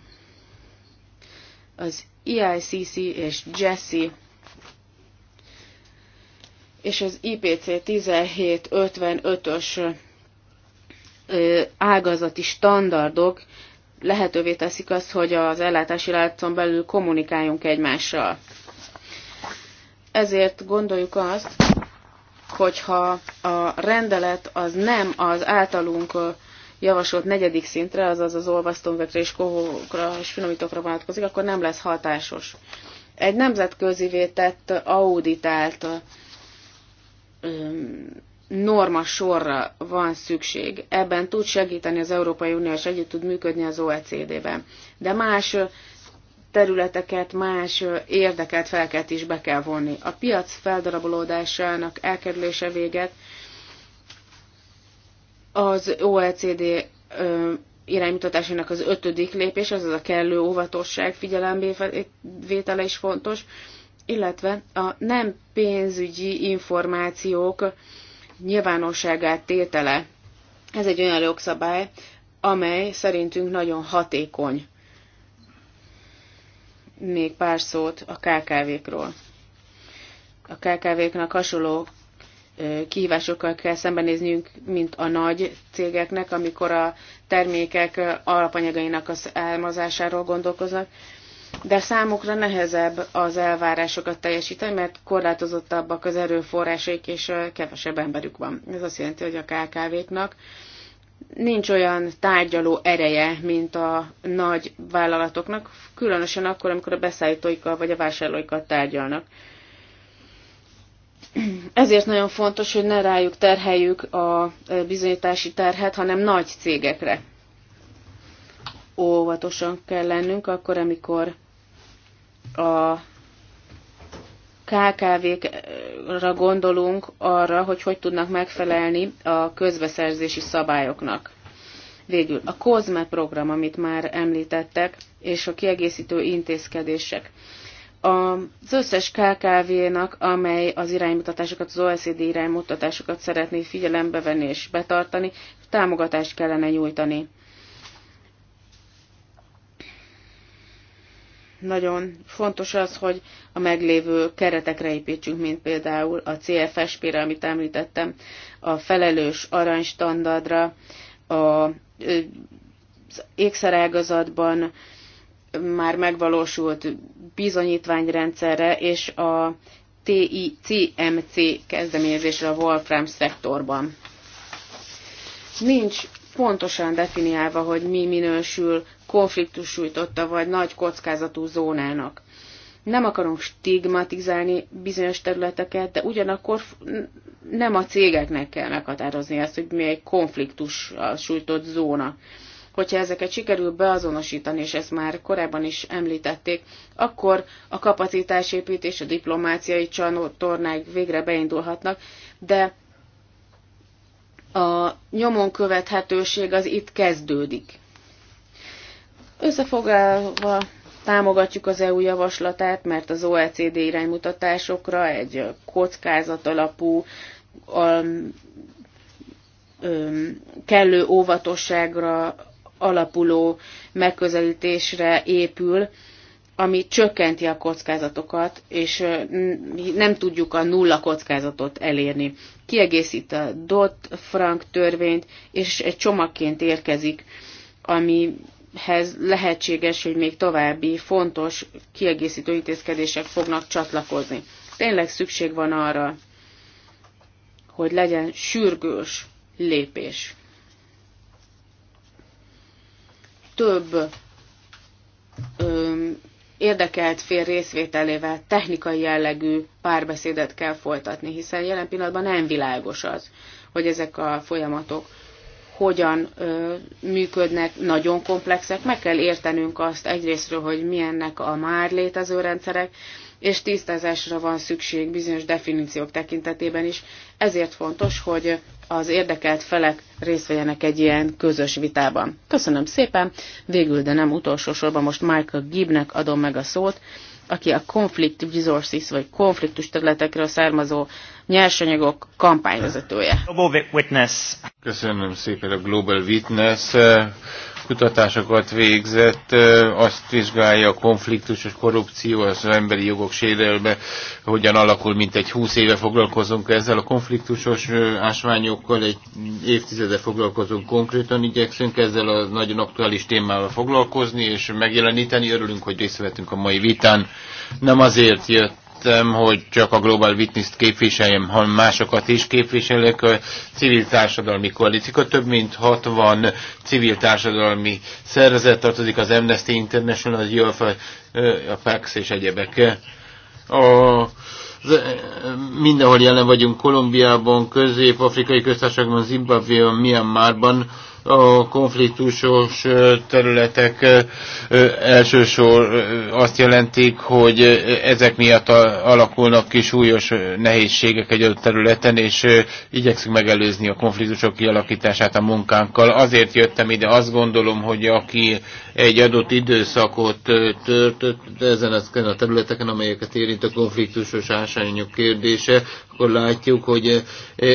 Az EICC és Jesse és az IPC 1755-ös ágazati standardok lehetővé teszik azt, hogy az ellátási láncon belül kommunikáljunk egymással ezért gondoljuk azt, hogyha a rendelet az nem az általunk javasolt negyedik szintre, azaz az olvasztómvekre és kohókra és finomítókra vonatkozik, akkor nem lesz hatásos. Egy nemzetközi vétett, auditált norma sorra van szükség. Ebben tud segíteni az Európai Unió, és együtt tud működni az OECD-ben. De más területeket más érdeket, feleket is be kell vonni. A piac feldarabolódásának elkerülése véget az OECD iránymutatásának az ötödik lépés, azaz a kellő óvatosság figyelembevétele is fontos, illetve a nem pénzügyi információk nyilvánosságát tétele. Ez egy olyan jogszabály, amely szerintünk nagyon hatékony még pár szót a KKV-król. A KKV-knak hasonló kihívásokkal kell szembenézniünk, mint a nagy cégeknek, amikor a termékek alapanyagainak az elmazásáról gondolkoznak, de számukra nehezebb az elvárásokat teljesíteni, mert korlátozottabbak az erőforrásaik, és kevesebb emberük van. Ez azt jelenti, hogy a KKV-knak nincs olyan tárgyaló ereje, mint a nagy vállalatoknak, különösen akkor, amikor a beszállítóikkal vagy a vásárlóikkal tárgyalnak. Ezért nagyon fontos, hogy ne rájuk terheljük a e, bizonyítási terhet, hanem nagy cégekre. Óvatosan kell lennünk akkor, amikor a KKV-kra gondolunk arra, hogy hogy tudnak megfelelni a közbeszerzési szabályoknak. Végül a COSME program, amit már említettek, és a kiegészítő intézkedések. Az összes KKV-nak, amely az iránymutatásokat, az OECD iránymutatásokat szeretné figyelembe venni és betartani, támogatást kellene nyújtani. nagyon fontos az, hogy a meglévő keretekre építsünk, mint például a CFSP-re, amit említettem, a felelős aranystandardra, a, az ékszerágazatban már megvalósult bizonyítványrendszerre, és a TICMC kezdeményezésre a Wolfram szektorban. Nincs pontosan definiálva, hogy mi minősül konfliktus sújtotta vagy nagy kockázatú zónának. Nem akarunk stigmatizálni bizonyos területeket, de ugyanakkor nem a cégeknek kell meghatározni ezt, hogy mi egy konfliktus sújtott zóna. Hogyha ezeket sikerül beazonosítani, és ezt már korábban is említették, akkor a kapacitásépítés, a diplomáciai csatornák végre beindulhatnak, de a nyomon követhetőség az itt kezdődik. Összefoglalva támogatjuk az EU javaslatát, mert az OECD iránymutatásokra egy kockázat alapú, um, um, kellő óvatosságra alapuló megközelítésre épül, ami csökkenti a kockázatokat, és nem tudjuk a nulla kockázatot elérni. Kiegészít a dot frank törvényt, és egy csomagként érkezik, ami hez lehetséges, hogy még további fontos kiegészítő intézkedések fognak csatlakozni. Tényleg szükség van arra, hogy legyen sürgős lépés. Több ö, érdekelt fél részvételével technikai jellegű párbeszédet kell folytatni, hiszen jelen pillanatban nem világos az, hogy ezek a folyamatok hogyan ö, működnek, nagyon komplexek. Meg kell értenünk azt egyrésztről, hogy milyennek a már létező rendszerek, és tisztázásra van szükség bizonyos definíciók tekintetében is. Ezért fontos, hogy az érdekelt felek részt vegyenek egy ilyen közös vitában. Köszönöm szépen, végül, de nem utolsó sorban most Michael Gibbnek adom meg a szót, aki a konflikt Resources vagy konfliktus területekről származó nyersanyagok kampányvezetője. Global Witness. Köszönöm szépen a Global Witness kutatásokat végzett, azt vizsgálja a konfliktus és korrupció, az emberi jogok sérelme, hogyan alakul, mint egy húsz éve foglalkozunk ezzel a konfliktusos ásványokkal, egy évtizede foglalkozunk konkrétan, igyekszünk ezzel a nagyon aktuális témával foglalkozni és megjeleníteni. Örülünk, hogy részt vettünk a mai vitán. Nem azért jött kértem, hogy csak a Global Witness-t képviseljem, hanem másokat is képviselek. A civil társadalmi koalíció több mint 60 civil társadalmi szervezet tartozik, az Amnesty International, az UEFA, a PAX és egyebek. A e, mindenhol jelen vagyunk Kolumbiában, Közép-Afrikai Köztársaságban, Zimbabwe, Myanmarban, a konfliktusos területek elsősor azt jelentik, hogy ezek miatt alakulnak ki súlyos nehézségek egy adott területen, és igyekszünk megelőzni a konfliktusok kialakítását a munkánkkal. Azért jöttem ide, azt gondolom, hogy aki egy adott időszakot töltött ezen a területeken, amelyeket érint a konfliktusos ásányok kérdése, akkor látjuk, hogy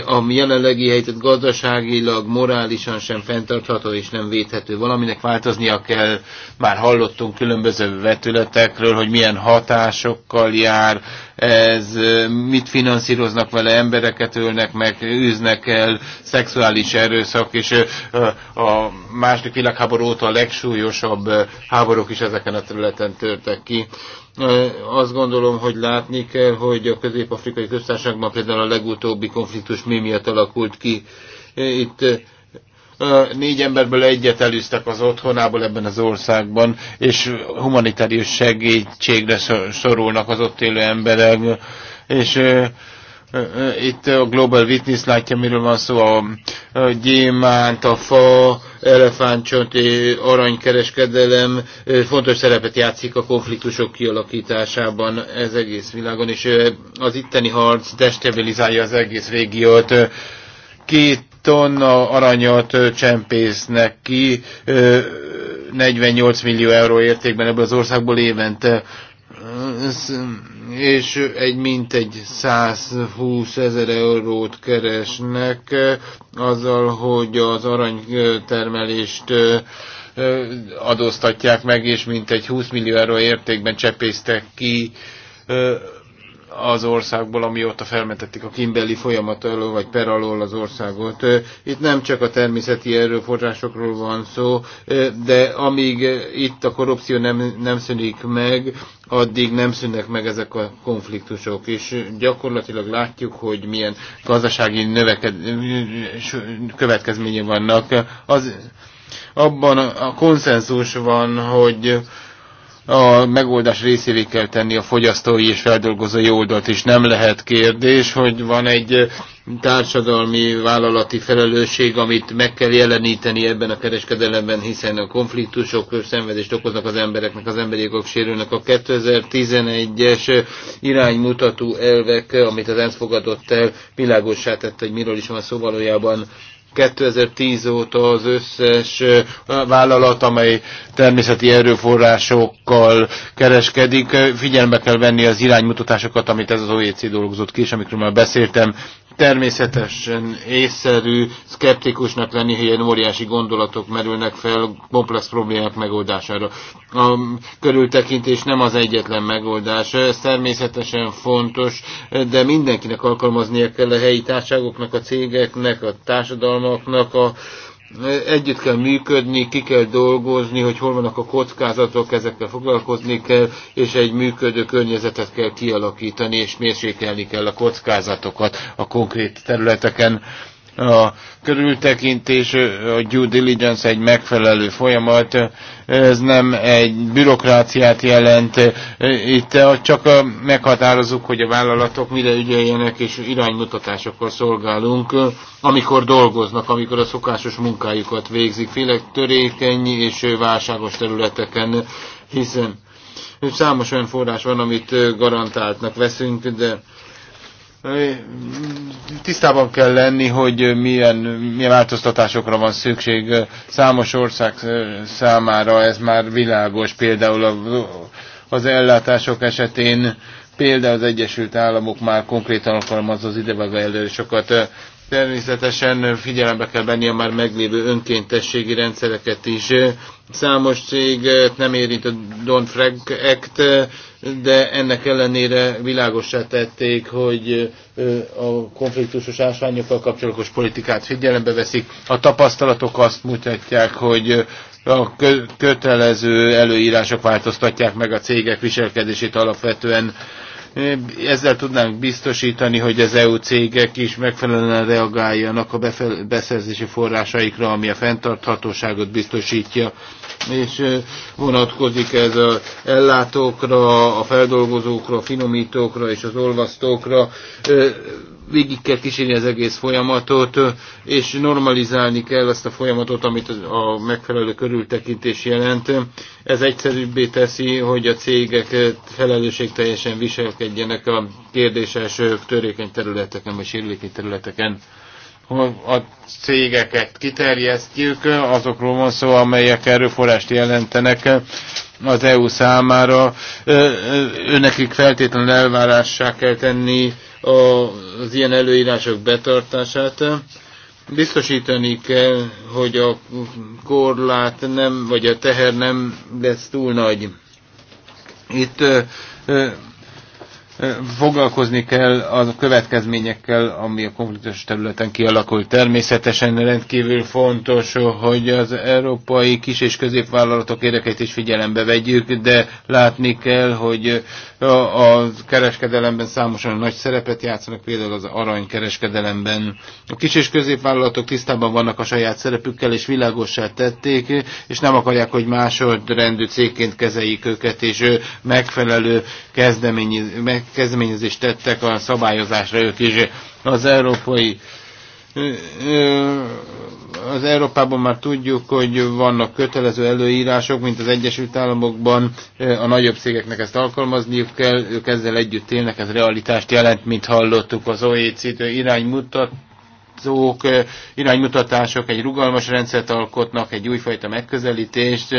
a jelenlegi helyzet gazdaságilag, morálisan sem fenntartható és nem védhető. Valaminek változnia kell, már hallottunk különböző vetületekről, hogy milyen hatásokkal jár ez, mit finanszíroznak vele, embereket ölnek meg, üznek el, szexuális erőszak, és a második világháború óta a legsúlyosabb legsúlyosabb eh, háborúk is ezeken a területen törtek ki. Eh, azt gondolom, hogy látni kell, hogy a közép-afrikai köztársaságban például a legutóbbi konfliktus mi miatt alakult ki. Eh, itt négy emberből egyet elűztek az otthonából ebben az országban, és humanitárius segítségre szorulnak az ott élő emberek, és itt a Global Witness látja, miről van szó, a gyémánt, a fa, elefántcsonti aranykereskedelem fontos szerepet játszik a konfliktusok kialakításában ez egész világon, és az itteni harc destabilizálja az egész régiót. Két tonna aranyat csempésznek ki, 48 millió euró értékben ebből az országból évente és egy mintegy 120 ezer eurót keresnek azzal, hogy az aranytermelést adóztatják meg, és mintegy 20 millió euró értékben csepésztek ki az országból, amióta felmentették a kimbeli folyamat elől, vagy per alól az országot. Itt nem csak a természeti erőforrásokról van szó, de amíg itt a korrupció nem, nem szűnik meg, addig nem szűnnek meg ezek a konfliktusok, és gyakorlatilag látjuk, hogy milyen gazdasági növeked, következménye vannak. Az, abban a konszenzus van, hogy a megoldás részévé kell tenni a fogyasztói és feldolgozói oldalt is. Nem lehet kérdés, hogy van egy társadalmi vállalati felelősség, amit meg kell jeleníteni ebben a kereskedelemben, hiszen a konfliktusok szenvedést okoznak az embereknek, az emberi jogok sérülnek. A 2011-es iránymutató elvek, amit az ENSZ fogadott el, világossá tette, hogy miről is van szó valójában 2010 óta az összes vállalat, amely természeti erőforrásokkal kereskedik, figyelme kell venni az iránymutatásokat, amit ez az OEC dolgozott ki, és amikről már beszéltem, természetesen észszerű, szkeptikusnak lenni, hogy ilyen óriási gondolatok merülnek fel komplex problémák megoldására. A körültekintés nem az egyetlen megoldás, ez természetesen fontos, de mindenkinek alkalmaznia kell a helyi társágoknak, a cégeknek, a társadalmak, tagállamoknak a együtt kell működni, ki kell dolgozni, hogy hol vannak a kockázatok, ezekkel foglalkozni kell, és egy működő környezetet kell kialakítani, és mérsékelni kell a kockázatokat a konkrét területeken. A körültekintés, a due diligence egy megfelelő folyamat, ez nem egy bürokráciát jelent. Itt csak meghatározunk, hogy a vállalatok mire ügyeljenek, és iránymutatásokkal szolgálunk, amikor dolgoznak, amikor a szokásos munkájukat végzik, főleg törékeny és válságos területeken, hiszen számos olyan forrás van, amit garantáltnak veszünk, de Tisztában kell lenni, hogy milyen, milyen változtatásokra van szükség. Számos ország számára ez már világos, például az ellátások esetén, például az Egyesült Államok már konkrétan alkalmaz az idevágó elősokat. Természetesen figyelembe kell venni a már meglévő önkéntességi rendszereket is. Számos cég nem érint a Don Frank Act, de ennek ellenére világosá tették, hogy a konfliktusos ásványokkal kapcsolatos politikát figyelembe veszik. A tapasztalatok azt mutatják, hogy a kötelező előírások változtatják meg a cégek viselkedését alapvetően ezzel tudnánk biztosítani, hogy az EU cégek is megfelelően reagáljanak a beszerzési forrásaikra, ami a fenntarthatóságot biztosítja, és vonatkozik ez a ellátókra, a feldolgozókra, a finomítókra és az olvasztókra végig kell kísérni az egész folyamatot, és normalizálni kell ezt a folyamatot, amit a megfelelő körültekintés jelent. Ez egyszerűbbé teszi, hogy a cégek felelősségteljesen viselkedjenek viselkedjenek a kérdéses törékeny területeken, vagy sérülékeny területeken. A cégeket kiterjesztjük, azokról van szó, amelyek erőforrást jelentenek az EU számára. Őnekik feltétlenül elvárássá kell tenni az ilyen előírások betartását biztosítani kell, hogy a korlát nem, vagy a teher nem lesz túl nagy. Itt foglalkozni kell a következményekkel, ami a konfliktus területen kialakult. Természetesen rendkívül fontos, hogy az európai kis- és középvállalatok érdekeit is figyelembe vegyük, de látni kell, hogy a kereskedelemben számosan nagy szerepet játszanak, például az aranykereskedelemben. A kis- és középvállalatok tisztában vannak a saját szerepükkel, és világossá tették, és nem akarják, hogy másodrendű cégként kezeljék őket, és megfelelő kezdeményezés kezdeményezést tettek a szabályozásra ők is. Az európai az Európában már tudjuk, hogy vannak kötelező előírások, mint az Egyesült Államokban a nagyobb cégeknek ezt alkalmazniuk kell, ők ezzel együtt élnek, ez realitást jelent, mint hallottuk az OECD iránymutat, iránymutatások egy rugalmas rendszert alkotnak, egy újfajta megközelítést,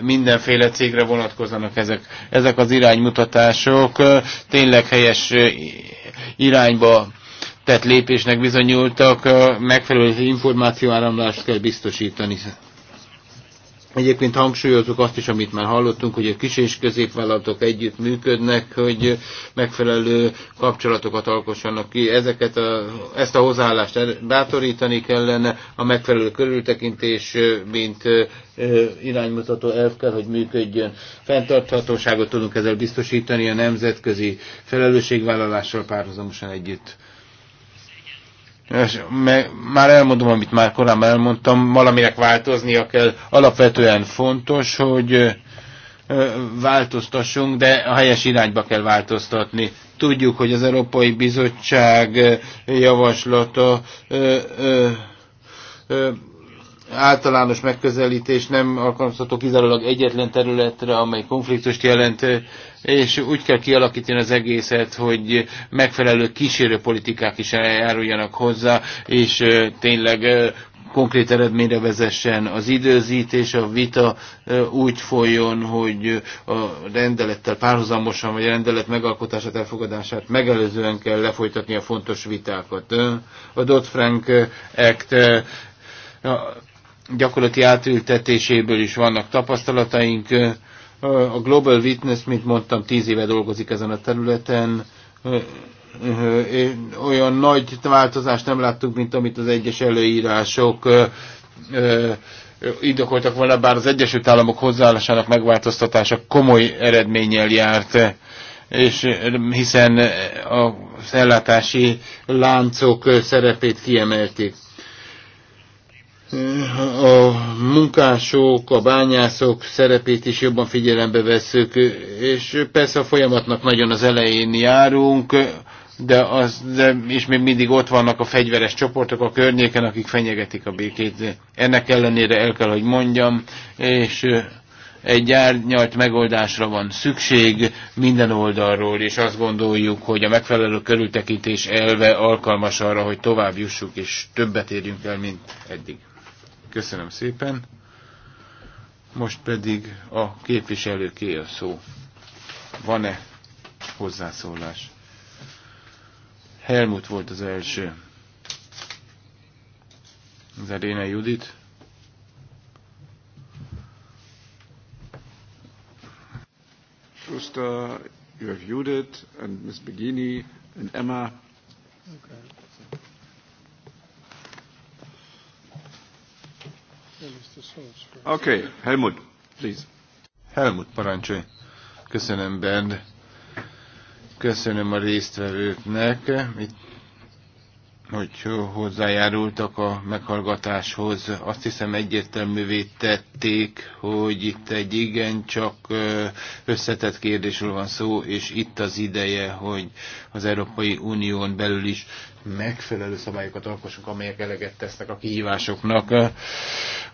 mindenféle cégre vonatkozanak ezek, ezek az iránymutatások. Tényleg helyes irányba tett lépésnek bizonyultak, megfelelő információáramlást kell biztosítani Egyébként hangsúlyozok azt is, amit már hallottunk, hogy a kis és középvállalatok együtt működnek, hogy megfelelő kapcsolatokat alkossanak ki. Ezeket a, ezt a hozzáállást bátorítani kellene, a megfelelő körültekintés, mint iránymutató elv kell, hogy működjön. Fenntarthatóságot tudunk ezzel biztosítani a nemzetközi felelősségvállalással párhuzamosan együtt és meg, már elmondom, amit már korábban elmondtam, valaminek változnia kell. Alapvetően fontos, hogy változtassunk, de a helyes irányba kell változtatni. Tudjuk, hogy az Európai Bizottság javaslata ö, ö, ö, általános megközelítés nem alkalmazható kizárólag egyetlen területre, amely konfliktust jelent és úgy kell kialakítani az egészet, hogy megfelelő kísérő politikák is eljáruljanak hozzá, és tényleg konkrét eredményre vezessen az időzítés, a vita úgy folyjon, hogy a rendelettel párhuzamosan, vagy a rendelet megalkotását, elfogadását megelőzően kell lefolytatni a fontos vitákat. A Dodd-Frank Act gyakorlati átültetéséből is vannak tapasztalataink, a Global Witness, mint mondtam, tíz éve dolgozik ezen a területen. Olyan nagy változást nem láttuk, mint amit az egyes előírások indokoltak volna, bár az Egyesült Államok hozzáállásának megváltoztatása komoly eredménnyel járt, és hiszen a ellátási láncok szerepét kiemelték a munkások, a bányászok szerepét is jobban figyelembe vesszük, és persze a folyamatnak nagyon az elején járunk, de, az, de és még mindig ott vannak a fegyveres csoportok a környéken, akik fenyegetik a békét. Ennek ellenére el kell, hogy mondjam, és egy árnyalt megoldásra van szükség minden oldalról, és azt gondoljuk, hogy a megfelelő körültekintés elve alkalmas arra, hogy tovább jussuk, és többet érjünk el, mint eddig. Köszönöm szépen. Most pedig a képviselőké a szó. Van-e hozzászólás? Helmut volt az első. Zeréne Judit. Schuster, you have Judith and Miss Begini and Emma. Okay. Oké, okay. Helmut, please. Helmut, parancsolj. Köszönöm, Bernd. Köszönöm a résztvevőknek. Itt hogy hozzájárultak a meghallgatáshoz. Azt hiszem egyértelművé tették, hogy itt egy csak összetett kérdésről van szó, és itt az ideje, hogy az Európai Unión belül is megfelelő szabályokat alkossunk, amelyek eleget tesznek a kihívásoknak.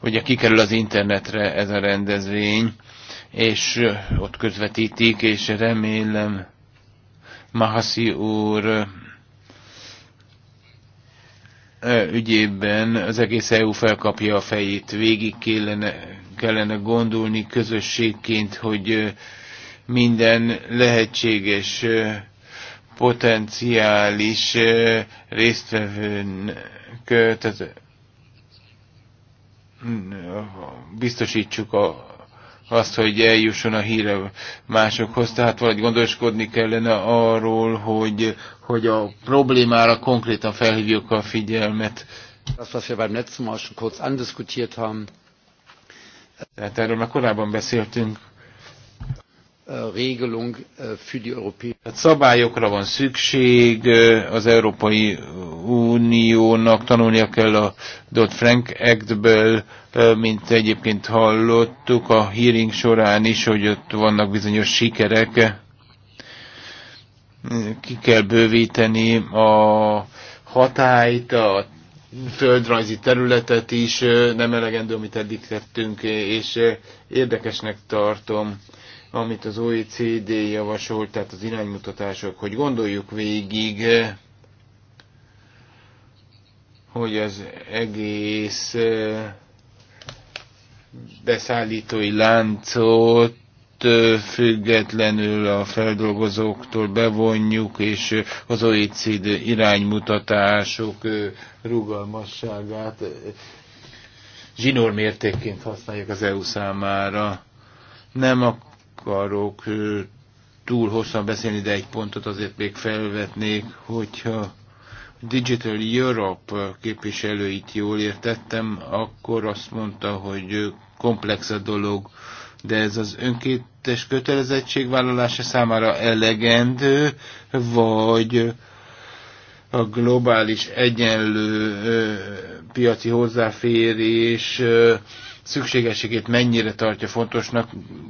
Ugye kikerül az internetre ez a rendezvény, és ott közvetítik, és remélem Mahasi úr ügyében az egész EU felkapja a fejét, végig kellene, kellene gondolni közösségként, hogy minden lehetséges potenciális résztvevőn, tehát mm, biztosítsuk a azt, hogy eljusson a híre másokhoz, tehát valahogy gondoskodni kellene arról, hogy, hogy a problémára konkrétan felhívjuk a figyelmet. Azt, was wir beim letzten Mal schon kurz andiskutiert haben. Tehát erről már korábban beszéltünk regelung für die Europäische Szabályokra van szükség, az Európai Uniónak tanulnia kell a Dodd-Frank Act-ből, mint egyébként hallottuk a hearing során is, hogy ott vannak bizonyos sikerek. Ki kell bővíteni a hatályt, a földrajzi területet is, nem elegendő, amit eddig tettünk, és érdekesnek tartom amit az OECD javasolt, tehát az iránymutatások, hogy gondoljuk végig, hogy az egész beszállítói láncot függetlenül a feldolgozóktól bevonjuk, és az OECD iránymutatások rugalmasságát zsinórmértékként használjuk az EU számára. Nem a akarok túl hosszan beszélni, de egy pontot azért még felvetnék, hogyha Digital Europe képviselőit jól értettem, akkor azt mondta, hogy komplex a dolog, de ez az önkéntes kötelezettség vállalása számára elegendő, vagy a globális egyenlő piaci hozzáférés szükségességét mennyire tartja fontosnak,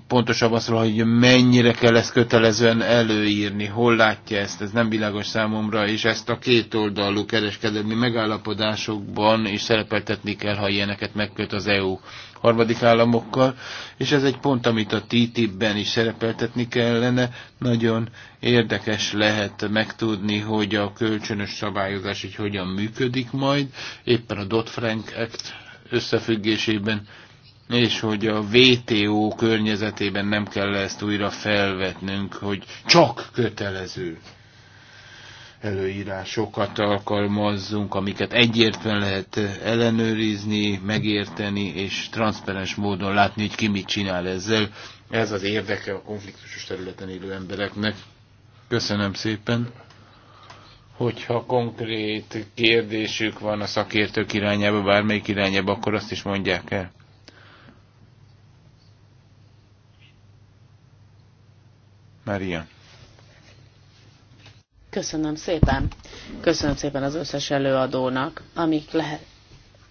pontosabban az, hogy mennyire kell ezt kötelezően előírni, hol látja ezt, ez nem világos számomra, és ezt a két oldalú kereskedelmi megállapodásokban is szerepeltetni kell, ha ilyeneket megköt az EU harmadik államokkal, és ez egy pont, amit a TTIP-ben is szerepeltetni kellene. Nagyon érdekes lehet megtudni, hogy a kölcsönös szabályozás így hogyan működik majd. Éppen a Dodd-Frank Act összefüggésében, és hogy a WTO környezetében nem kell ezt újra felvetnünk, hogy csak kötelező előírásokat alkalmazzunk, amiket egyértelműen lehet ellenőrizni, megérteni, és transzperens módon látni, hogy ki mit csinál ezzel. Ez az érdeke a konfliktusos területen élő embereknek. Köszönöm szépen! hogyha konkrét kérdésük van a szakértők irányába, bármelyik irányába, akkor azt is mondják el. Maria. Köszönöm szépen. Köszönöm szépen az összes előadónak, amik lehet,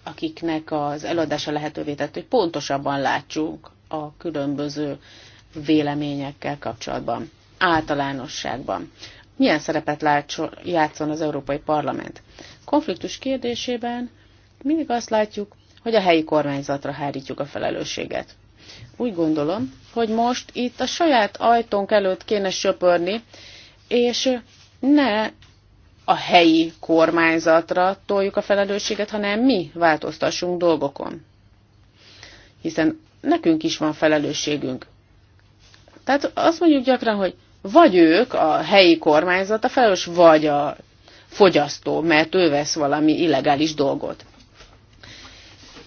akiknek az előadása lehetővé tett, hogy pontosabban látsunk a különböző véleményekkel kapcsolatban, általánosságban milyen szerepet játszon az Európai Parlament. Konfliktus kérdésében mindig azt látjuk, hogy a helyi kormányzatra hárítjuk a felelősséget. Úgy gondolom, hogy most itt a saját ajtónk előtt kéne söpörni, és ne a helyi kormányzatra toljuk a felelősséget, hanem mi változtassunk dolgokon. Hiszen nekünk is van felelősségünk. Tehát azt mondjuk gyakran, hogy vagy ők, a helyi kormányzat a felelős, vagy a fogyasztó, mert ő vesz valami illegális dolgot.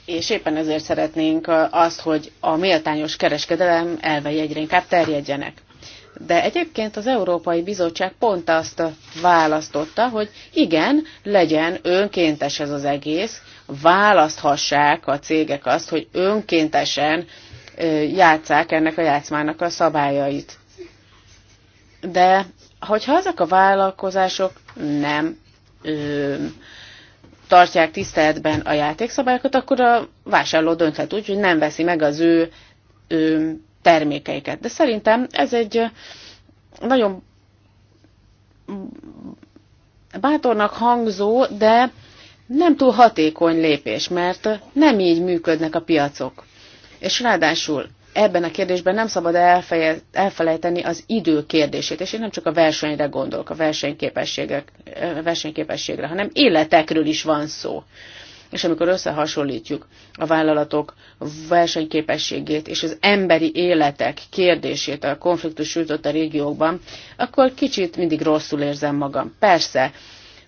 És éppen ezért szeretnénk azt, hogy a méltányos kereskedelem elvei egyre inkább terjedjenek. De egyébként az Európai Bizottság pont azt választotta, hogy igen, legyen önkéntes ez az egész, választhassák a cégek azt, hogy önkéntesen játszák ennek a játszmának a szabályait. De hogyha ezek a vállalkozások nem ö, tartják tiszteletben a játékszabályokat, akkor a vásárló dönthet úgy, hogy nem veszi meg az ő, ö, termékeiket. De szerintem ez egy nagyon bátornak hangzó, de nem túl hatékony lépés, mert nem így működnek a piacok. És ráadásul ebben a kérdésben nem szabad elfeje, elfelejteni az idő kérdését, és én nem csak a versenyre gondolok, a versenyképességre, hanem életekről is van szó. És amikor összehasonlítjuk a vállalatok versenyképességét és az emberi életek kérdését a konfliktus sújtott a régiókban, akkor kicsit mindig rosszul érzem magam. Persze,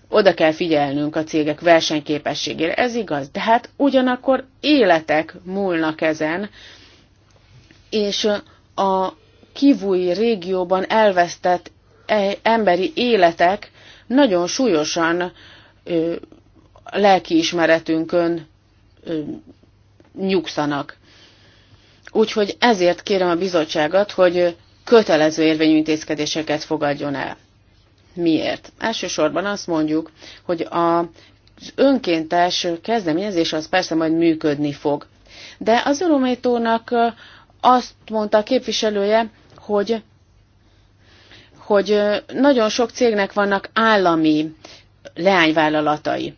oda kell figyelnünk a cégek versenyképességére, ez igaz, de hát ugyanakkor életek múlnak ezen, és a kivúi régióban elvesztett e, emberi életek nagyon súlyosan ö, lelkiismeretünkön ö, nyugszanak. Úgyhogy ezért kérem a bizottságot, hogy kötelező érvényű intézkedéseket fogadjon el. Miért? Elsősorban azt mondjuk, hogy a az önkéntes kezdeményezés az persze majd működni fog. De az Eurométónak azt mondta a képviselője, hogy, hogy nagyon sok cégnek vannak állami leányvállalatai.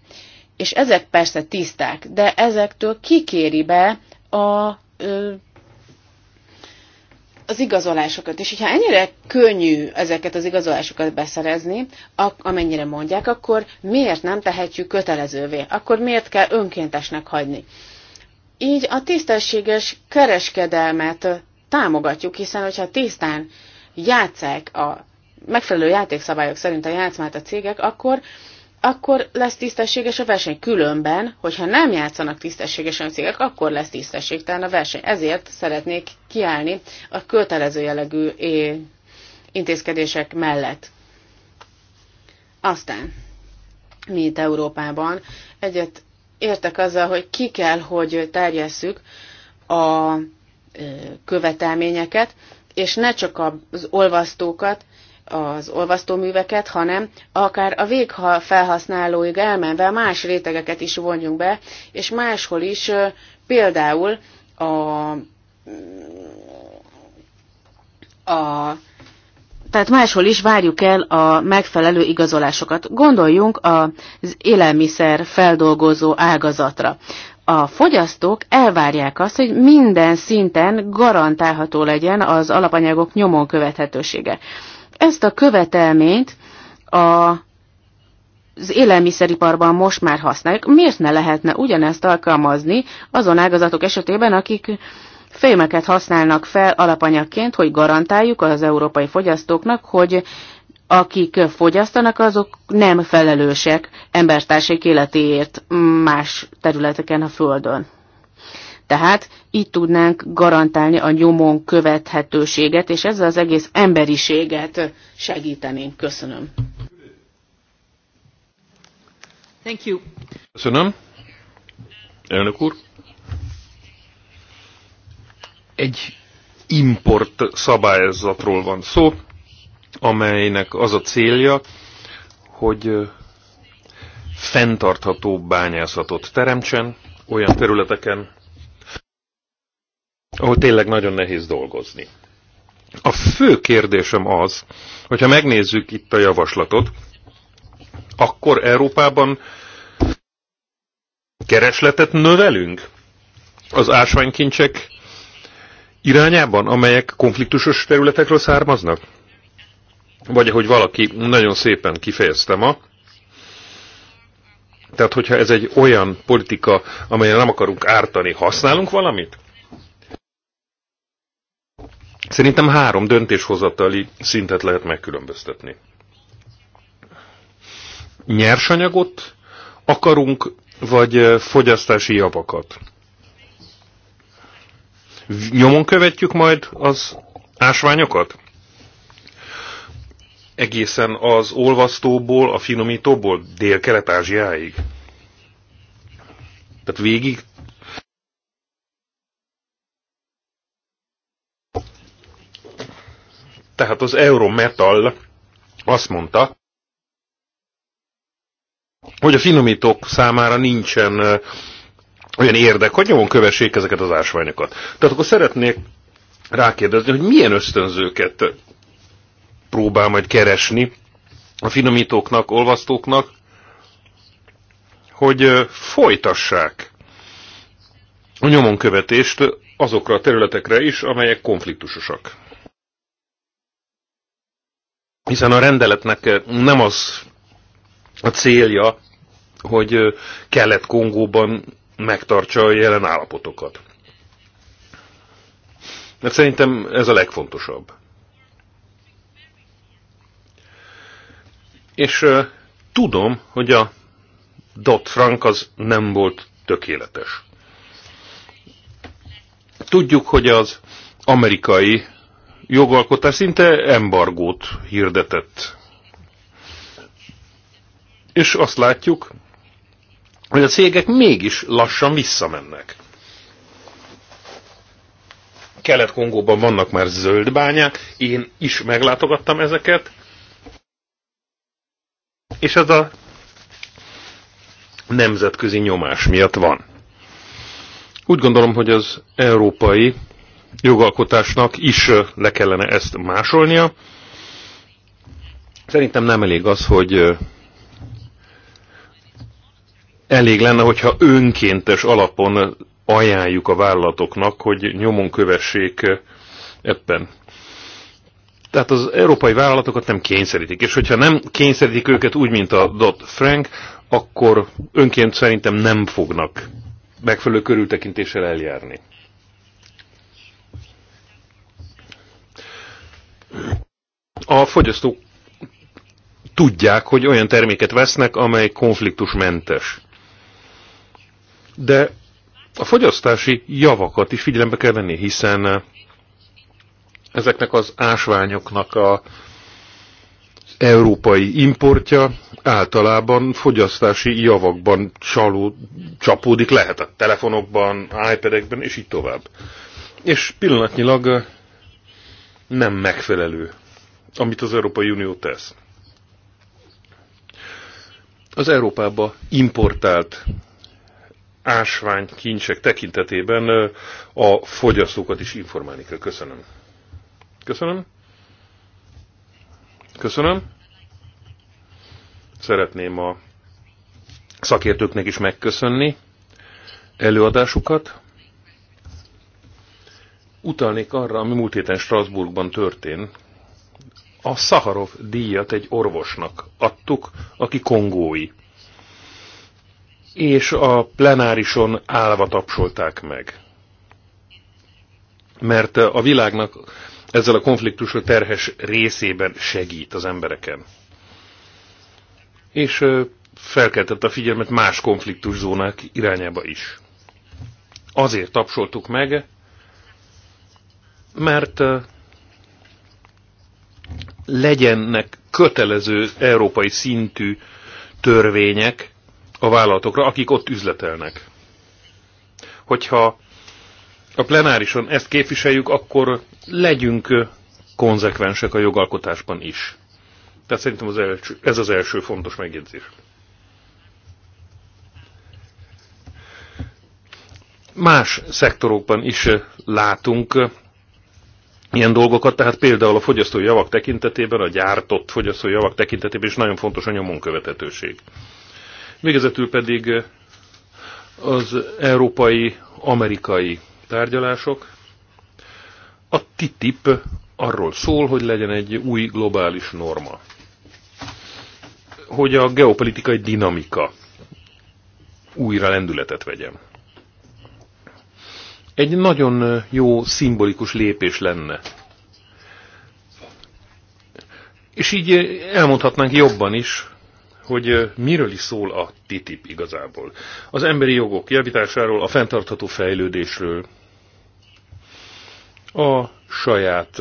És ezek persze tiszták, de ezektől kikéri be a az igazolásokat. És hogyha ennyire könnyű ezeket az igazolásokat beszerezni, amennyire mondják, akkor miért nem tehetjük kötelezővé? Akkor miért kell önkéntesnek hagyni? így a tisztességes kereskedelmet támogatjuk, hiszen hogyha tisztán játszák a megfelelő játékszabályok szerint a játszmát a cégek, akkor akkor lesz tisztességes a verseny. Különben, hogyha nem játszanak tisztességesen a cégek, akkor lesz tisztességtelen a verseny. Ezért szeretnék kiállni a kötelező jellegű intézkedések mellett. Aztán mi itt Európában egyet értek azzal, hogy ki kell, hogy terjesszük a követelményeket, és ne csak az olvasztókat, az olvasztóműveket, hanem akár a végfelhasználóig elmenve más rétegeket is vonjunk be, és máshol is például a, a tehát máshol is várjuk el a megfelelő igazolásokat. Gondoljunk az élelmiszer feldolgozó ágazatra. A fogyasztók elvárják azt, hogy minden szinten garantálható legyen az alapanyagok nyomon követhetősége. Ezt a követelményt a az élelmiszeriparban most már használjuk, miért ne lehetne ugyanezt alkalmazni azon ágazatok esetében, akik fémeket használnak fel alapanyagként, hogy garantáljuk az európai fogyasztóknak, hogy akik fogyasztanak, azok nem felelősek embertársék életéért más területeken a Földön. Tehát így tudnánk garantálni a nyomon követhetőséget, és ezzel az egész emberiséget segítenénk. Köszönöm. Thank you. Köszönöm. Elnök úr egy import szabályzatról van szó, amelynek az a célja, hogy fenntartható bányászatot teremtsen olyan területeken, ahol tényleg nagyon nehéz dolgozni. A fő kérdésem az, hogyha megnézzük itt a javaslatot, akkor Európában keresletet növelünk az ásványkincsek irányában, amelyek konfliktusos területekről származnak? Vagy ahogy valaki nagyon szépen kifejezte ma, tehát hogyha ez egy olyan politika, amelyen nem akarunk ártani, használunk valamit? Szerintem három döntéshozatali szintet lehet megkülönböztetni. Nyersanyagot akarunk, vagy fogyasztási javakat? nyomon követjük majd az ásványokat? Egészen az olvasztóból, a finomítóból dél-kelet-ázsiáig? Tehát végig tehát az Eurometal azt mondta, hogy a finomítók számára nincsen olyan érdek, hogy nyomon kövessék ezeket az ásványokat. Tehát akkor szeretnék rákérdezni, hogy milyen ösztönzőket próbál majd keresni a finomítóknak, olvasztóknak, hogy folytassák a követést azokra a területekre is, amelyek konfliktusosak. Hiszen a rendeletnek nem az a célja, hogy Kelet-Kongóban megtartsa a jelen állapotokat. Mert szerintem ez a legfontosabb. És uh, tudom, hogy a Dot frank az nem volt tökéletes. Tudjuk, hogy az amerikai jogalkotás szinte embargót hirdetett. És azt látjuk, hogy a cégek mégis lassan visszamennek. Kelet-Kongóban vannak már zöld bányák, én is meglátogattam ezeket, és ez a nemzetközi nyomás miatt van. Úgy gondolom, hogy az európai jogalkotásnak is le kellene ezt másolnia. Szerintem nem elég az, hogy elég lenne, hogyha önkéntes alapon ajánljuk a vállalatoknak, hogy nyomon kövessék ebben. Tehát az európai vállalatokat nem kényszerítik, és hogyha nem kényszerítik őket úgy, mint a Dot Frank, akkor önként szerintem nem fognak megfelelő körültekintéssel eljárni. A fogyasztók tudják, hogy olyan terméket vesznek, amely konfliktusmentes de a fogyasztási javakat is figyelembe kell venni, hiszen eh, ezeknek az ásványoknak a európai importja általában fogyasztási javakban csaló, csapódik, lehet a telefonokban, iPad-ekben, és így tovább. És pillanatnyilag eh, nem megfelelő, amit az Európai Unió tesz. Az Európába importált ásvány kincsek tekintetében a fogyasztókat is informálni kell. Köszönöm. Köszönöm. Köszönöm. Szeretném a szakértőknek is megköszönni előadásukat. Utalnék arra, ami múlt héten Strasbourgban történt. A Szaharov díjat egy orvosnak adtuk, aki kongói és a plenárison állva tapsolták meg. Mert eh, a világnak ezzel a konfliktusra terhes részében segít az embereken. És eh, felkeltett a figyelmet más konfliktuszónák irányába is. Azért tapsoltuk meg, mert eh, legyennek kötelező európai szintű törvények, a vállalatokra, akik ott üzletelnek. Hogyha a plenárison ezt képviseljük, akkor legyünk konzekvensek a jogalkotásban is. Tehát szerintem az első, ez az első fontos megjegyzés. Más szektorokban is látunk ilyen dolgokat, tehát például a fogyasztói javak tekintetében, a gyártott fogyasztói javak tekintetében is nagyon fontos a nyomon követetőség. Végezetül pedig eh, az európai-amerikai tárgyalások. A TTIP arról szól, hogy legyen egy új globális norma. Hogy a geopolitikai dinamika újra lendületet vegyen. Egy nagyon eh, jó szimbolikus lépés lenne. És így eh, elmondhatnánk jobban is, hogy miről is szól a TTIP igazából. Az emberi jogok javításáról, a fenntartható fejlődésről, a saját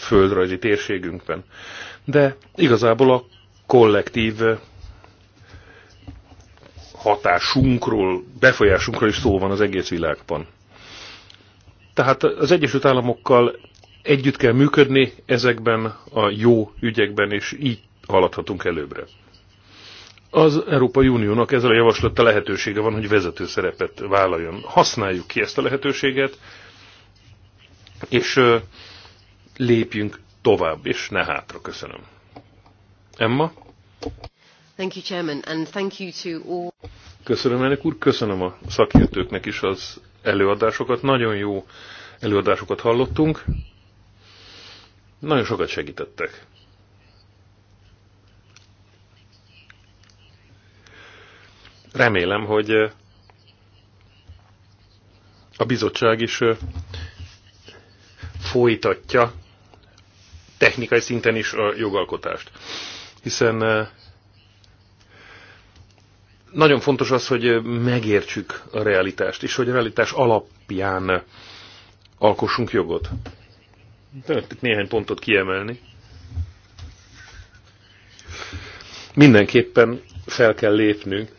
földrajzi térségünkben. De igazából a kollektív hatásunkról, befolyásunkról is szó van az egész világban. Tehát az Egyesült Államokkal együtt kell működni ezekben a jó ügyekben, és így haladhatunk előbbre. Az Európai Uniónak ezzel a javaslata lehetősége van, hogy vezető szerepet vállaljon. Használjuk ki ezt a lehetőséget, és lépjünk tovább, és ne hátra. Köszönöm. Emma? Thank you, Chairman, and thank you to all... Köszönöm, elnök úr, köszönöm a szakértőknek is az előadásokat. Nagyon jó előadásokat hallottunk. Nagyon sokat segítettek. Remélem, hogy a bizottság is folytatja technikai szinten is a jogalkotást. Hiszen nagyon fontos az, hogy megértsük a realitást, és hogy a realitás alapján alkossunk jogot. Itt néhány pontot kiemelni. Mindenképpen fel kell lépnünk,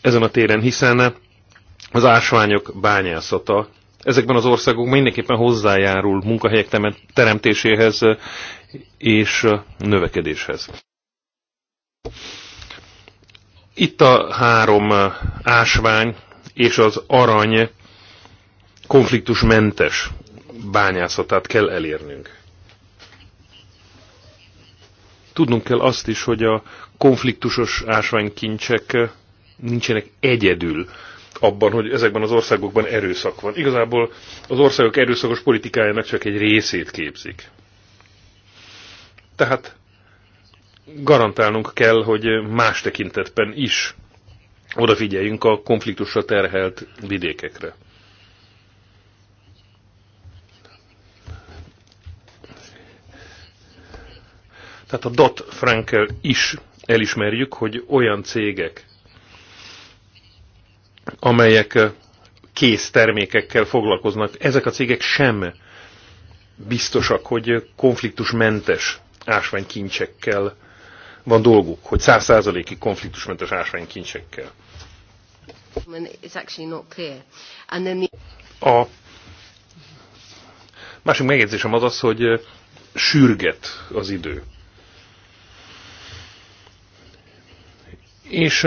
ezen a téren, hiszen az ásványok bányászata ezekben az országokban mindenképpen hozzájárul munkahelyek teremtéséhez eh, és eh, növekedéshez. Itt a három eh, ásvány és az arany konfliktusmentes bányászatát kell elérnünk. Tudnunk kell azt is, hogy a konfliktusos ásványkincsek nincsenek egyedül abban, hogy ezekben az országokban erőszak van. Igazából az országok erőszakos politikájának csak egy részét képzik. Tehát garantálnunk kell, hogy más tekintetben is odafigyeljünk a konfliktusra terhelt vidékekre. Tehát a Dot Frankel is elismerjük, hogy olyan cégek, amelyek kész termékekkel foglalkoznak. Ezek a cégek sem biztosak, hogy konfliktusmentes ásványkincsekkel van dolguk, hogy száz százalékig konfliktusmentes ásványkincsekkel. A másik megjegyzésem az az, hogy sürget az idő. És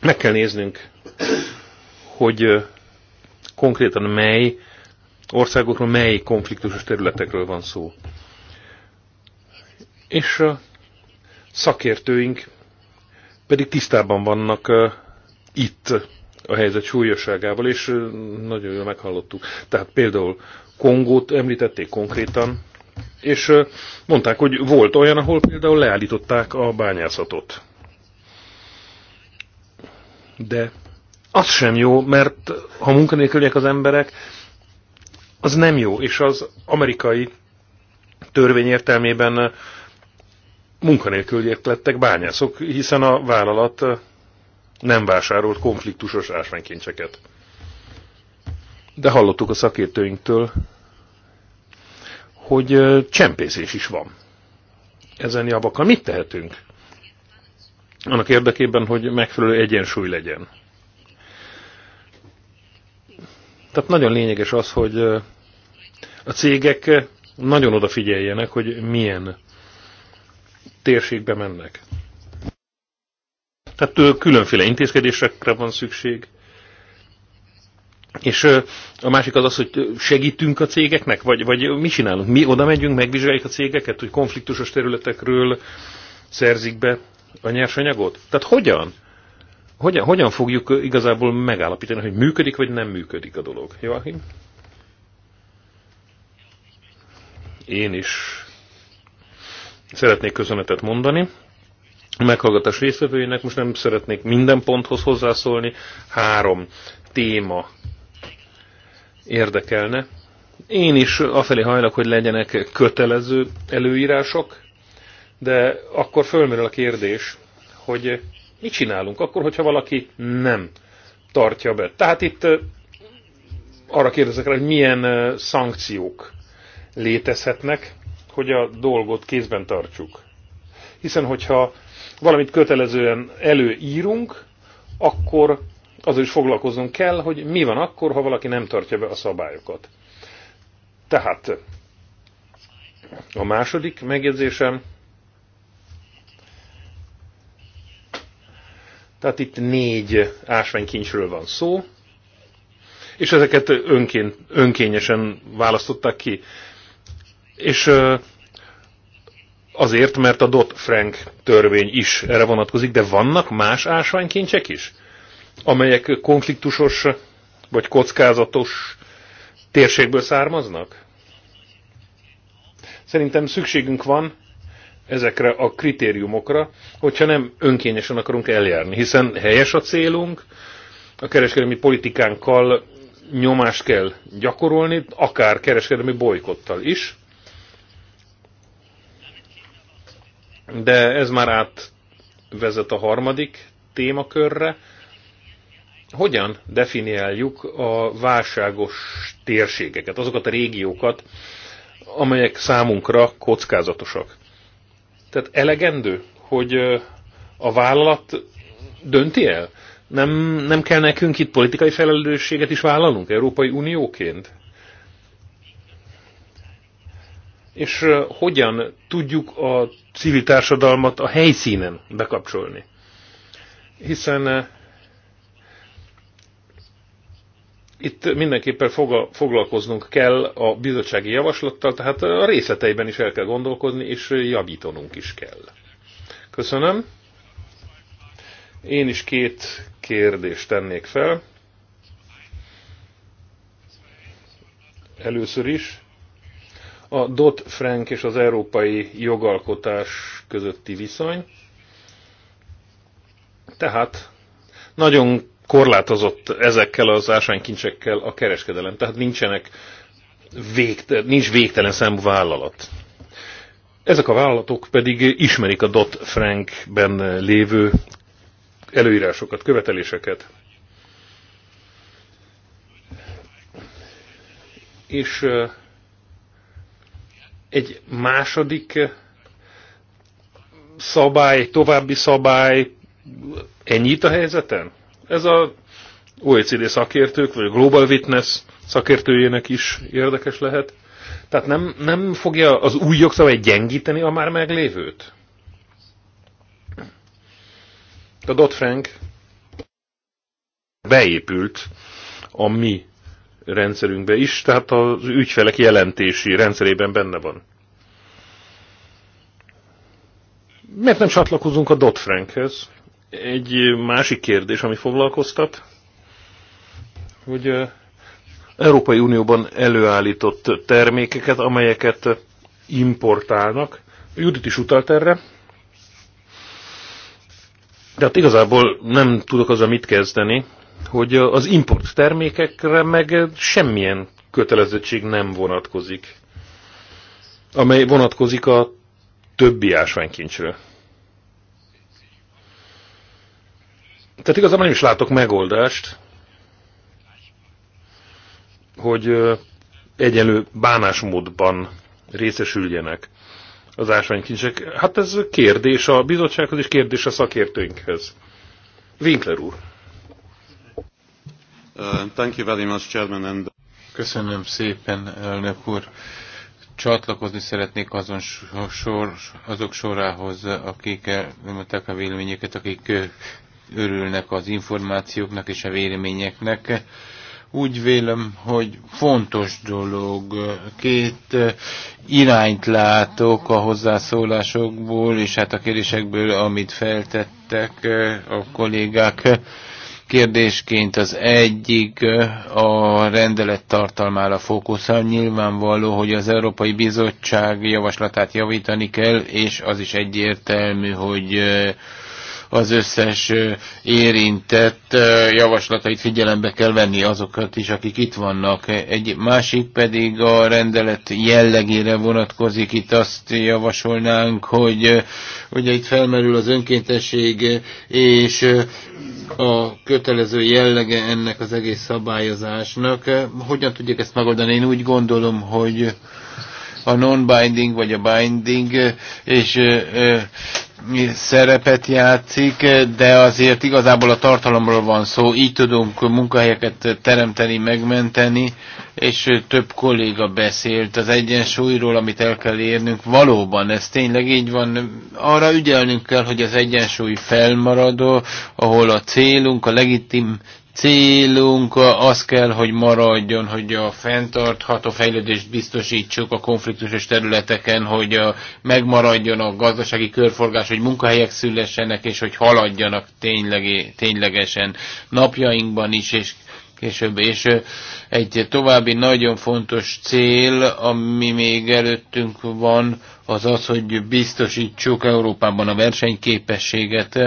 meg kell néznünk hogy konkrétan mely országokról, mely konfliktusos területekről van szó. És a szakértőink pedig tisztában vannak itt a helyzet súlyosságával, és nagyon jól meghallottuk. Tehát például Kongót említették konkrétan, és mondták, hogy volt olyan, ahol például leállították a bányászatot. De az sem jó, mert ha munkanélküliek az emberek, az nem jó, és az amerikai törvény értelmében munkanélküliek lettek bányászok, hiszen a vállalat nem vásárolt konfliktusos ásványkincseket. De hallottuk a szakértőinktől, hogy csempészés is van. Ezen javakkal mit tehetünk? Annak érdekében, hogy megfelelő egyensúly legyen. Tehát nagyon lényeges az, hogy a cégek nagyon odafigyeljenek, hogy milyen térségbe mennek. Tehát különféle intézkedésekre van szükség. És a másik az az, hogy segítünk a cégeknek, vagy, vagy mi csinálunk? Mi oda megyünk, megvizsgáljuk a cégeket, hogy konfliktusos területekről szerzik be a nyersanyagot? Tehát hogyan? hogyan, hogyan fogjuk igazából megállapítani, hogy működik vagy nem működik a dolog? Joachim? Én is szeretnék köszönetet mondani. A meghallgatás résztvevőinek most nem szeretnék minden ponthoz hozzászólni. Három téma érdekelne. Én is afelé hajlok, hogy legyenek kötelező előírások, de akkor fölmerül a kérdés, hogy Mit csinálunk akkor, hogyha valaki nem tartja be? Tehát itt arra kérdezek rá, hogy milyen szankciók létezhetnek, hogy a dolgot kézben tartsuk. Hiszen, hogyha valamit kötelezően előírunk, akkor az is foglalkoznunk kell, hogy mi van akkor, ha valaki nem tartja be a szabályokat. Tehát a második megjegyzésem Tehát itt négy ásványkincsről van szó, és ezeket önként, önkényesen választották ki. És azért, mert a Dodd-Frank törvény is erre vonatkozik, de vannak más ásványkincsek is, amelyek konfliktusos vagy kockázatos térségből származnak? Szerintem szükségünk van ezekre a kritériumokra, hogyha nem önkényesen akarunk eljárni, hiszen helyes a célunk, a kereskedelmi politikánkkal nyomást kell gyakorolni, akár kereskedelmi bolykottal is, de ez már átvezet a harmadik témakörre, hogyan definiáljuk a válságos térségeket, azokat a régiókat, amelyek számunkra kockázatosak. Tehát elegendő, hogy a vállalat dönti el? Nem, nem kell nekünk itt politikai felelősséget is vállalnunk Európai Unióként? És hogyan tudjuk a civil társadalmat a helyszínen bekapcsolni? Hiszen itt mindenképpen foglalkoznunk kell a bizottsági javaslattal, tehát a részleteiben is el kell gondolkozni, és javítanunk is kell. Köszönöm. Én is két kérdést tennék fel. Először is a Dot frank és az európai jogalkotás közötti viszony. Tehát nagyon korlátozott ezekkel az ásványkincsekkel a kereskedelem. Tehát nincsenek végte, nincs végtelen számú vállalat. Ezek a vállalatok pedig ismerik a Dot frankben lévő előírásokat, követeléseket. És egy második szabály, további szabály ennyit a helyzeten? Ez a OECD szakértők, vagy a Global Witness szakértőjének is érdekes lehet. Tehát nem, nem fogja az új jogszabály gyengíteni a már meglévőt? A Dodd-Frank beépült a mi rendszerünkbe is, tehát az ügyfelek jelentési rendszerében benne van. Miért nem csatlakozunk a Dodd-Frankhez? egy másik kérdés, ami foglalkoztat, hogy Európai Unióban előállított termékeket, amelyeket importálnak. Judit is utalt erre. De hát igazából nem tudok azzal mit kezdeni, hogy az import termékekre meg semmilyen kötelezettség nem vonatkozik, amely vonatkozik a többi ásványkincsről. Tehát igazából nem is látok megoldást, hogy egyenlő bánásmódban részesüljenek az ásványkincsek. Hát ez kérdés a bizottsághoz és kérdés a szakértőinkhez. Winkler úr. Uh, thank you very much, Chairman. And... Köszönöm szépen, elnök úr. Csatlakozni szeretnék azon sor, azok sorához, akik elmondták a véleményeket, akik örülnek az információknak és a véleményeknek. Úgy vélem, hogy fontos dolog. Két irányt látok a hozzászólásokból, és hát a kérdésekből, amit feltettek a kollégák kérdésként az egyik a rendelet tartalmára fókuszál. Nyilvánvaló, hogy az Európai Bizottság javaslatát javítani kell, és az is egyértelmű, hogy az összes érintett javaslatait figyelembe kell venni azokat is, akik itt vannak. Egy másik pedig a rendelet jellegére vonatkozik. Itt azt javasolnánk, hogy ugye itt felmerül az önkéntesség és a kötelező jellege ennek az egész szabályozásnak. Hogyan tudjuk ezt megoldani? Én úgy gondolom, hogy a non-binding vagy a binding, és szerepet játszik, de azért igazából a tartalomról van szó, így tudunk munkahelyeket teremteni, megmenteni, és több kolléga beszélt az egyensúlyról, amit el kell érnünk. Valóban, ez tényleg így van. Arra ügyelnünk kell, hogy az egyensúly felmaradó, ahol a célunk, a legitim célunk az kell, hogy maradjon, hogy a fenntartható fejlődést biztosítsuk a konfliktusos területeken, hogy a, megmaradjon a gazdasági körforgás, hogy munkahelyek szülessenek, és hogy haladjanak tényleg, ténylegesen napjainkban is, és később. És egy további nagyon fontos cél, ami még előttünk van, az az, hogy biztosítsuk Európában a versenyképességet,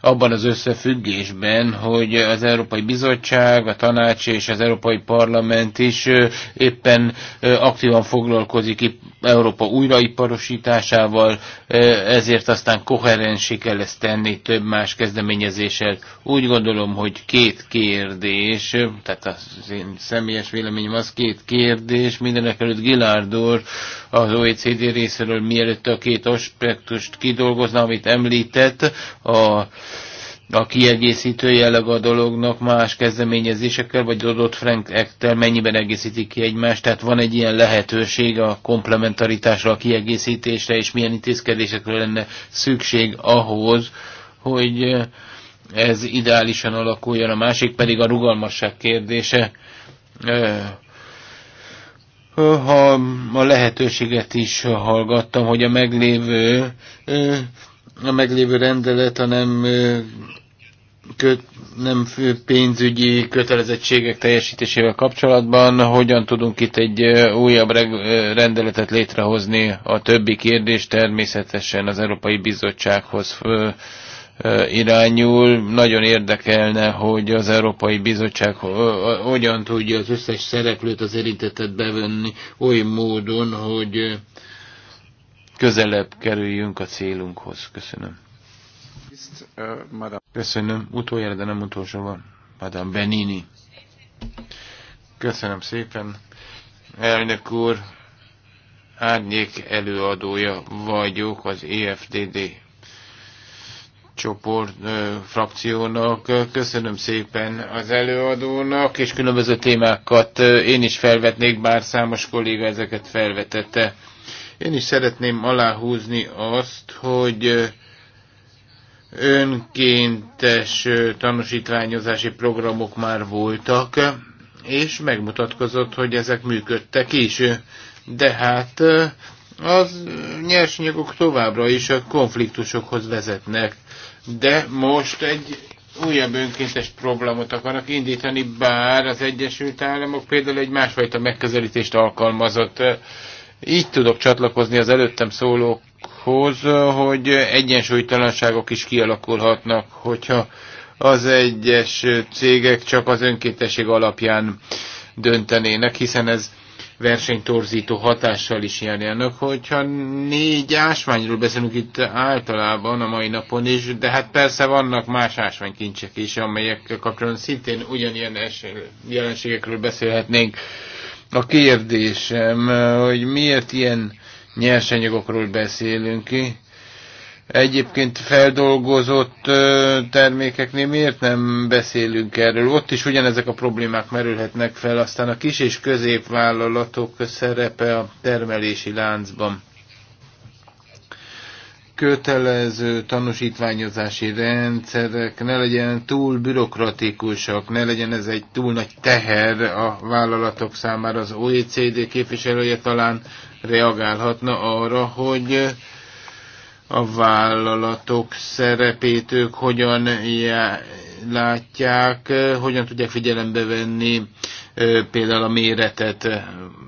abban az összefüggésben, hogy az Európai Bizottság, a Tanács és az Európai Parlament is éppen aktívan foglalkozik Európa újraiparosításával, e, ezért aztán koherensé kell ezt tenni több más kezdeményezéssel. Úgy gondolom, hogy két kérdés, tehát az én személyes véleményem az két kérdés, mindenek előtt Gillard az OECD részéről mielőtt a két aspektust kidolgozna, amit említett, a a kiegészítő jelleg a dolognak más kezdeményezésekkel, vagy adott Frank Ektel mennyiben egészítik ki egymást, tehát van egy ilyen lehetőség a komplementaritásra, a kiegészítésre, és milyen intézkedésekre lenne szükség ahhoz, hogy eh, ez ideálisan alakuljon, a másik pedig a rugalmasság kérdése. Eh, ha a lehetőséget is hallgattam, hogy a meglévő eh, a meglévő rendelet a nem köt, nem fő pénzügyi kötelezettségek teljesítésével kapcsolatban, hogyan tudunk itt egy újabb rendeletet létrehozni. A többi kérdés természetesen az Európai Bizottsághoz irányul. Nagyon érdekelne, hogy az Európai Bizottság hogyan tudja az összes szereplőt, az érintettet bevonni oly módon, hogy közelebb kerüljünk a célunkhoz. Köszönöm. Köszönöm. Utoljára, de nem van. Madame Benini. Köszönöm szépen. Elnök úr, árnyék előadója vagyok az EFDD csoport ö, frakciónak. Köszönöm szépen az előadónak, és különböző témákat én is felvetnék, bár számos kolléga ezeket felvetette. Én is szeretném aláhúzni azt, hogy önkéntes tanúsítványozási programok már voltak, és megmutatkozott, hogy ezek működtek is. De hát az nyersanyagok továbbra is a konfliktusokhoz vezetnek. De most egy újabb önkéntes programot akarnak indítani, bár az Egyesült Államok például egy másfajta megközelítést alkalmazott. Így tudok csatlakozni az előttem szólók ahhoz, hogy egyensúlytalanságok is kialakulhatnak, hogyha az egyes cégek csak az önkéntesség alapján döntenének, hiszen ez versenytorzító hatással is járjának, hogyha négy ásványról beszélünk itt általában a mai napon is, de hát persze vannak más ásványkincsek is, amelyek kapcsolatban szintén ugyanilyen jelenségekről beszélhetnénk. A kérdésem, hogy miért ilyen nyersanyagokról beszélünk. Egyébként feldolgozott termékeknél miért nem beszélünk erről? Ott is ugyanezek a problémák merülhetnek fel, aztán a kis és középvállalatok szerepe a termelési láncban kötelező tanúsítványozási rendszerek ne legyen túl bürokratikusak, ne legyen ez egy túl nagy teher a vállalatok számára. Az OECD képviselője talán reagálhatna arra, hogy a vállalatok szerepét ők hogyan látják, hogyan tudják figyelembe venni például a méretet,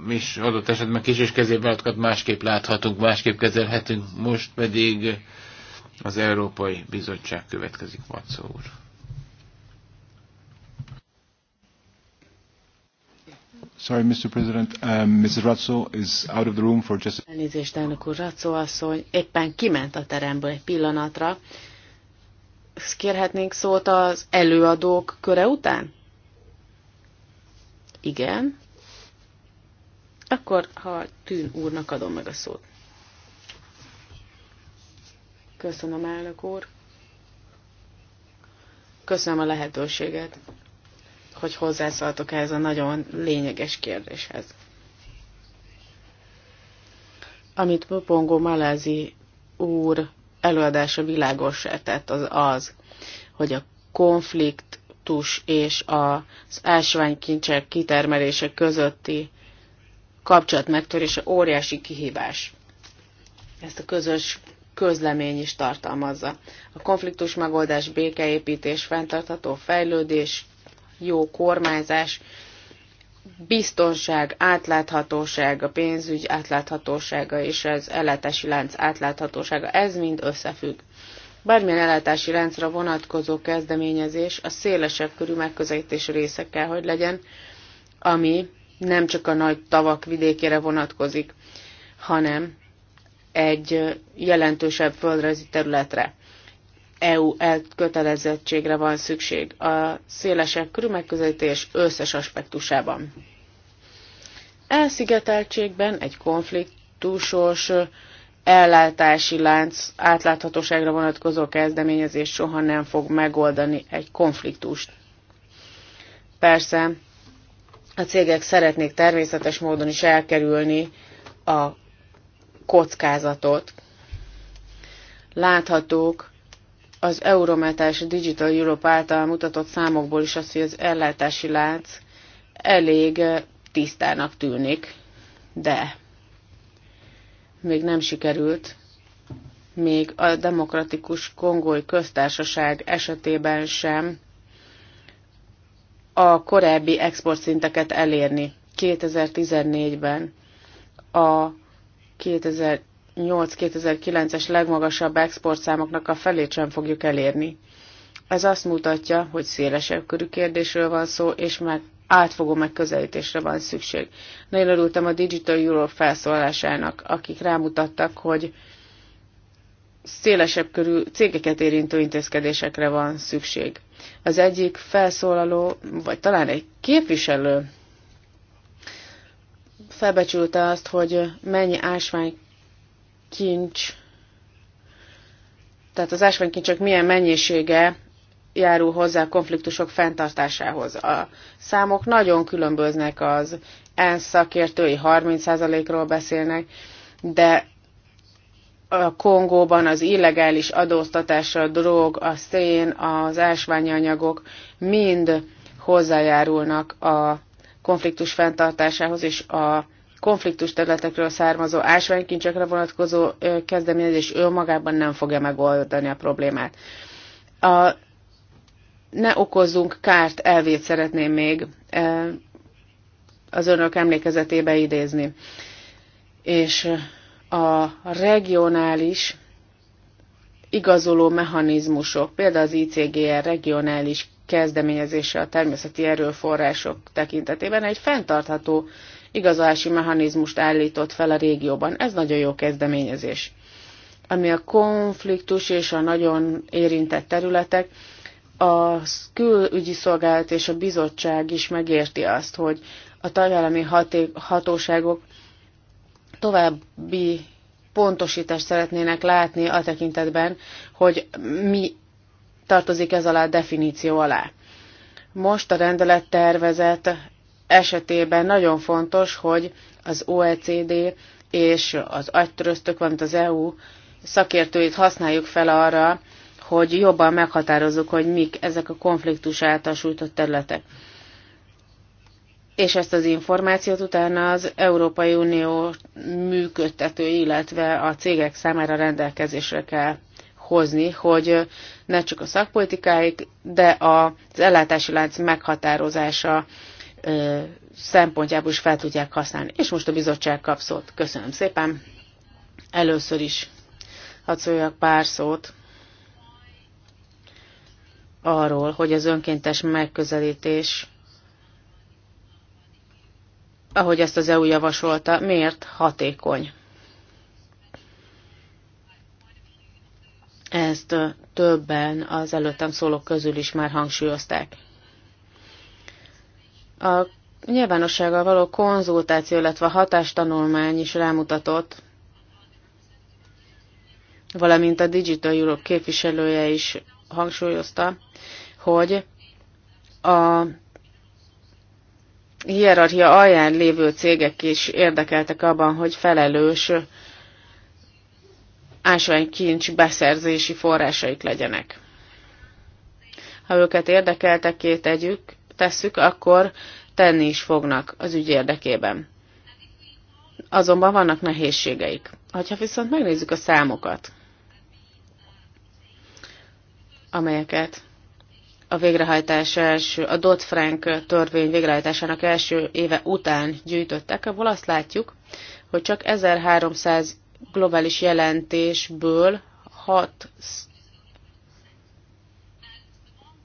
és adott esetben kis és középvállalatokat másképp láthatunk, másképp kezelhetünk. Most pedig az Európai Bizottság következik, Macó úr. Sorry, Mr. President, um, Mrs. Ratso is out of the room for just... Elnézést, elnök úr, Ratso asszony éppen kiment a teremből egy pillanatra. Ezt kérhetnénk szót az előadók köre után? Igen. Akkor, ha Tűn úrnak adom meg a szót. Köszönöm, elnök úr. Köszönöm a lehetőséget hogy hozzászóltok ehhez a nagyon lényeges kérdéshez. Amit Bopongó Malázi úr előadása világossá tett, az az, hogy a konfliktus és az ásványkincsek kitermelése közötti kapcsolat megtörése óriási kihívás. Ezt a közös közlemény is tartalmazza. A konfliktus megoldás, békeépítés, fenntartható fejlődés, jó kormányzás, biztonság, átláthatóság, a pénzügy átláthatósága és az ellátási lánc átláthatósága, ez mind összefügg. Bármilyen ellátási láncra vonatkozó kezdeményezés a szélesebb körű megközelítés része kell, hogy legyen, ami nem csak a nagy tavak vidékére vonatkozik, hanem egy jelentősebb földrajzi területre. EU elkötelezettségre van szükség a szélesebb körülmegközelítés összes aspektusában. Elszigeteltségben egy konfliktusos ellátási lánc átláthatóságra vonatkozó kezdeményezés soha nem fog megoldani egy konfliktust. Persze, a cégek szeretnék természetes módon is elkerülni a kockázatot. Láthatók az Eurometás Digital Europe által mutatott számokból is az, hogy az ellátási lánc elég eh, tisztának tűnik, de még nem sikerült még a Demokratikus Kongói Köztársaság esetében sem a korábbi exportszinteket elérni. 2014-ben a 2000 2008-2009-es legmagasabb exportszámoknak a felét sem fogjuk elérni. Ez azt mutatja, hogy szélesebb körű kérdésről van szó, és meg átfogó megközelítésre van szükség. Nagyon örültem a Digital Europe felszólásának, akik rámutattak, hogy szélesebb körű cégeket érintő intézkedésekre van szükség. Az egyik felszólaló, vagy talán egy képviselő felbecsülte azt, hogy mennyi ásvány kincs, tehát az ásványkincsek milyen mennyisége járul hozzá a konfliktusok fenntartásához. A számok nagyon különböznek, az ENSZ szakértői 30%-ról beszélnek, de a Kongóban az illegális adóztatása, a drog, a szén, az ásványi anyagok mind hozzájárulnak a konfliktus fenntartásához és a konfliktus területekről származó ásványkincsekre vonatkozó kezdeményezés önmagában nem fogja megoldani a problémát. A ne okozzunk kárt elvét szeretném még az önök emlékezetébe idézni. És a regionális igazoló mechanizmusok, például az ICGR regionális kezdeményezése a természeti erőforrások tekintetében egy fenntartható igazolási mechanizmust állított fel a régióban. Ez nagyon jó kezdeményezés. Ami a konfliktus és a nagyon érintett területek, a külügyi szolgálat és a bizottság is megérti azt, hogy a tagállami hatóságok további pontosítást szeretnének látni a tekintetben, hogy mi tartozik ez alá a definíció alá. Most a rendelet tervezet esetében nagyon fontos, hogy az OECD és az agytöröztök, valamint az EU szakértőit használjuk fel arra, hogy jobban meghatározzuk, hogy mik ezek a konfliktus által sújtott területek. És ezt az információt utána az Európai Unió működtető, illetve a cégek számára rendelkezésre kell hozni, hogy ne csak a szakpolitikáik, de az ellátási lánc meghatározása ö, szempontjából is fel tudják használni. És most a bizottság kap szót. Köszönöm szépen. Először is hadd szóljak pár szót arról, hogy az önkéntes megközelítés, ahogy ezt az EU javasolta, miért hatékony. Ezt többen az előttem szólók közül is már hangsúlyozták. A nyilvánossággal való konzultáció, illetve a hatástanulmány is rámutatott, valamint a Digital Europe képviselője is hangsúlyozta, hogy a hierarchia alján lévő cégek is érdekeltek abban, hogy felelős ásványkincs beszerzési forrásaik legyenek. Ha őket két együtt, tesszük, akkor tenni is fognak az ügy érdekében. Azonban vannak nehézségeik. Ha viszont megnézzük a számokat, amelyeket a végrehajtás első, a Dodd-Frank törvény végrehajtásának első éve után gyűjtöttek, abból azt látjuk, hogy csak 1300 globális jelentésből 6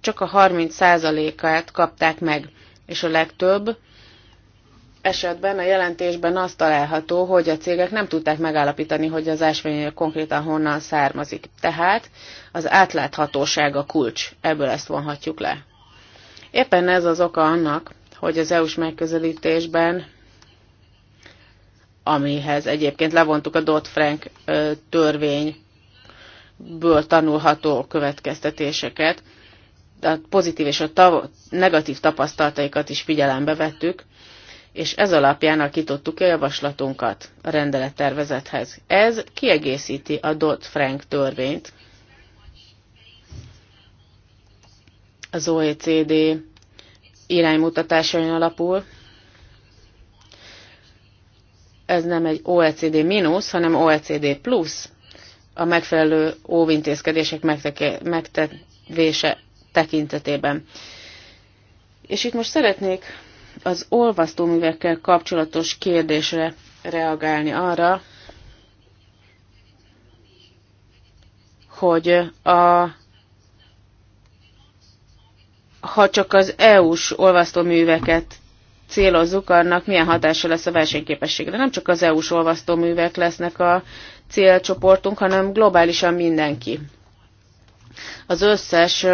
csak a 30%-át kapták meg, és a legtöbb esetben a jelentésben az található, hogy a cégek nem tudták megállapítani, hogy az ásvény konkrétan honnan származik. Tehát az átláthatóság a kulcs, ebből ezt vonhatjuk le. Éppen ez az oka annak, hogy az EU-s megközelítésben, amihez egyébként levontuk a Dodd-Frank törvényből tanulható következtetéseket, a pozitív és a tav- negatív tapasztalataikat is figyelembe vettük, és ez alapján alakítottuk a javaslatunkat a rendelettervezethez. Ez kiegészíti a Dodd-Frank törvényt, az OECD iránymutatásain alapul. Ez nem egy OECD mínusz, hanem OECD plusz a megfelelő óvintézkedések megtevése tekintetében. És itt most szeretnék az olvasztóművekkel kapcsolatos kérdésre reagálni arra, hogy a, ha csak az EU-s olvasztóműveket célozzuk, annak milyen hatása lesz a versenyképességre. Nem csak az EU-s olvasztóművek lesznek a célcsoportunk, hanem globálisan mindenki. Az összes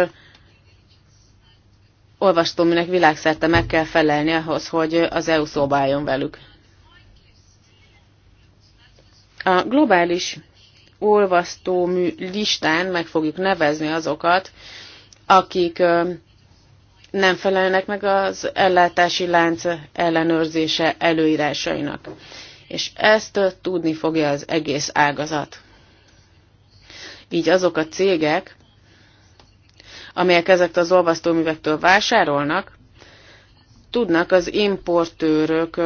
olvastam, minek világszerte meg kell felelni ahhoz, hogy az EU szóba álljon velük. A globális olvasztómű listán meg fogjuk nevezni azokat, akik nem felelnek meg az ellátási lánc ellenőrzése előírásainak. És ezt tudni fogja az egész ágazat. Így azok a cégek, amelyek ezektől az olvasztóművektől vásárolnak, tudnak az importőrök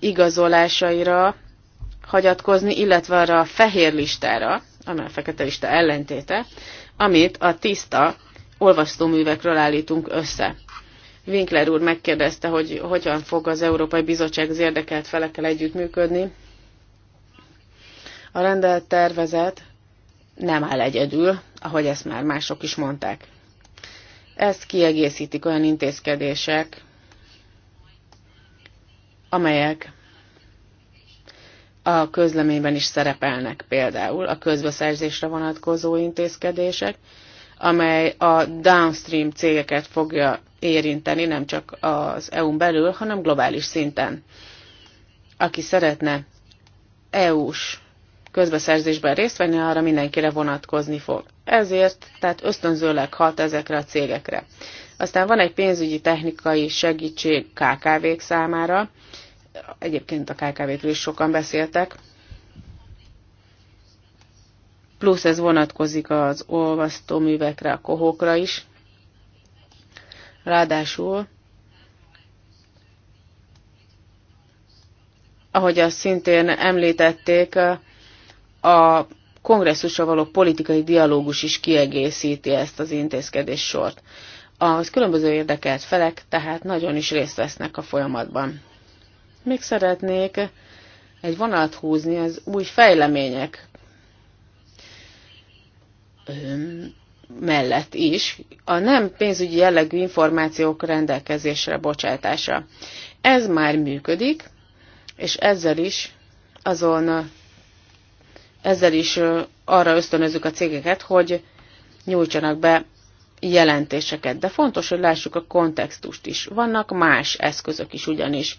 igazolásaira hagyatkozni, illetve arra a fehér listára, amely a fekete lista ellentéte, amit a tiszta olvasztóművekről állítunk össze. Winkler úr megkérdezte, hogy hogyan fog az Európai Bizottság az érdekelt felekkel együttműködni. A rendelt tervezet nem áll egyedül, ahogy ezt már mások is mondták. Ezt kiegészítik olyan intézkedések, amelyek a közleményben is szerepelnek például a közbeszerzésre vonatkozó intézkedések, amely a downstream cégeket fogja érinteni, nem csak az EU-n belül, hanem globális szinten. Aki szeretne EU-s közbeszerzésben részt venni, arra mindenkire vonatkozni fog. Ezért tehát ösztönzőleg hat ezekre a cégekre. Aztán van egy pénzügyi technikai segítség KKV-k számára, egyébként a KKV-kről is sokan beszéltek, plusz ez vonatkozik az olvasztóművekre, a kohókra is. Ráadásul, ahogy azt szintén említették, a kongresszusra való politikai dialógus is kiegészíti ezt az intézkedés sort. Az különböző érdekelt felek tehát nagyon is részt vesznek a folyamatban. Még szeretnék egy vonalat húzni az új fejlemények mellett is a nem pénzügyi jellegű információk rendelkezésre bocsátása. Ez már működik, és ezzel is azon ezzel is arra ösztönözzük a cégeket, hogy nyújtsanak be jelentéseket. De fontos, hogy lássuk a kontextust is. Vannak más eszközök is ugyanis.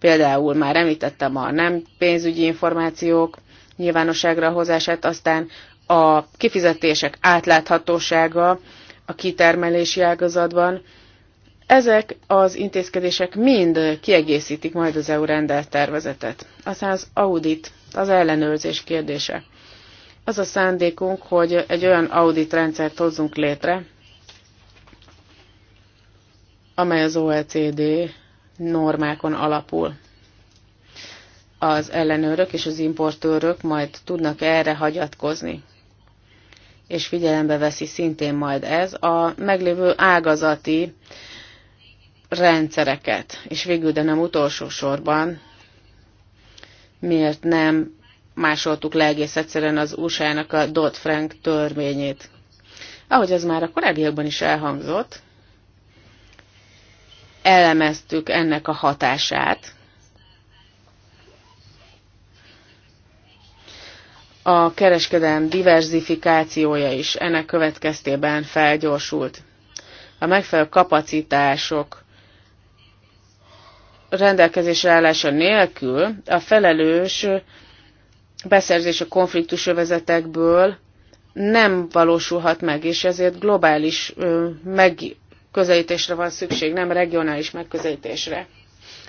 Például már említettem a nem pénzügyi információk nyilvánosságra hozását, aztán a kifizetések átláthatósága a kitermelési ágazatban. Ezek az intézkedések mind kiegészítik majd az EU rendelt tervezetet. Aztán az audit az ellenőrzés kérdése. Az a szándékunk, hogy egy olyan rendszert hozzunk létre, amely az OECD normákon alapul. Az ellenőrök és az importőrök majd tudnak erre hagyatkozni és figyelembe veszi szintén majd ez a meglévő ágazati rendszereket. És végül, de nem utolsó sorban miért nem másoltuk le egész egyszerűen az USA-nak a Dodd-Frank törvényét. Ahogy az már a korábbiakban is elhangzott, elemeztük ennek a hatását. A kereskedelem diversifikációja is ennek következtében felgyorsult. A megfelelő kapacitások rendelkezésre állása nélkül a felelős beszerzés a konfliktusövezetekből nem valósulhat meg, és ezért globális megközelítésre van szükség, nem regionális megközelítésre.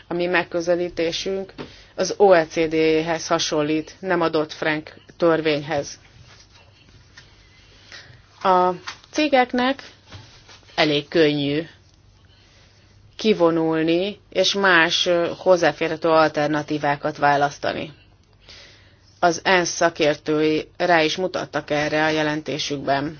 A mi megközelítésünk az OECD-hez hasonlít, nem adott Frank törvényhez. A cégeknek elég könnyű kivonulni, és más hozzáférhető alternatívákat választani. Az ENSZ szakértői rá is mutattak erre a jelentésükben.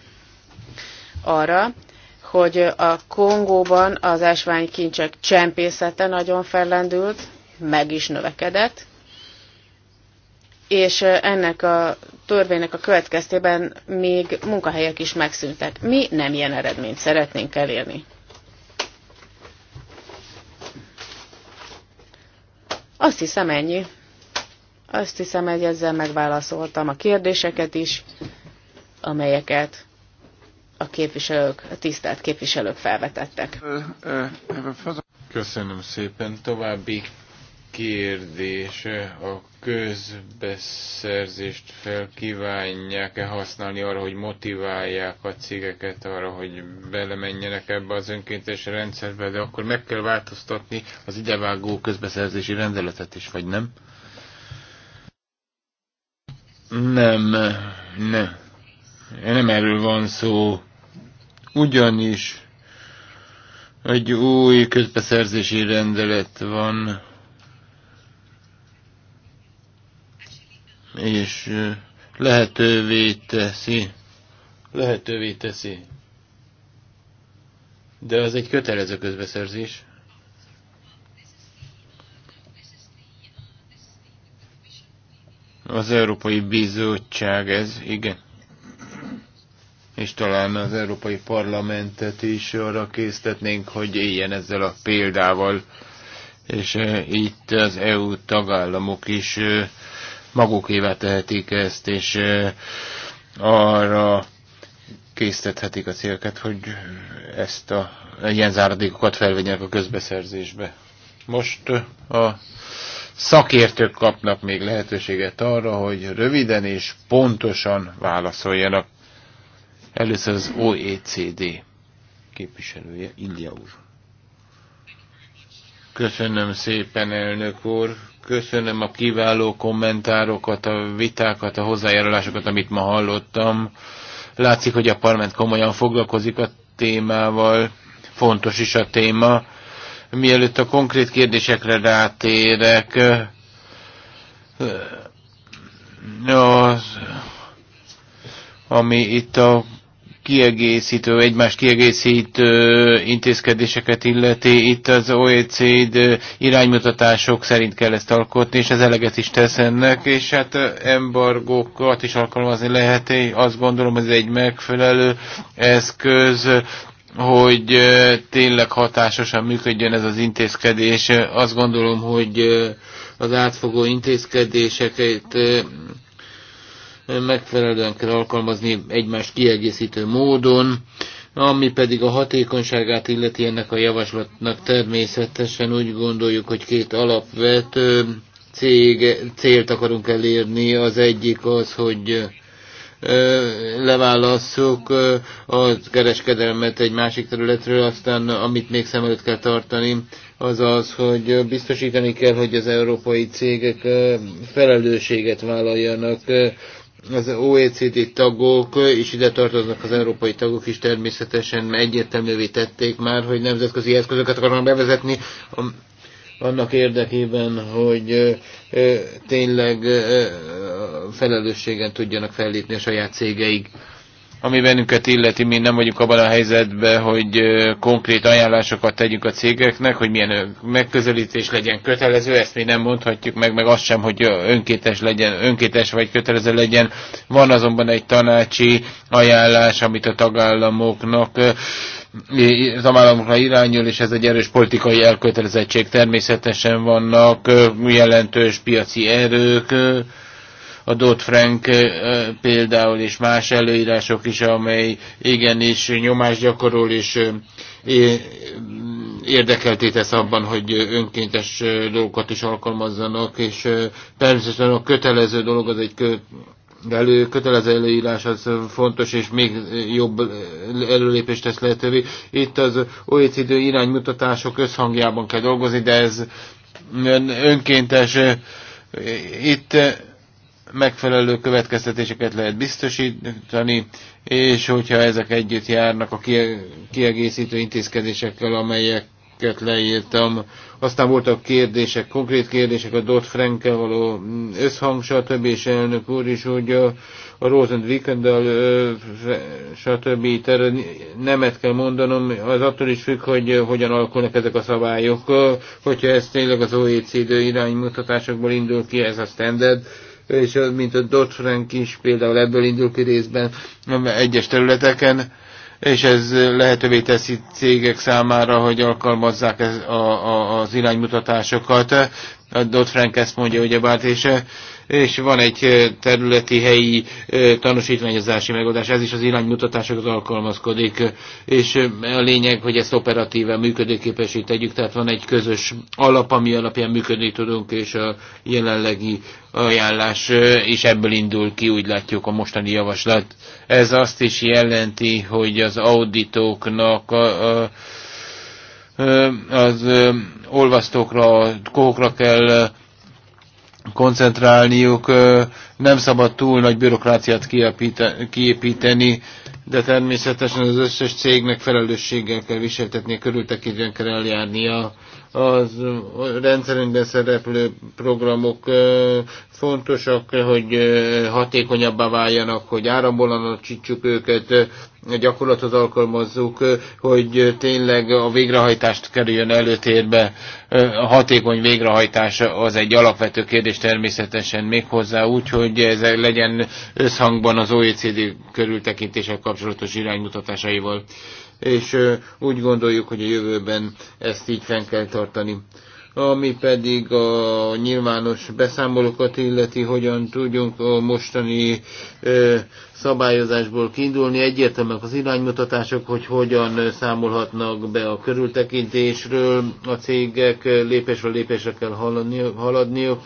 Arra, hogy a Kongóban az ásványkincsek csempészete nagyon fellendült, meg is növekedett, és ennek a törvénynek a következtében még munkahelyek is megszűntek. Mi nem ilyen eredményt szeretnénk elérni. Azt hiszem ennyi. Azt hiszem, hogy ezzel megválaszoltam a kérdéseket is, amelyeket a képviselők, a tisztelt képviselők felvetettek. Köszönöm szépen. További kérdés, a közbeszerzést fel kívánják-e használni arra, hogy motiválják a cégeket arra, hogy belemenjenek ebbe az önkéntes rendszerbe, de akkor meg kell változtatni az idevágó közbeszerzési rendeletet is, vagy nem? Nem, nem. Nem erről van szó. Ugyanis egy új közbeszerzési rendelet van, és lehetővé teszi, lehetővé teszi. De az egy kötelező közbeszerzés. Az Európai Bizottság ez, igen. És talán az Európai Parlamentet is arra késztetnénk, hogy éljen ezzel a példával. És e, itt az EU tagállamok is e, maguk tehetik ezt, és arra késztethetik a célket, hogy ezt a ilyen záradékokat felvegyenek a közbeszerzésbe. Most a szakértők kapnak még lehetőséget arra, hogy röviden és pontosan válaszoljanak. Először az OECD képviselője, India úr. Köszönöm szépen, elnök úr. Köszönöm a kiváló kommentárokat, a vitákat, a hozzájárulásokat, amit ma hallottam. Látszik, hogy a parlament komolyan foglalkozik a témával, fontos is a téma. Mielőtt a konkrét kérdésekre rátérek, az, ami itt a kiegészítő, egymást kiegészítő intézkedéseket illeti. Itt az OECD iránymutatások szerint kell ezt alkotni, és ez eleget is tesz ennek, és hát embargókat is alkalmazni lehet. Azt gondolom, ez egy megfelelő eszköz, hogy tényleg hatásosan működjön ez az intézkedés. Azt gondolom, hogy az átfogó intézkedéseket megfelelően kell alkalmazni egymás kiegészítő módon, ami pedig a hatékonyságát illeti ennek a javaslatnak természetesen úgy gondoljuk, hogy két alapvető cég, célt akarunk elérni. Az egyik az, hogy leválasszuk a kereskedelmet egy másik területről, aztán amit még szem előtt kell tartani, az az, hogy biztosítani kell, hogy az európai cégek felelősséget vállaljanak az OECD tagok, és ide tartoznak az európai tagok is természetesen egyértelművé tették már, hogy nemzetközi eszközöket akarnak bevezetni, annak érdekében, hogy tényleg felelősségen tudjanak fellépni a saját cégeik. Ami bennünket illeti, mi nem vagyunk abban a helyzetben, hogy konkrét ajánlásokat tegyünk a cégeknek, hogy milyen megközelítés legyen kötelező, ezt mi nem mondhatjuk meg, meg azt sem, hogy önkétes legyen, önkétes vagy kötelező legyen. Van azonban egy tanácsi ajánlás, amit a tagállamoknak az államokra irányul, és ez egy erős politikai elkötelezettség. Természetesen vannak jelentős piaci erők, a Dodd-Frank például és más előírások is, amely igenis nyomás gyakorol és érdekelté tesz abban, hogy önkéntes dolgokat is alkalmazzanak, és természetesen a kötelező dolog az egy kö elő, kötelező előírás az fontos, és még jobb előlépést tesz lehetővé. Itt az OECD iránymutatások összhangjában kell dolgozni, de ez önkéntes. Itt megfelelő következtetéseket lehet biztosítani, és hogyha ezek együtt járnak a kiegészítő intézkedésekkel, amelyeket leírtam. Aztán voltak kérdések, konkrét kérdések a Dot Frankkel való összhang, stb. és elnök úr is, hogy a, a Rosenwickenddel, stb. Erre nemet kell mondanom, az attól is függ, hogy hogyan alakulnak ezek a szabályok. Hogyha ez tényleg az OECD iránymutatásokból indul ki, ez a standard, és mint a Dodd-Frank is például ebből indul ki részben egyes területeken, és ez lehetővé teszi cégek számára, hogy alkalmazzák ez a, a, az iránymutatásokat. A Dodd-Frank ezt mondja, ugyebár, és és van egy területi helyi tanúsítványozási megoldás, ez is az iránymutatásokat alkalmazkodik, és a lényeg, hogy ezt operatíven működőképesít tegyük, tehát van egy közös alap, ami alapján működni tudunk, és a jelenlegi ajánlás is ebből indul ki, úgy látjuk a mostani javaslat. Ez azt is jelenti, hogy az auditóknak a, a, az olvasztókra, kókra kell koncentrálniuk, nem szabad túl nagy bürokráciát kiépíteni, de természetesen az összes cégnek felelősséggel kell viseltetnie, körültekintően kell eljárnia az rendszerünkben szereplő programok fontosak, hogy hatékonyabbá váljanak, hogy árambolanatsítsuk őket, gyakorlathoz alkalmazzuk, hogy tényleg a végrehajtást kerüljön előtérbe. A hatékony végrehajtás az egy alapvető kérdés természetesen méghozzá úgy, hogy ez legyen összhangban az OECD körültekintések kapcsolatos iránymutatásaival és úgy gondoljuk, hogy a jövőben ezt így fenn kell tartani ami pedig a nyilvános beszámolókat illeti, hogyan tudjunk a mostani szabályozásból kiindulni. Egyértelműek az iránymutatások, hogy hogyan számolhatnak be a körültekintésről, a cégek lépésről lépésre kell haladniuk.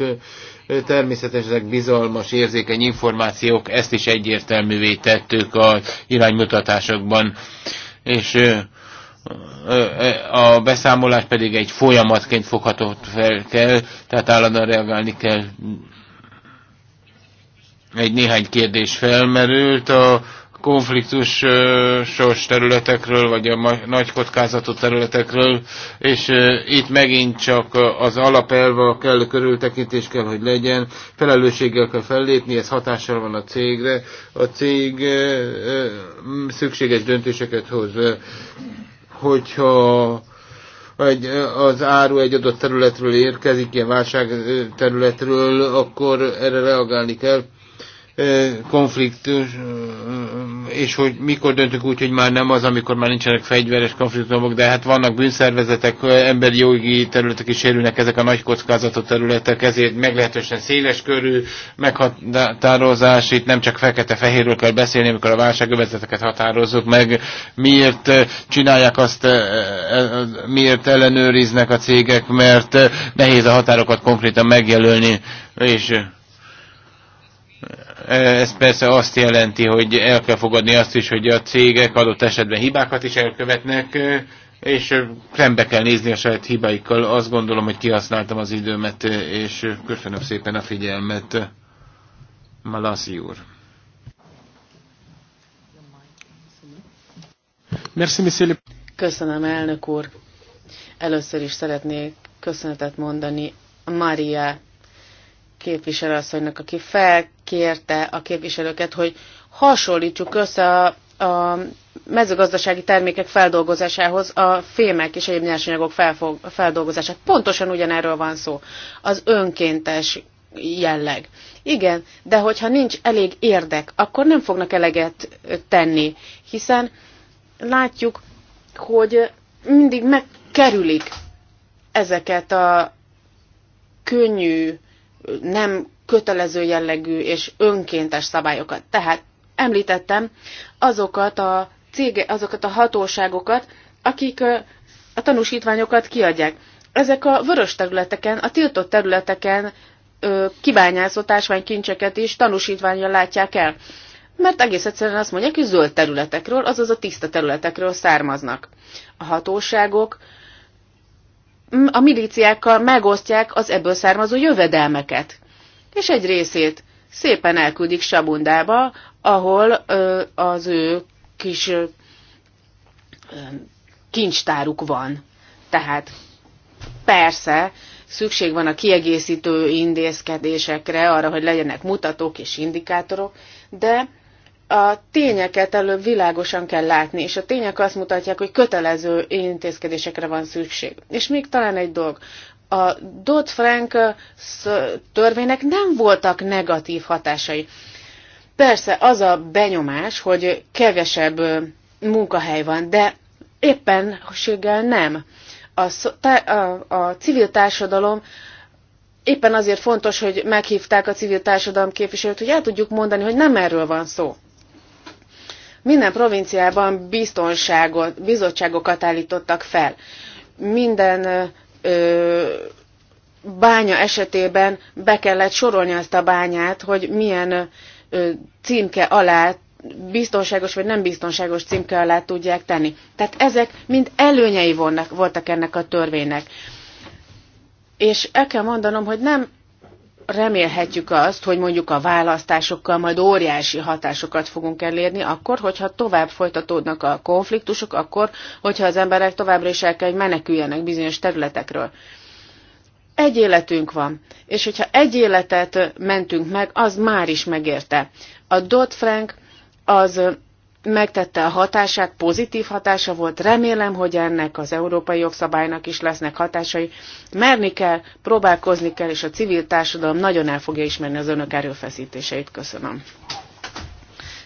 Természetesen ezek bizalmas, érzékeny információk, ezt is egyértelművé tettük a iránymutatásokban és a beszámolás pedig egy folyamatként fogható fel kell, tehát állandóan reagálni kell. Egy néhány kérdés felmerült a konfliktusos területekről, vagy a nagy kockázatú területekről, és itt megint csak az alapelva kell, körültekintés kell, hogy legyen, felelősséggel kell fellépni, ez hatással van a cégre, a cég szükséges döntéseket hoz, hogyha vagy az áru egy adott területről érkezik, ilyen válság területről, akkor erre reagálni kell konfliktus, és hogy mikor döntök úgy, hogy már nem az, amikor már nincsenek fegyveres konfliktumok, de hát vannak bűnszervezetek, emberi jogi területek is sérülnek, ezek a nagy kockázatú területek, ezért meglehetősen széles körű meghatározás, itt nem csak fekete-fehérről kell beszélni, amikor a válságövezeteket határozzuk meg, miért csinálják azt, miért ellenőriznek a cégek, mert nehéz a határokat konkrétan megjelölni, és ez persze azt jelenti, hogy el kell fogadni azt is, hogy a cégek adott esetben hibákat is elkövetnek, és szembe kell nézni a saját hibáikkal. Azt gondolom, hogy kihasználtam az időmet, és köszönöm szépen a figyelmet. Malaszi úr. Köszönöm, elnök úr. Először is szeretnék köszönetet mondani Maria képviselőasszonynak, aki felkérte a képviselőket, hogy hasonlítsuk össze a a mezőgazdasági termékek feldolgozásához a fémek és egyéb nyersanyagok felfog, feldolgozását. Pontosan ugyanerről van szó. Az önkéntes jelleg. Igen, de hogyha nincs elég érdek, akkor nem fognak eleget tenni, hiszen látjuk, hogy mindig megkerülik ezeket a könnyű nem kötelező jellegű és önkéntes szabályokat. Tehát említettem azokat a, cége, azokat a hatóságokat, akik a tanúsítványokat kiadják. Ezek a vörös területeken, a tiltott területeken kibányászott ásványkincseket is tanúsítványjal látják el. Mert egész egyszerűen azt mondják, hogy zöld területekről, azaz a tiszta területekről származnak. A hatóságok a milíciákkal megosztják az ebből származó jövedelmeket. És egy részét szépen elküldik Sabundába, ahol ö, az ő kis ö, kincstáruk van. Tehát persze szükség van a kiegészítő intézkedésekre, arra, hogy legyenek mutatók és indikátorok, de a tényeket előbb világosan kell látni, és a tények azt mutatják, hogy kötelező intézkedésekre van szükség. És még talán egy dolog. A Dodd-Frank törvénynek nem voltak negatív hatásai. Persze az a benyomás, hogy kevesebb munkahely van, de éppenséggel nem. A, a, a civil társadalom éppen azért fontos, hogy meghívták a civil társadalom képviselőt, hogy el tudjuk mondani, hogy nem erről van szó. Minden provinciában biztonságot, bizottságokat állítottak fel. Minden ö, bánya esetében be kellett sorolni azt a bányát, hogy milyen ö, címke alá biztonságos vagy nem biztonságos címke alá tudják tenni. Tehát ezek mind előnyei voltak ennek a törvénynek. És el kell mondanom, hogy nem remélhetjük azt, hogy mondjuk a választásokkal majd óriási hatásokat fogunk elérni, akkor, hogyha tovább folytatódnak a konfliktusok, akkor, hogyha az emberek továbbra is el kell, hogy meneküljenek bizonyos területekről. Egy életünk van, és hogyha egy életet mentünk meg, az már is megérte. A Dodd-Frank az megtette a hatását, pozitív hatása volt, remélem, hogy ennek az európai jogszabálynak is lesznek hatásai. Merni kell, próbálkozni kell, és a civil társadalom nagyon el fogja ismerni az önök erőfeszítéseit. Köszönöm.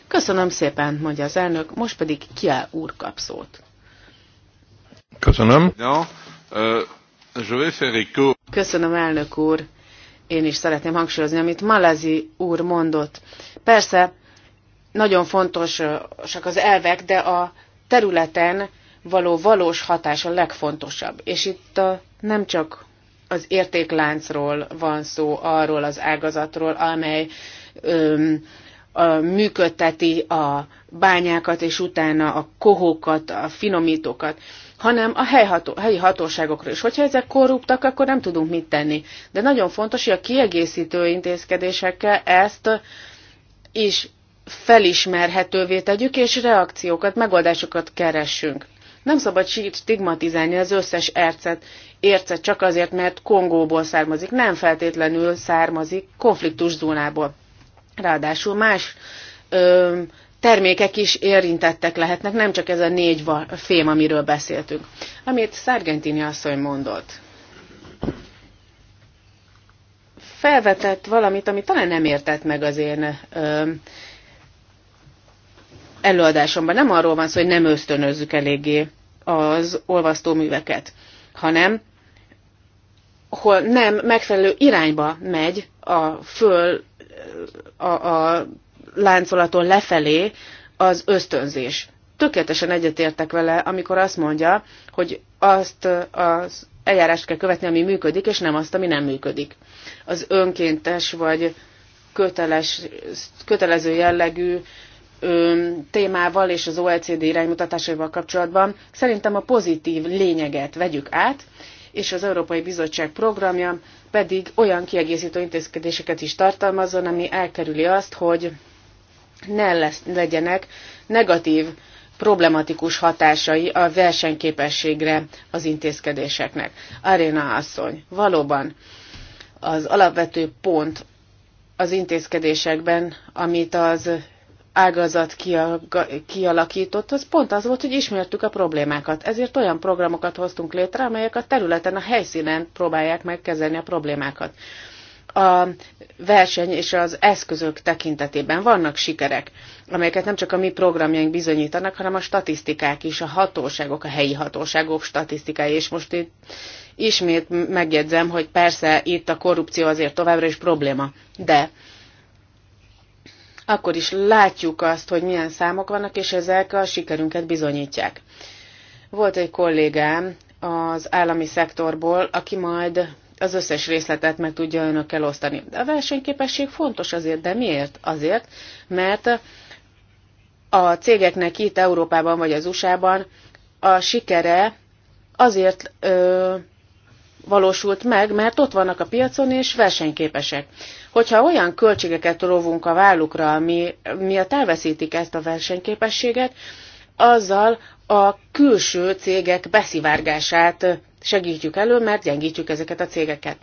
Köszönöm szépen, mondja az elnök, most pedig kiáll úr kap szót. Köszönöm. Uh, Köszönöm, elnök úr. Én is szeretném hangsúlyozni, amit Malazi úr mondott. Persze, nagyon fontosak az elvek, de a területen való valós hatás a legfontosabb. És itt a, nem csak az értékláncról van szó, arról az ágazatról, amely öm, a, működteti a bányákat, és utána a kohókat, a finomítókat, hanem a helyható, helyi hatóságokról is. Hogyha ezek korruptak, akkor nem tudunk mit tenni. De nagyon fontos, hogy a kiegészítő intézkedésekkel ezt is felismerhetővé tegyük, és reakciókat, megoldásokat keressünk. Nem szabad stigmatizálni az összes ercet, ércet csak azért, mert Kongóból származik, nem feltétlenül származik konfliktus zónából. Ráadásul más ö, termékek is érintettek lehetnek, nem csak ez a négy fém, amiről beszéltünk. Amit Szargentini asszony mondott. Felvetett valamit, ami talán nem értett meg az én ö, előadásomban nem arról van szó, hogy nem ösztönözzük eléggé az műveket, hanem hol nem megfelelő irányba megy a föl a, a láncolaton lefelé az ösztönzés. Tökéletesen egyetértek vele, amikor azt mondja, hogy azt az eljárást kell követni, ami működik, és nem azt, ami nem működik. Az önkéntes vagy köteles, kötelező jellegű témával és az OECD iránymutatásaival kapcsolatban szerintem a pozitív lényeget vegyük át, és az Európai Bizottság programja pedig olyan kiegészítő intézkedéseket is tartalmazzon, ami elkerüli azt, hogy ne lesz, legyenek negatív, problematikus hatásai a versenyképességre az intézkedéseknek. Aréna asszony, valóban az alapvető pont az intézkedésekben, amit az ágazat kialakított, az pont az volt, hogy ismertük a problémákat. Ezért olyan programokat hoztunk létre, amelyek a területen, a helyszínen próbálják megkezelni a problémákat. A verseny és az eszközök tekintetében vannak sikerek, amelyeket nem csak a mi programjaink bizonyítanak, hanem a statisztikák is, a hatóságok, a helyi hatóságok statisztikái, és most itt ismét megjegyzem, hogy persze itt a korrupció azért továbbra is probléma, de akkor is látjuk azt, hogy milyen számok vannak, és ezek a sikerünket bizonyítják. Volt egy kollégám az állami szektorból, aki majd az összes részletet meg tudja önök elosztani. De a versenyképesség fontos azért, de miért? Azért, mert a cégeknek itt Európában vagy az USA-ban a sikere azért ö, valósult meg, mert ott vannak a piacon és versenyképesek. Hogyha olyan költségeket rovunk a vállukra, ami miatt elveszítik ezt a versenyképességet, azzal a külső cégek beszivárgását segítjük elő, mert gyengítjük ezeket a cégeket.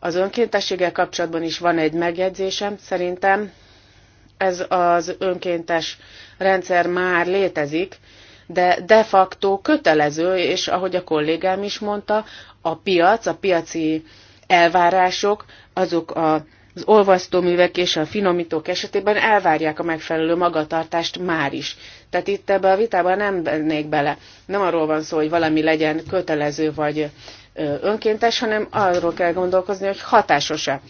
Az önkéntességgel kapcsolatban is van egy megjegyzésem, szerintem ez az önkéntes rendszer már létezik, de de facto kötelező, és ahogy a kollégám is mondta, a piac, a piaci elvárások, azok a az olvasztóművek és a finomítók esetében elvárják a megfelelő magatartást már is. Tehát itt ebbe a vitába nem bennék bele. Nem arról van szó, hogy valami legyen kötelező vagy önkéntes, hanem arról kell gondolkozni, hogy hatásos-e.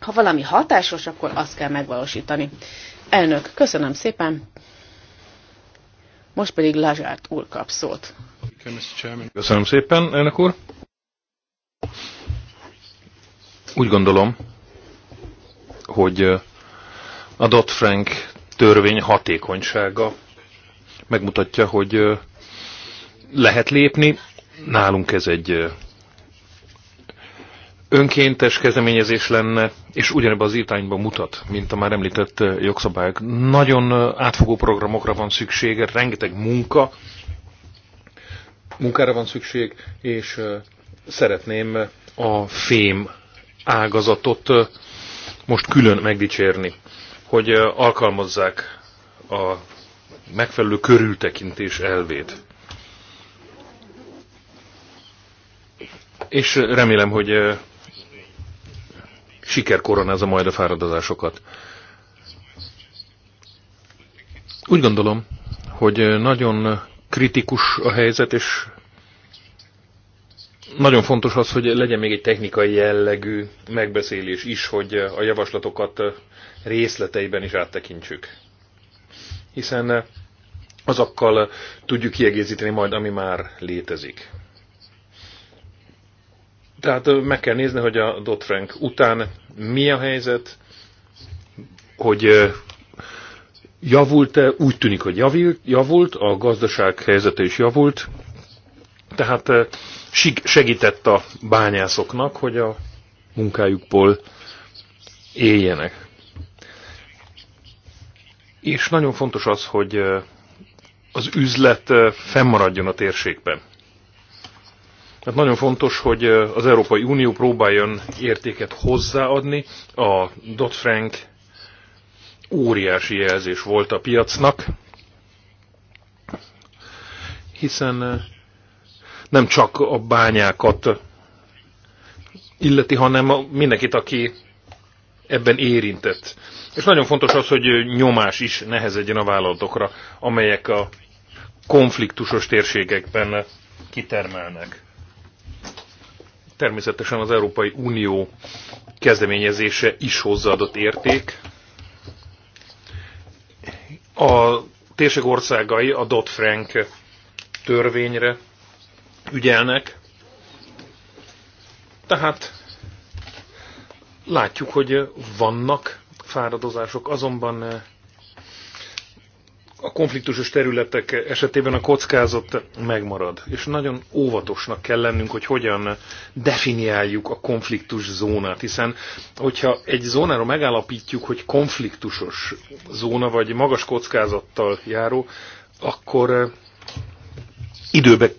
Ha valami hatásos, akkor azt kell megvalósítani. Elnök, köszönöm szépen. Most pedig Lazsárt úr kap szót. Köszönöm szépen, elnök úr. Úgy gondolom, hogy a Dodd-Frank törvény hatékonysága megmutatja, hogy lehet lépni. Nálunk ez egy önkéntes kezdeményezés lenne, és ugyanebben az irányban mutat, mint a már említett jogszabályok. Nagyon átfogó programokra van szükség, rengeteg munka, munkára van szükség, és szeretném a fém ágazatot most külön megdicsérni, hogy alkalmazzák a megfelelő körültekintés elvét. És remélem, hogy siker koronázza majd a fáradozásokat. Úgy gondolom, hogy nagyon kritikus a helyzet, és nagyon fontos az, hogy legyen még egy technikai jellegű megbeszélés is, hogy a javaslatokat részleteiben is áttekintsük. Hiszen azokkal tudjuk kiegészíteni majd, ami már létezik. Tehát meg kell nézni, hogy a Dodd-Frank után mi a helyzet, hogy javult-e, úgy tűnik, hogy javult, javult, a gazdaság helyzete is javult, tehát segített a bányászoknak, hogy a munkájukból éljenek. És nagyon fontos az, hogy az üzlet fennmaradjon a térségben. Hát nagyon fontos, hogy az Európai Unió próbáljon értéket hozzáadni. A Dodd-Frank óriási jelzés volt a piacnak, hiszen nem csak a bányákat illeti, hanem mindenkit, aki ebben érintett. És nagyon fontos az, hogy nyomás is nehezedjen a vállalatokra, amelyek a konfliktusos térségekben kitermelnek. Természetesen az Európai Unió kezdeményezése is hozzáadott érték. A térség országai a Dodd-Frank törvényre ügyelnek. Tehát látjuk, hogy vannak fáradozások, azonban eh, a konfliktusos területek esetében a kockázat megmarad, és nagyon óvatosnak kell lennünk, hogy hogyan definiáljuk a konfliktus zónát, hiszen hogyha egy zónára megállapítjuk, hogy konfliktusos zóna, vagy magas kockázattal járó, akkor eh, időbe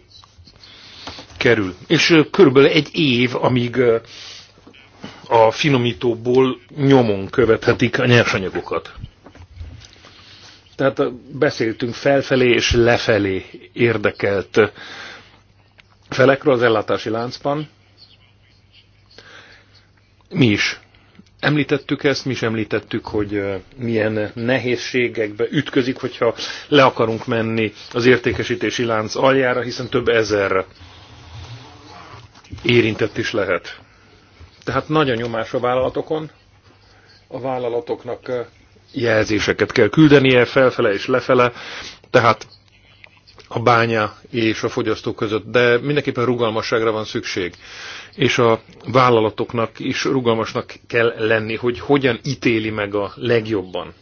kerül. És körülbelül egy év, amíg a finomítóból nyomon követhetik a nyersanyagokat. Tehát beszéltünk felfelé és lefelé érdekelt felekről az ellátási láncban. Mi is említettük ezt, mi is említettük, hogy milyen nehézségekbe ütközik, hogyha le akarunk menni az értékesítési lánc aljára, hiszen több ezer érintett is lehet. Tehát nagy a nyomás a vállalatokon, a vállalatoknak jelzéseket kell küldenie felfele és lefele, tehát a bánya és a fogyasztó között, de mindenképpen rugalmasságra van szükség. És a vállalatoknak is rugalmasnak kell lenni, hogy hogyan ítéli meg a legjobban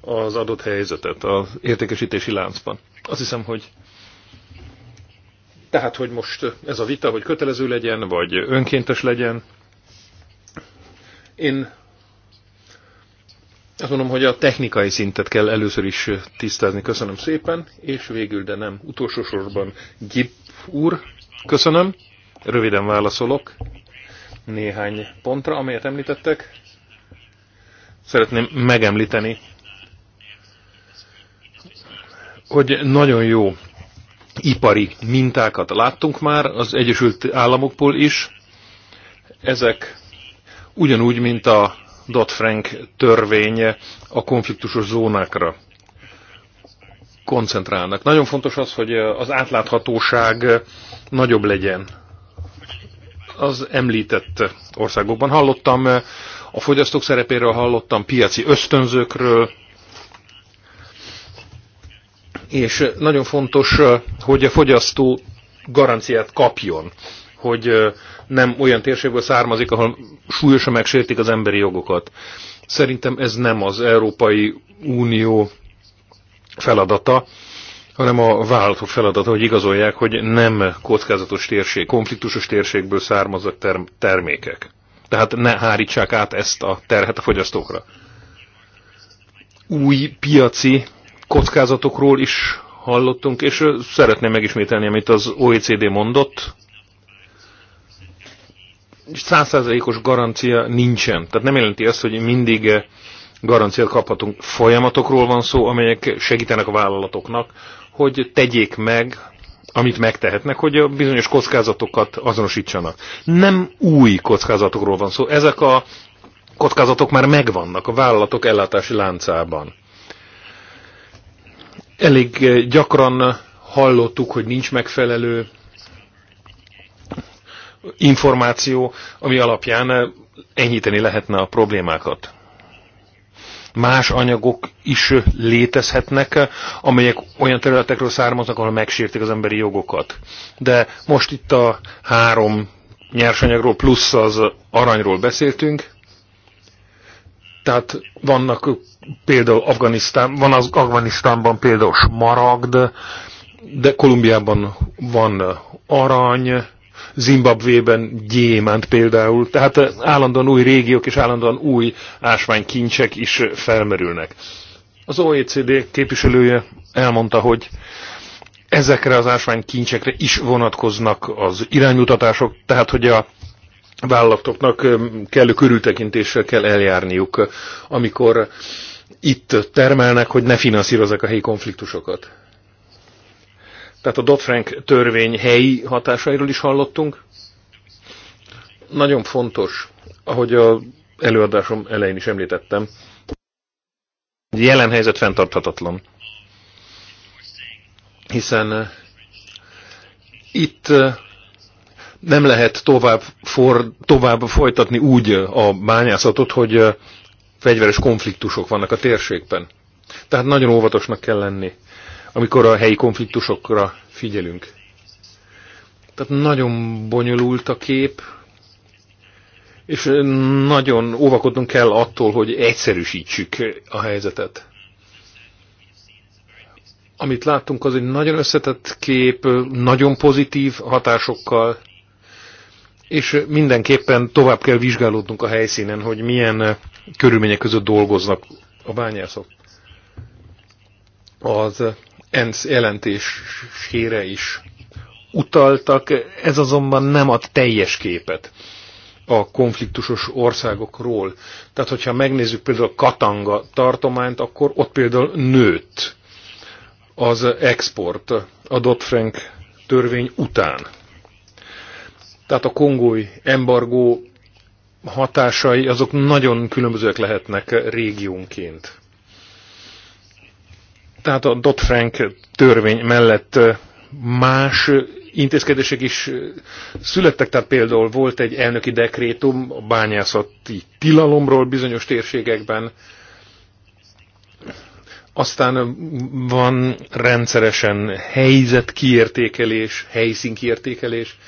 az adott helyzetet az értékesítési láncban. Azt hiszem, hogy tehát, hogy most ez a vita, hogy kötelező legyen, vagy önkéntes legyen, én azt mondom, hogy a technikai szintet kell először is tisztázni. Köszönöm szépen, és végül, de nem utolsó sorban Gip úr, köszönöm. Röviden válaszolok néhány pontra, amelyet említettek. Szeretném megemlíteni, hogy nagyon jó ipari mintákat láttunk már az Egyesült Államokból is. Ezek ugyanúgy, mint a Dodd-Frank törvény a konfliktusos zónákra koncentrálnak. Nagyon fontos az, hogy az átláthatóság nagyobb legyen az említett országokban. Hallottam a fogyasztók szerepéről, hallottam piaci ösztönzőkről, és nagyon fontos, hogy a fogyasztó garanciát kapjon, hogy nem olyan térségből származik, ahol súlyosan megsértik az emberi jogokat. Szerintem ez nem az Európai Unió feladata, hanem a vállalatok feladata, hogy igazolják, hogy nem kockázatos térség, konfliktusos térségből származnak term- termékek. Tehát ne hárítsák át ezt a terhet a fogyasztókra. Új piaci kockázatokról is hallottunk, és szeretném megismételni, amit az OECD mondott. Százszerzelékos garancia nincsen. Tehát nem jelenti azt, hogy mindig garanciát kaphatunk. Folyamatokról van szó, amelyek segítenek a vállalatoknak, hogy tegyék meg, amit megtehetnek, hogy a bizonyos kockázatokat azonosítsanak. Nem új kockázatokról van szó. Ezek a kockázatok már megvannak a vállalatok ellátási láncában. Elég eh, gyakran hallottuk, hogy nincs megfelelő információ, ami alapján eh, enyhíteni lehetne a problémákat. Más anyagok is létezhetnek, amelyek olyan területekről származnak, ahol megsértik az emberi jogokat. De most itt a három nyersanyagról plusz az aranyról beszéltünk, tehát vannak például Afganisztán, van az Afganisztánban például smaragd, de Kolumbiában van arany, Zimbabvében gyémánt például, tehát állandóan új régiók és állandóan új ásványkincsek is felmerülnek. Az OECD képviselője elmondta, hogy ezekre az ásványkincsekre is vonatkoznak az iránymutatások, tehát hogy a vállalatoknak kellő körültekintéssel kell eljárniuk, amikor itt termelnek, hogy ne finanszírozzák a helyi konfliktusokat. Tehát a Dodd-Frank törvény helyi hatásairól is hallottunk. Nagyon fontos, ahogy a előadásom elején is említettem, hogy jelen helyzet fenntarthatatlan. Hiszen eh, itt eh, nem lehet tovább, for, tovább folytatni úgy a bányászatot, hogy eh, fegyveres konfliktusok vannak a térségben. Tehát nagyon óvatosnak kell lenni, amikor a helyi konfliktusokra figyelünk. Tehát nagyon bonyolult a kép, és nagyon óvakodnunk kell attól, hogy egyszerűsítsük a helyzetet. Amit láttunk, az egy nagyon összetett kép, nagyon pozitív hatásokkal, és mindenképpen tovább kell vizsgálódnunk a helyszínen, hogy milyen eh, körülmények között dolgoznak a bányászok. Az ENSZ jelentésére is utaltak, ez azonban nem ad teljes képet a konfliktusos országokról. Tehát, hogyha megnézzük például a Katanga tartományt, akkor ott például nőtt az export a Dodd-Frank törvény után. Tehát a kongói embargó hatásai azok nagyon különbözőek lehetnek régiónként. Tehát a Dodd-Frank törvény mellett más intézkedések is születtek, tehát például volt egy elnöki dekrétum a bányászati tilalomról bizonyos térségekben, aztán van rendszeresen helyzetkiértékelés, helyszínkiértékelés,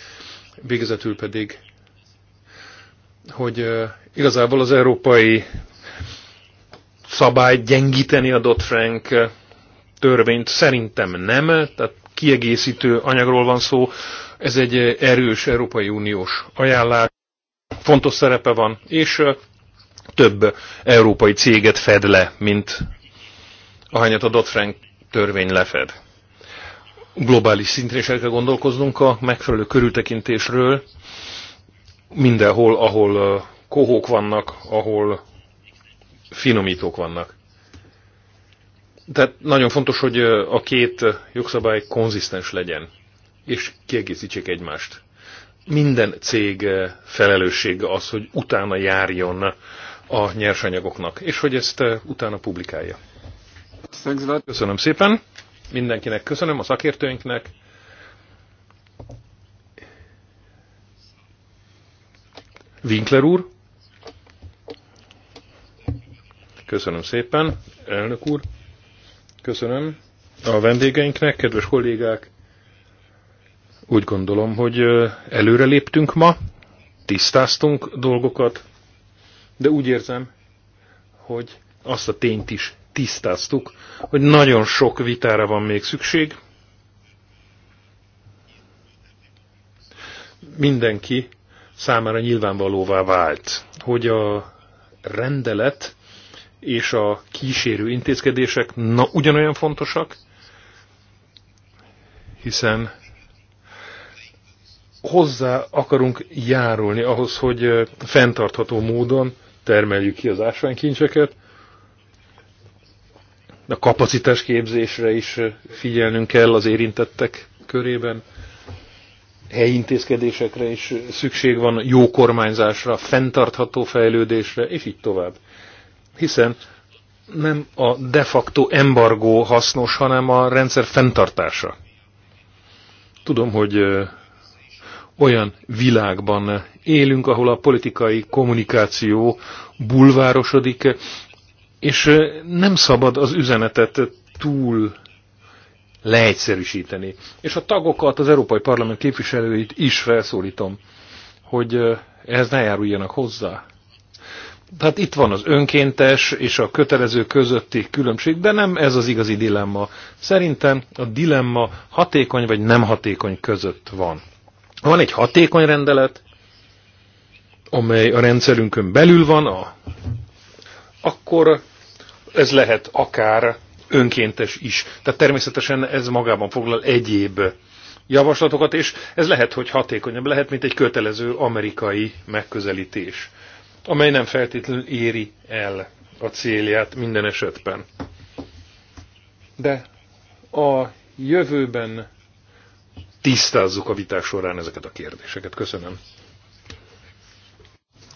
Végezetül pedig, hogy igazából az európai szabály gyengíteni a Dodd-Frank törvényt szerintem nem, tehát kiegészítő anyagról van szó, ez egy erős Európai Uniós ajánlás, fontos szerepe van, és több európai céget fed le, mint ahányat a Dodd-Frank törvény lefed globális szintre is el kell gondolkoznunk a megfelelő körültekintésről, mindenhol, ahol kohók vannak, ahol finomítók vannak. Tehát nagyon fontos, hogy a két jogszabály konzisztens legyen, és kiegészítsék egymást. Minden cég felelőssége az, hogy utána járjon a nyersanyagoknak, és hogy ezt utána publikálja. Köszönöm szépen! mindenkinek köszönöm, a szakértőinknek. Winkler úr. Köszönöm szépen, elnök úr. Köszönöm a vendégeinknek, kedves kollégák. Úgy gondolom, hogy előre léptünk ma, tisztáztunk dolgokat, de úgy érzem, hogy azt a tényt is tisztáztuk, hogy nagyon sok vitára van még szükség. Mindenki számára nyilvánvalóvá vált, hogy a rendelet és a kísérő intézkedések na, ugyanolyan fontosak, hiszen hozzá akarunk járulni ahhoz, hogy fenntartható módon termeljük ki az ásványkincseket, a kapacitás képzésre is figyelnünk kell az érintettek körében. Helyi intézkedésekre is szükség van, jó kormányzásra, fenntartható fejlődésre, és így tovább. Hiszen nem a de facto embargó hasznos, hanem a rendszer fenntartása. Tudom, hogy olyan világban élünk, ahol a politikai kommunikáció bulvárosodik, és nem szabad az üzenetet túl leegyszerűsíteni. És a tagokat, az Európai Parlament képviselőit is felszólítom, hogy ehhez ne járuljanak hozzá. Tehát itt van az önkéntes és a kötelező közötti különbség, de nem ez az igazi dilemma. Szerintem a dilemma hatékony vagy nem hatékony között van. Van egy hatékony rendelet, amely a rendszerünkön belül van, a, akkor ez lehet akár önkéntes is. Tehát természetesen ez magában foglal egyéb javaslatokat, és ez lehet, hogy hatékonyabb lehet, mint egy kötelező amerikai megközelítés, amely nem feltétlenül éri el a célját minden esetben. De a jövőben tisztázzuk a vitás során ezeket a kérdéseket. Köszönöm.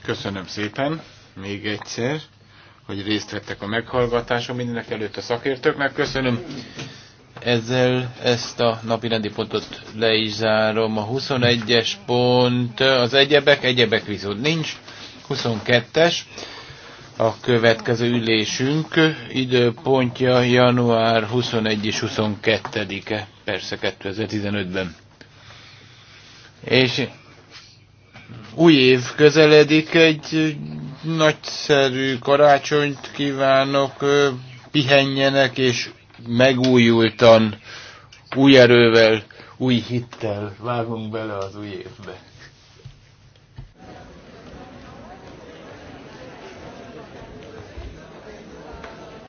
Köszönöm szépen még egyszer hogy részt vettek a meghallgatáson. Mindenek előtt a szakértőknek köszönöm. Ezzel ezt a napi rendi pontot le is zárom. A 21-es pont az egyebek, egyebek viszont nincs. 22-es a következő ülésünk időpontja január 21 és 22-e, persze 2015-ben. És új év közeledik, egy nagyszerű karácsonyt kívánok, pihenjenek, és megújultan, új erővel, új hittel vágunk bele az új évbe.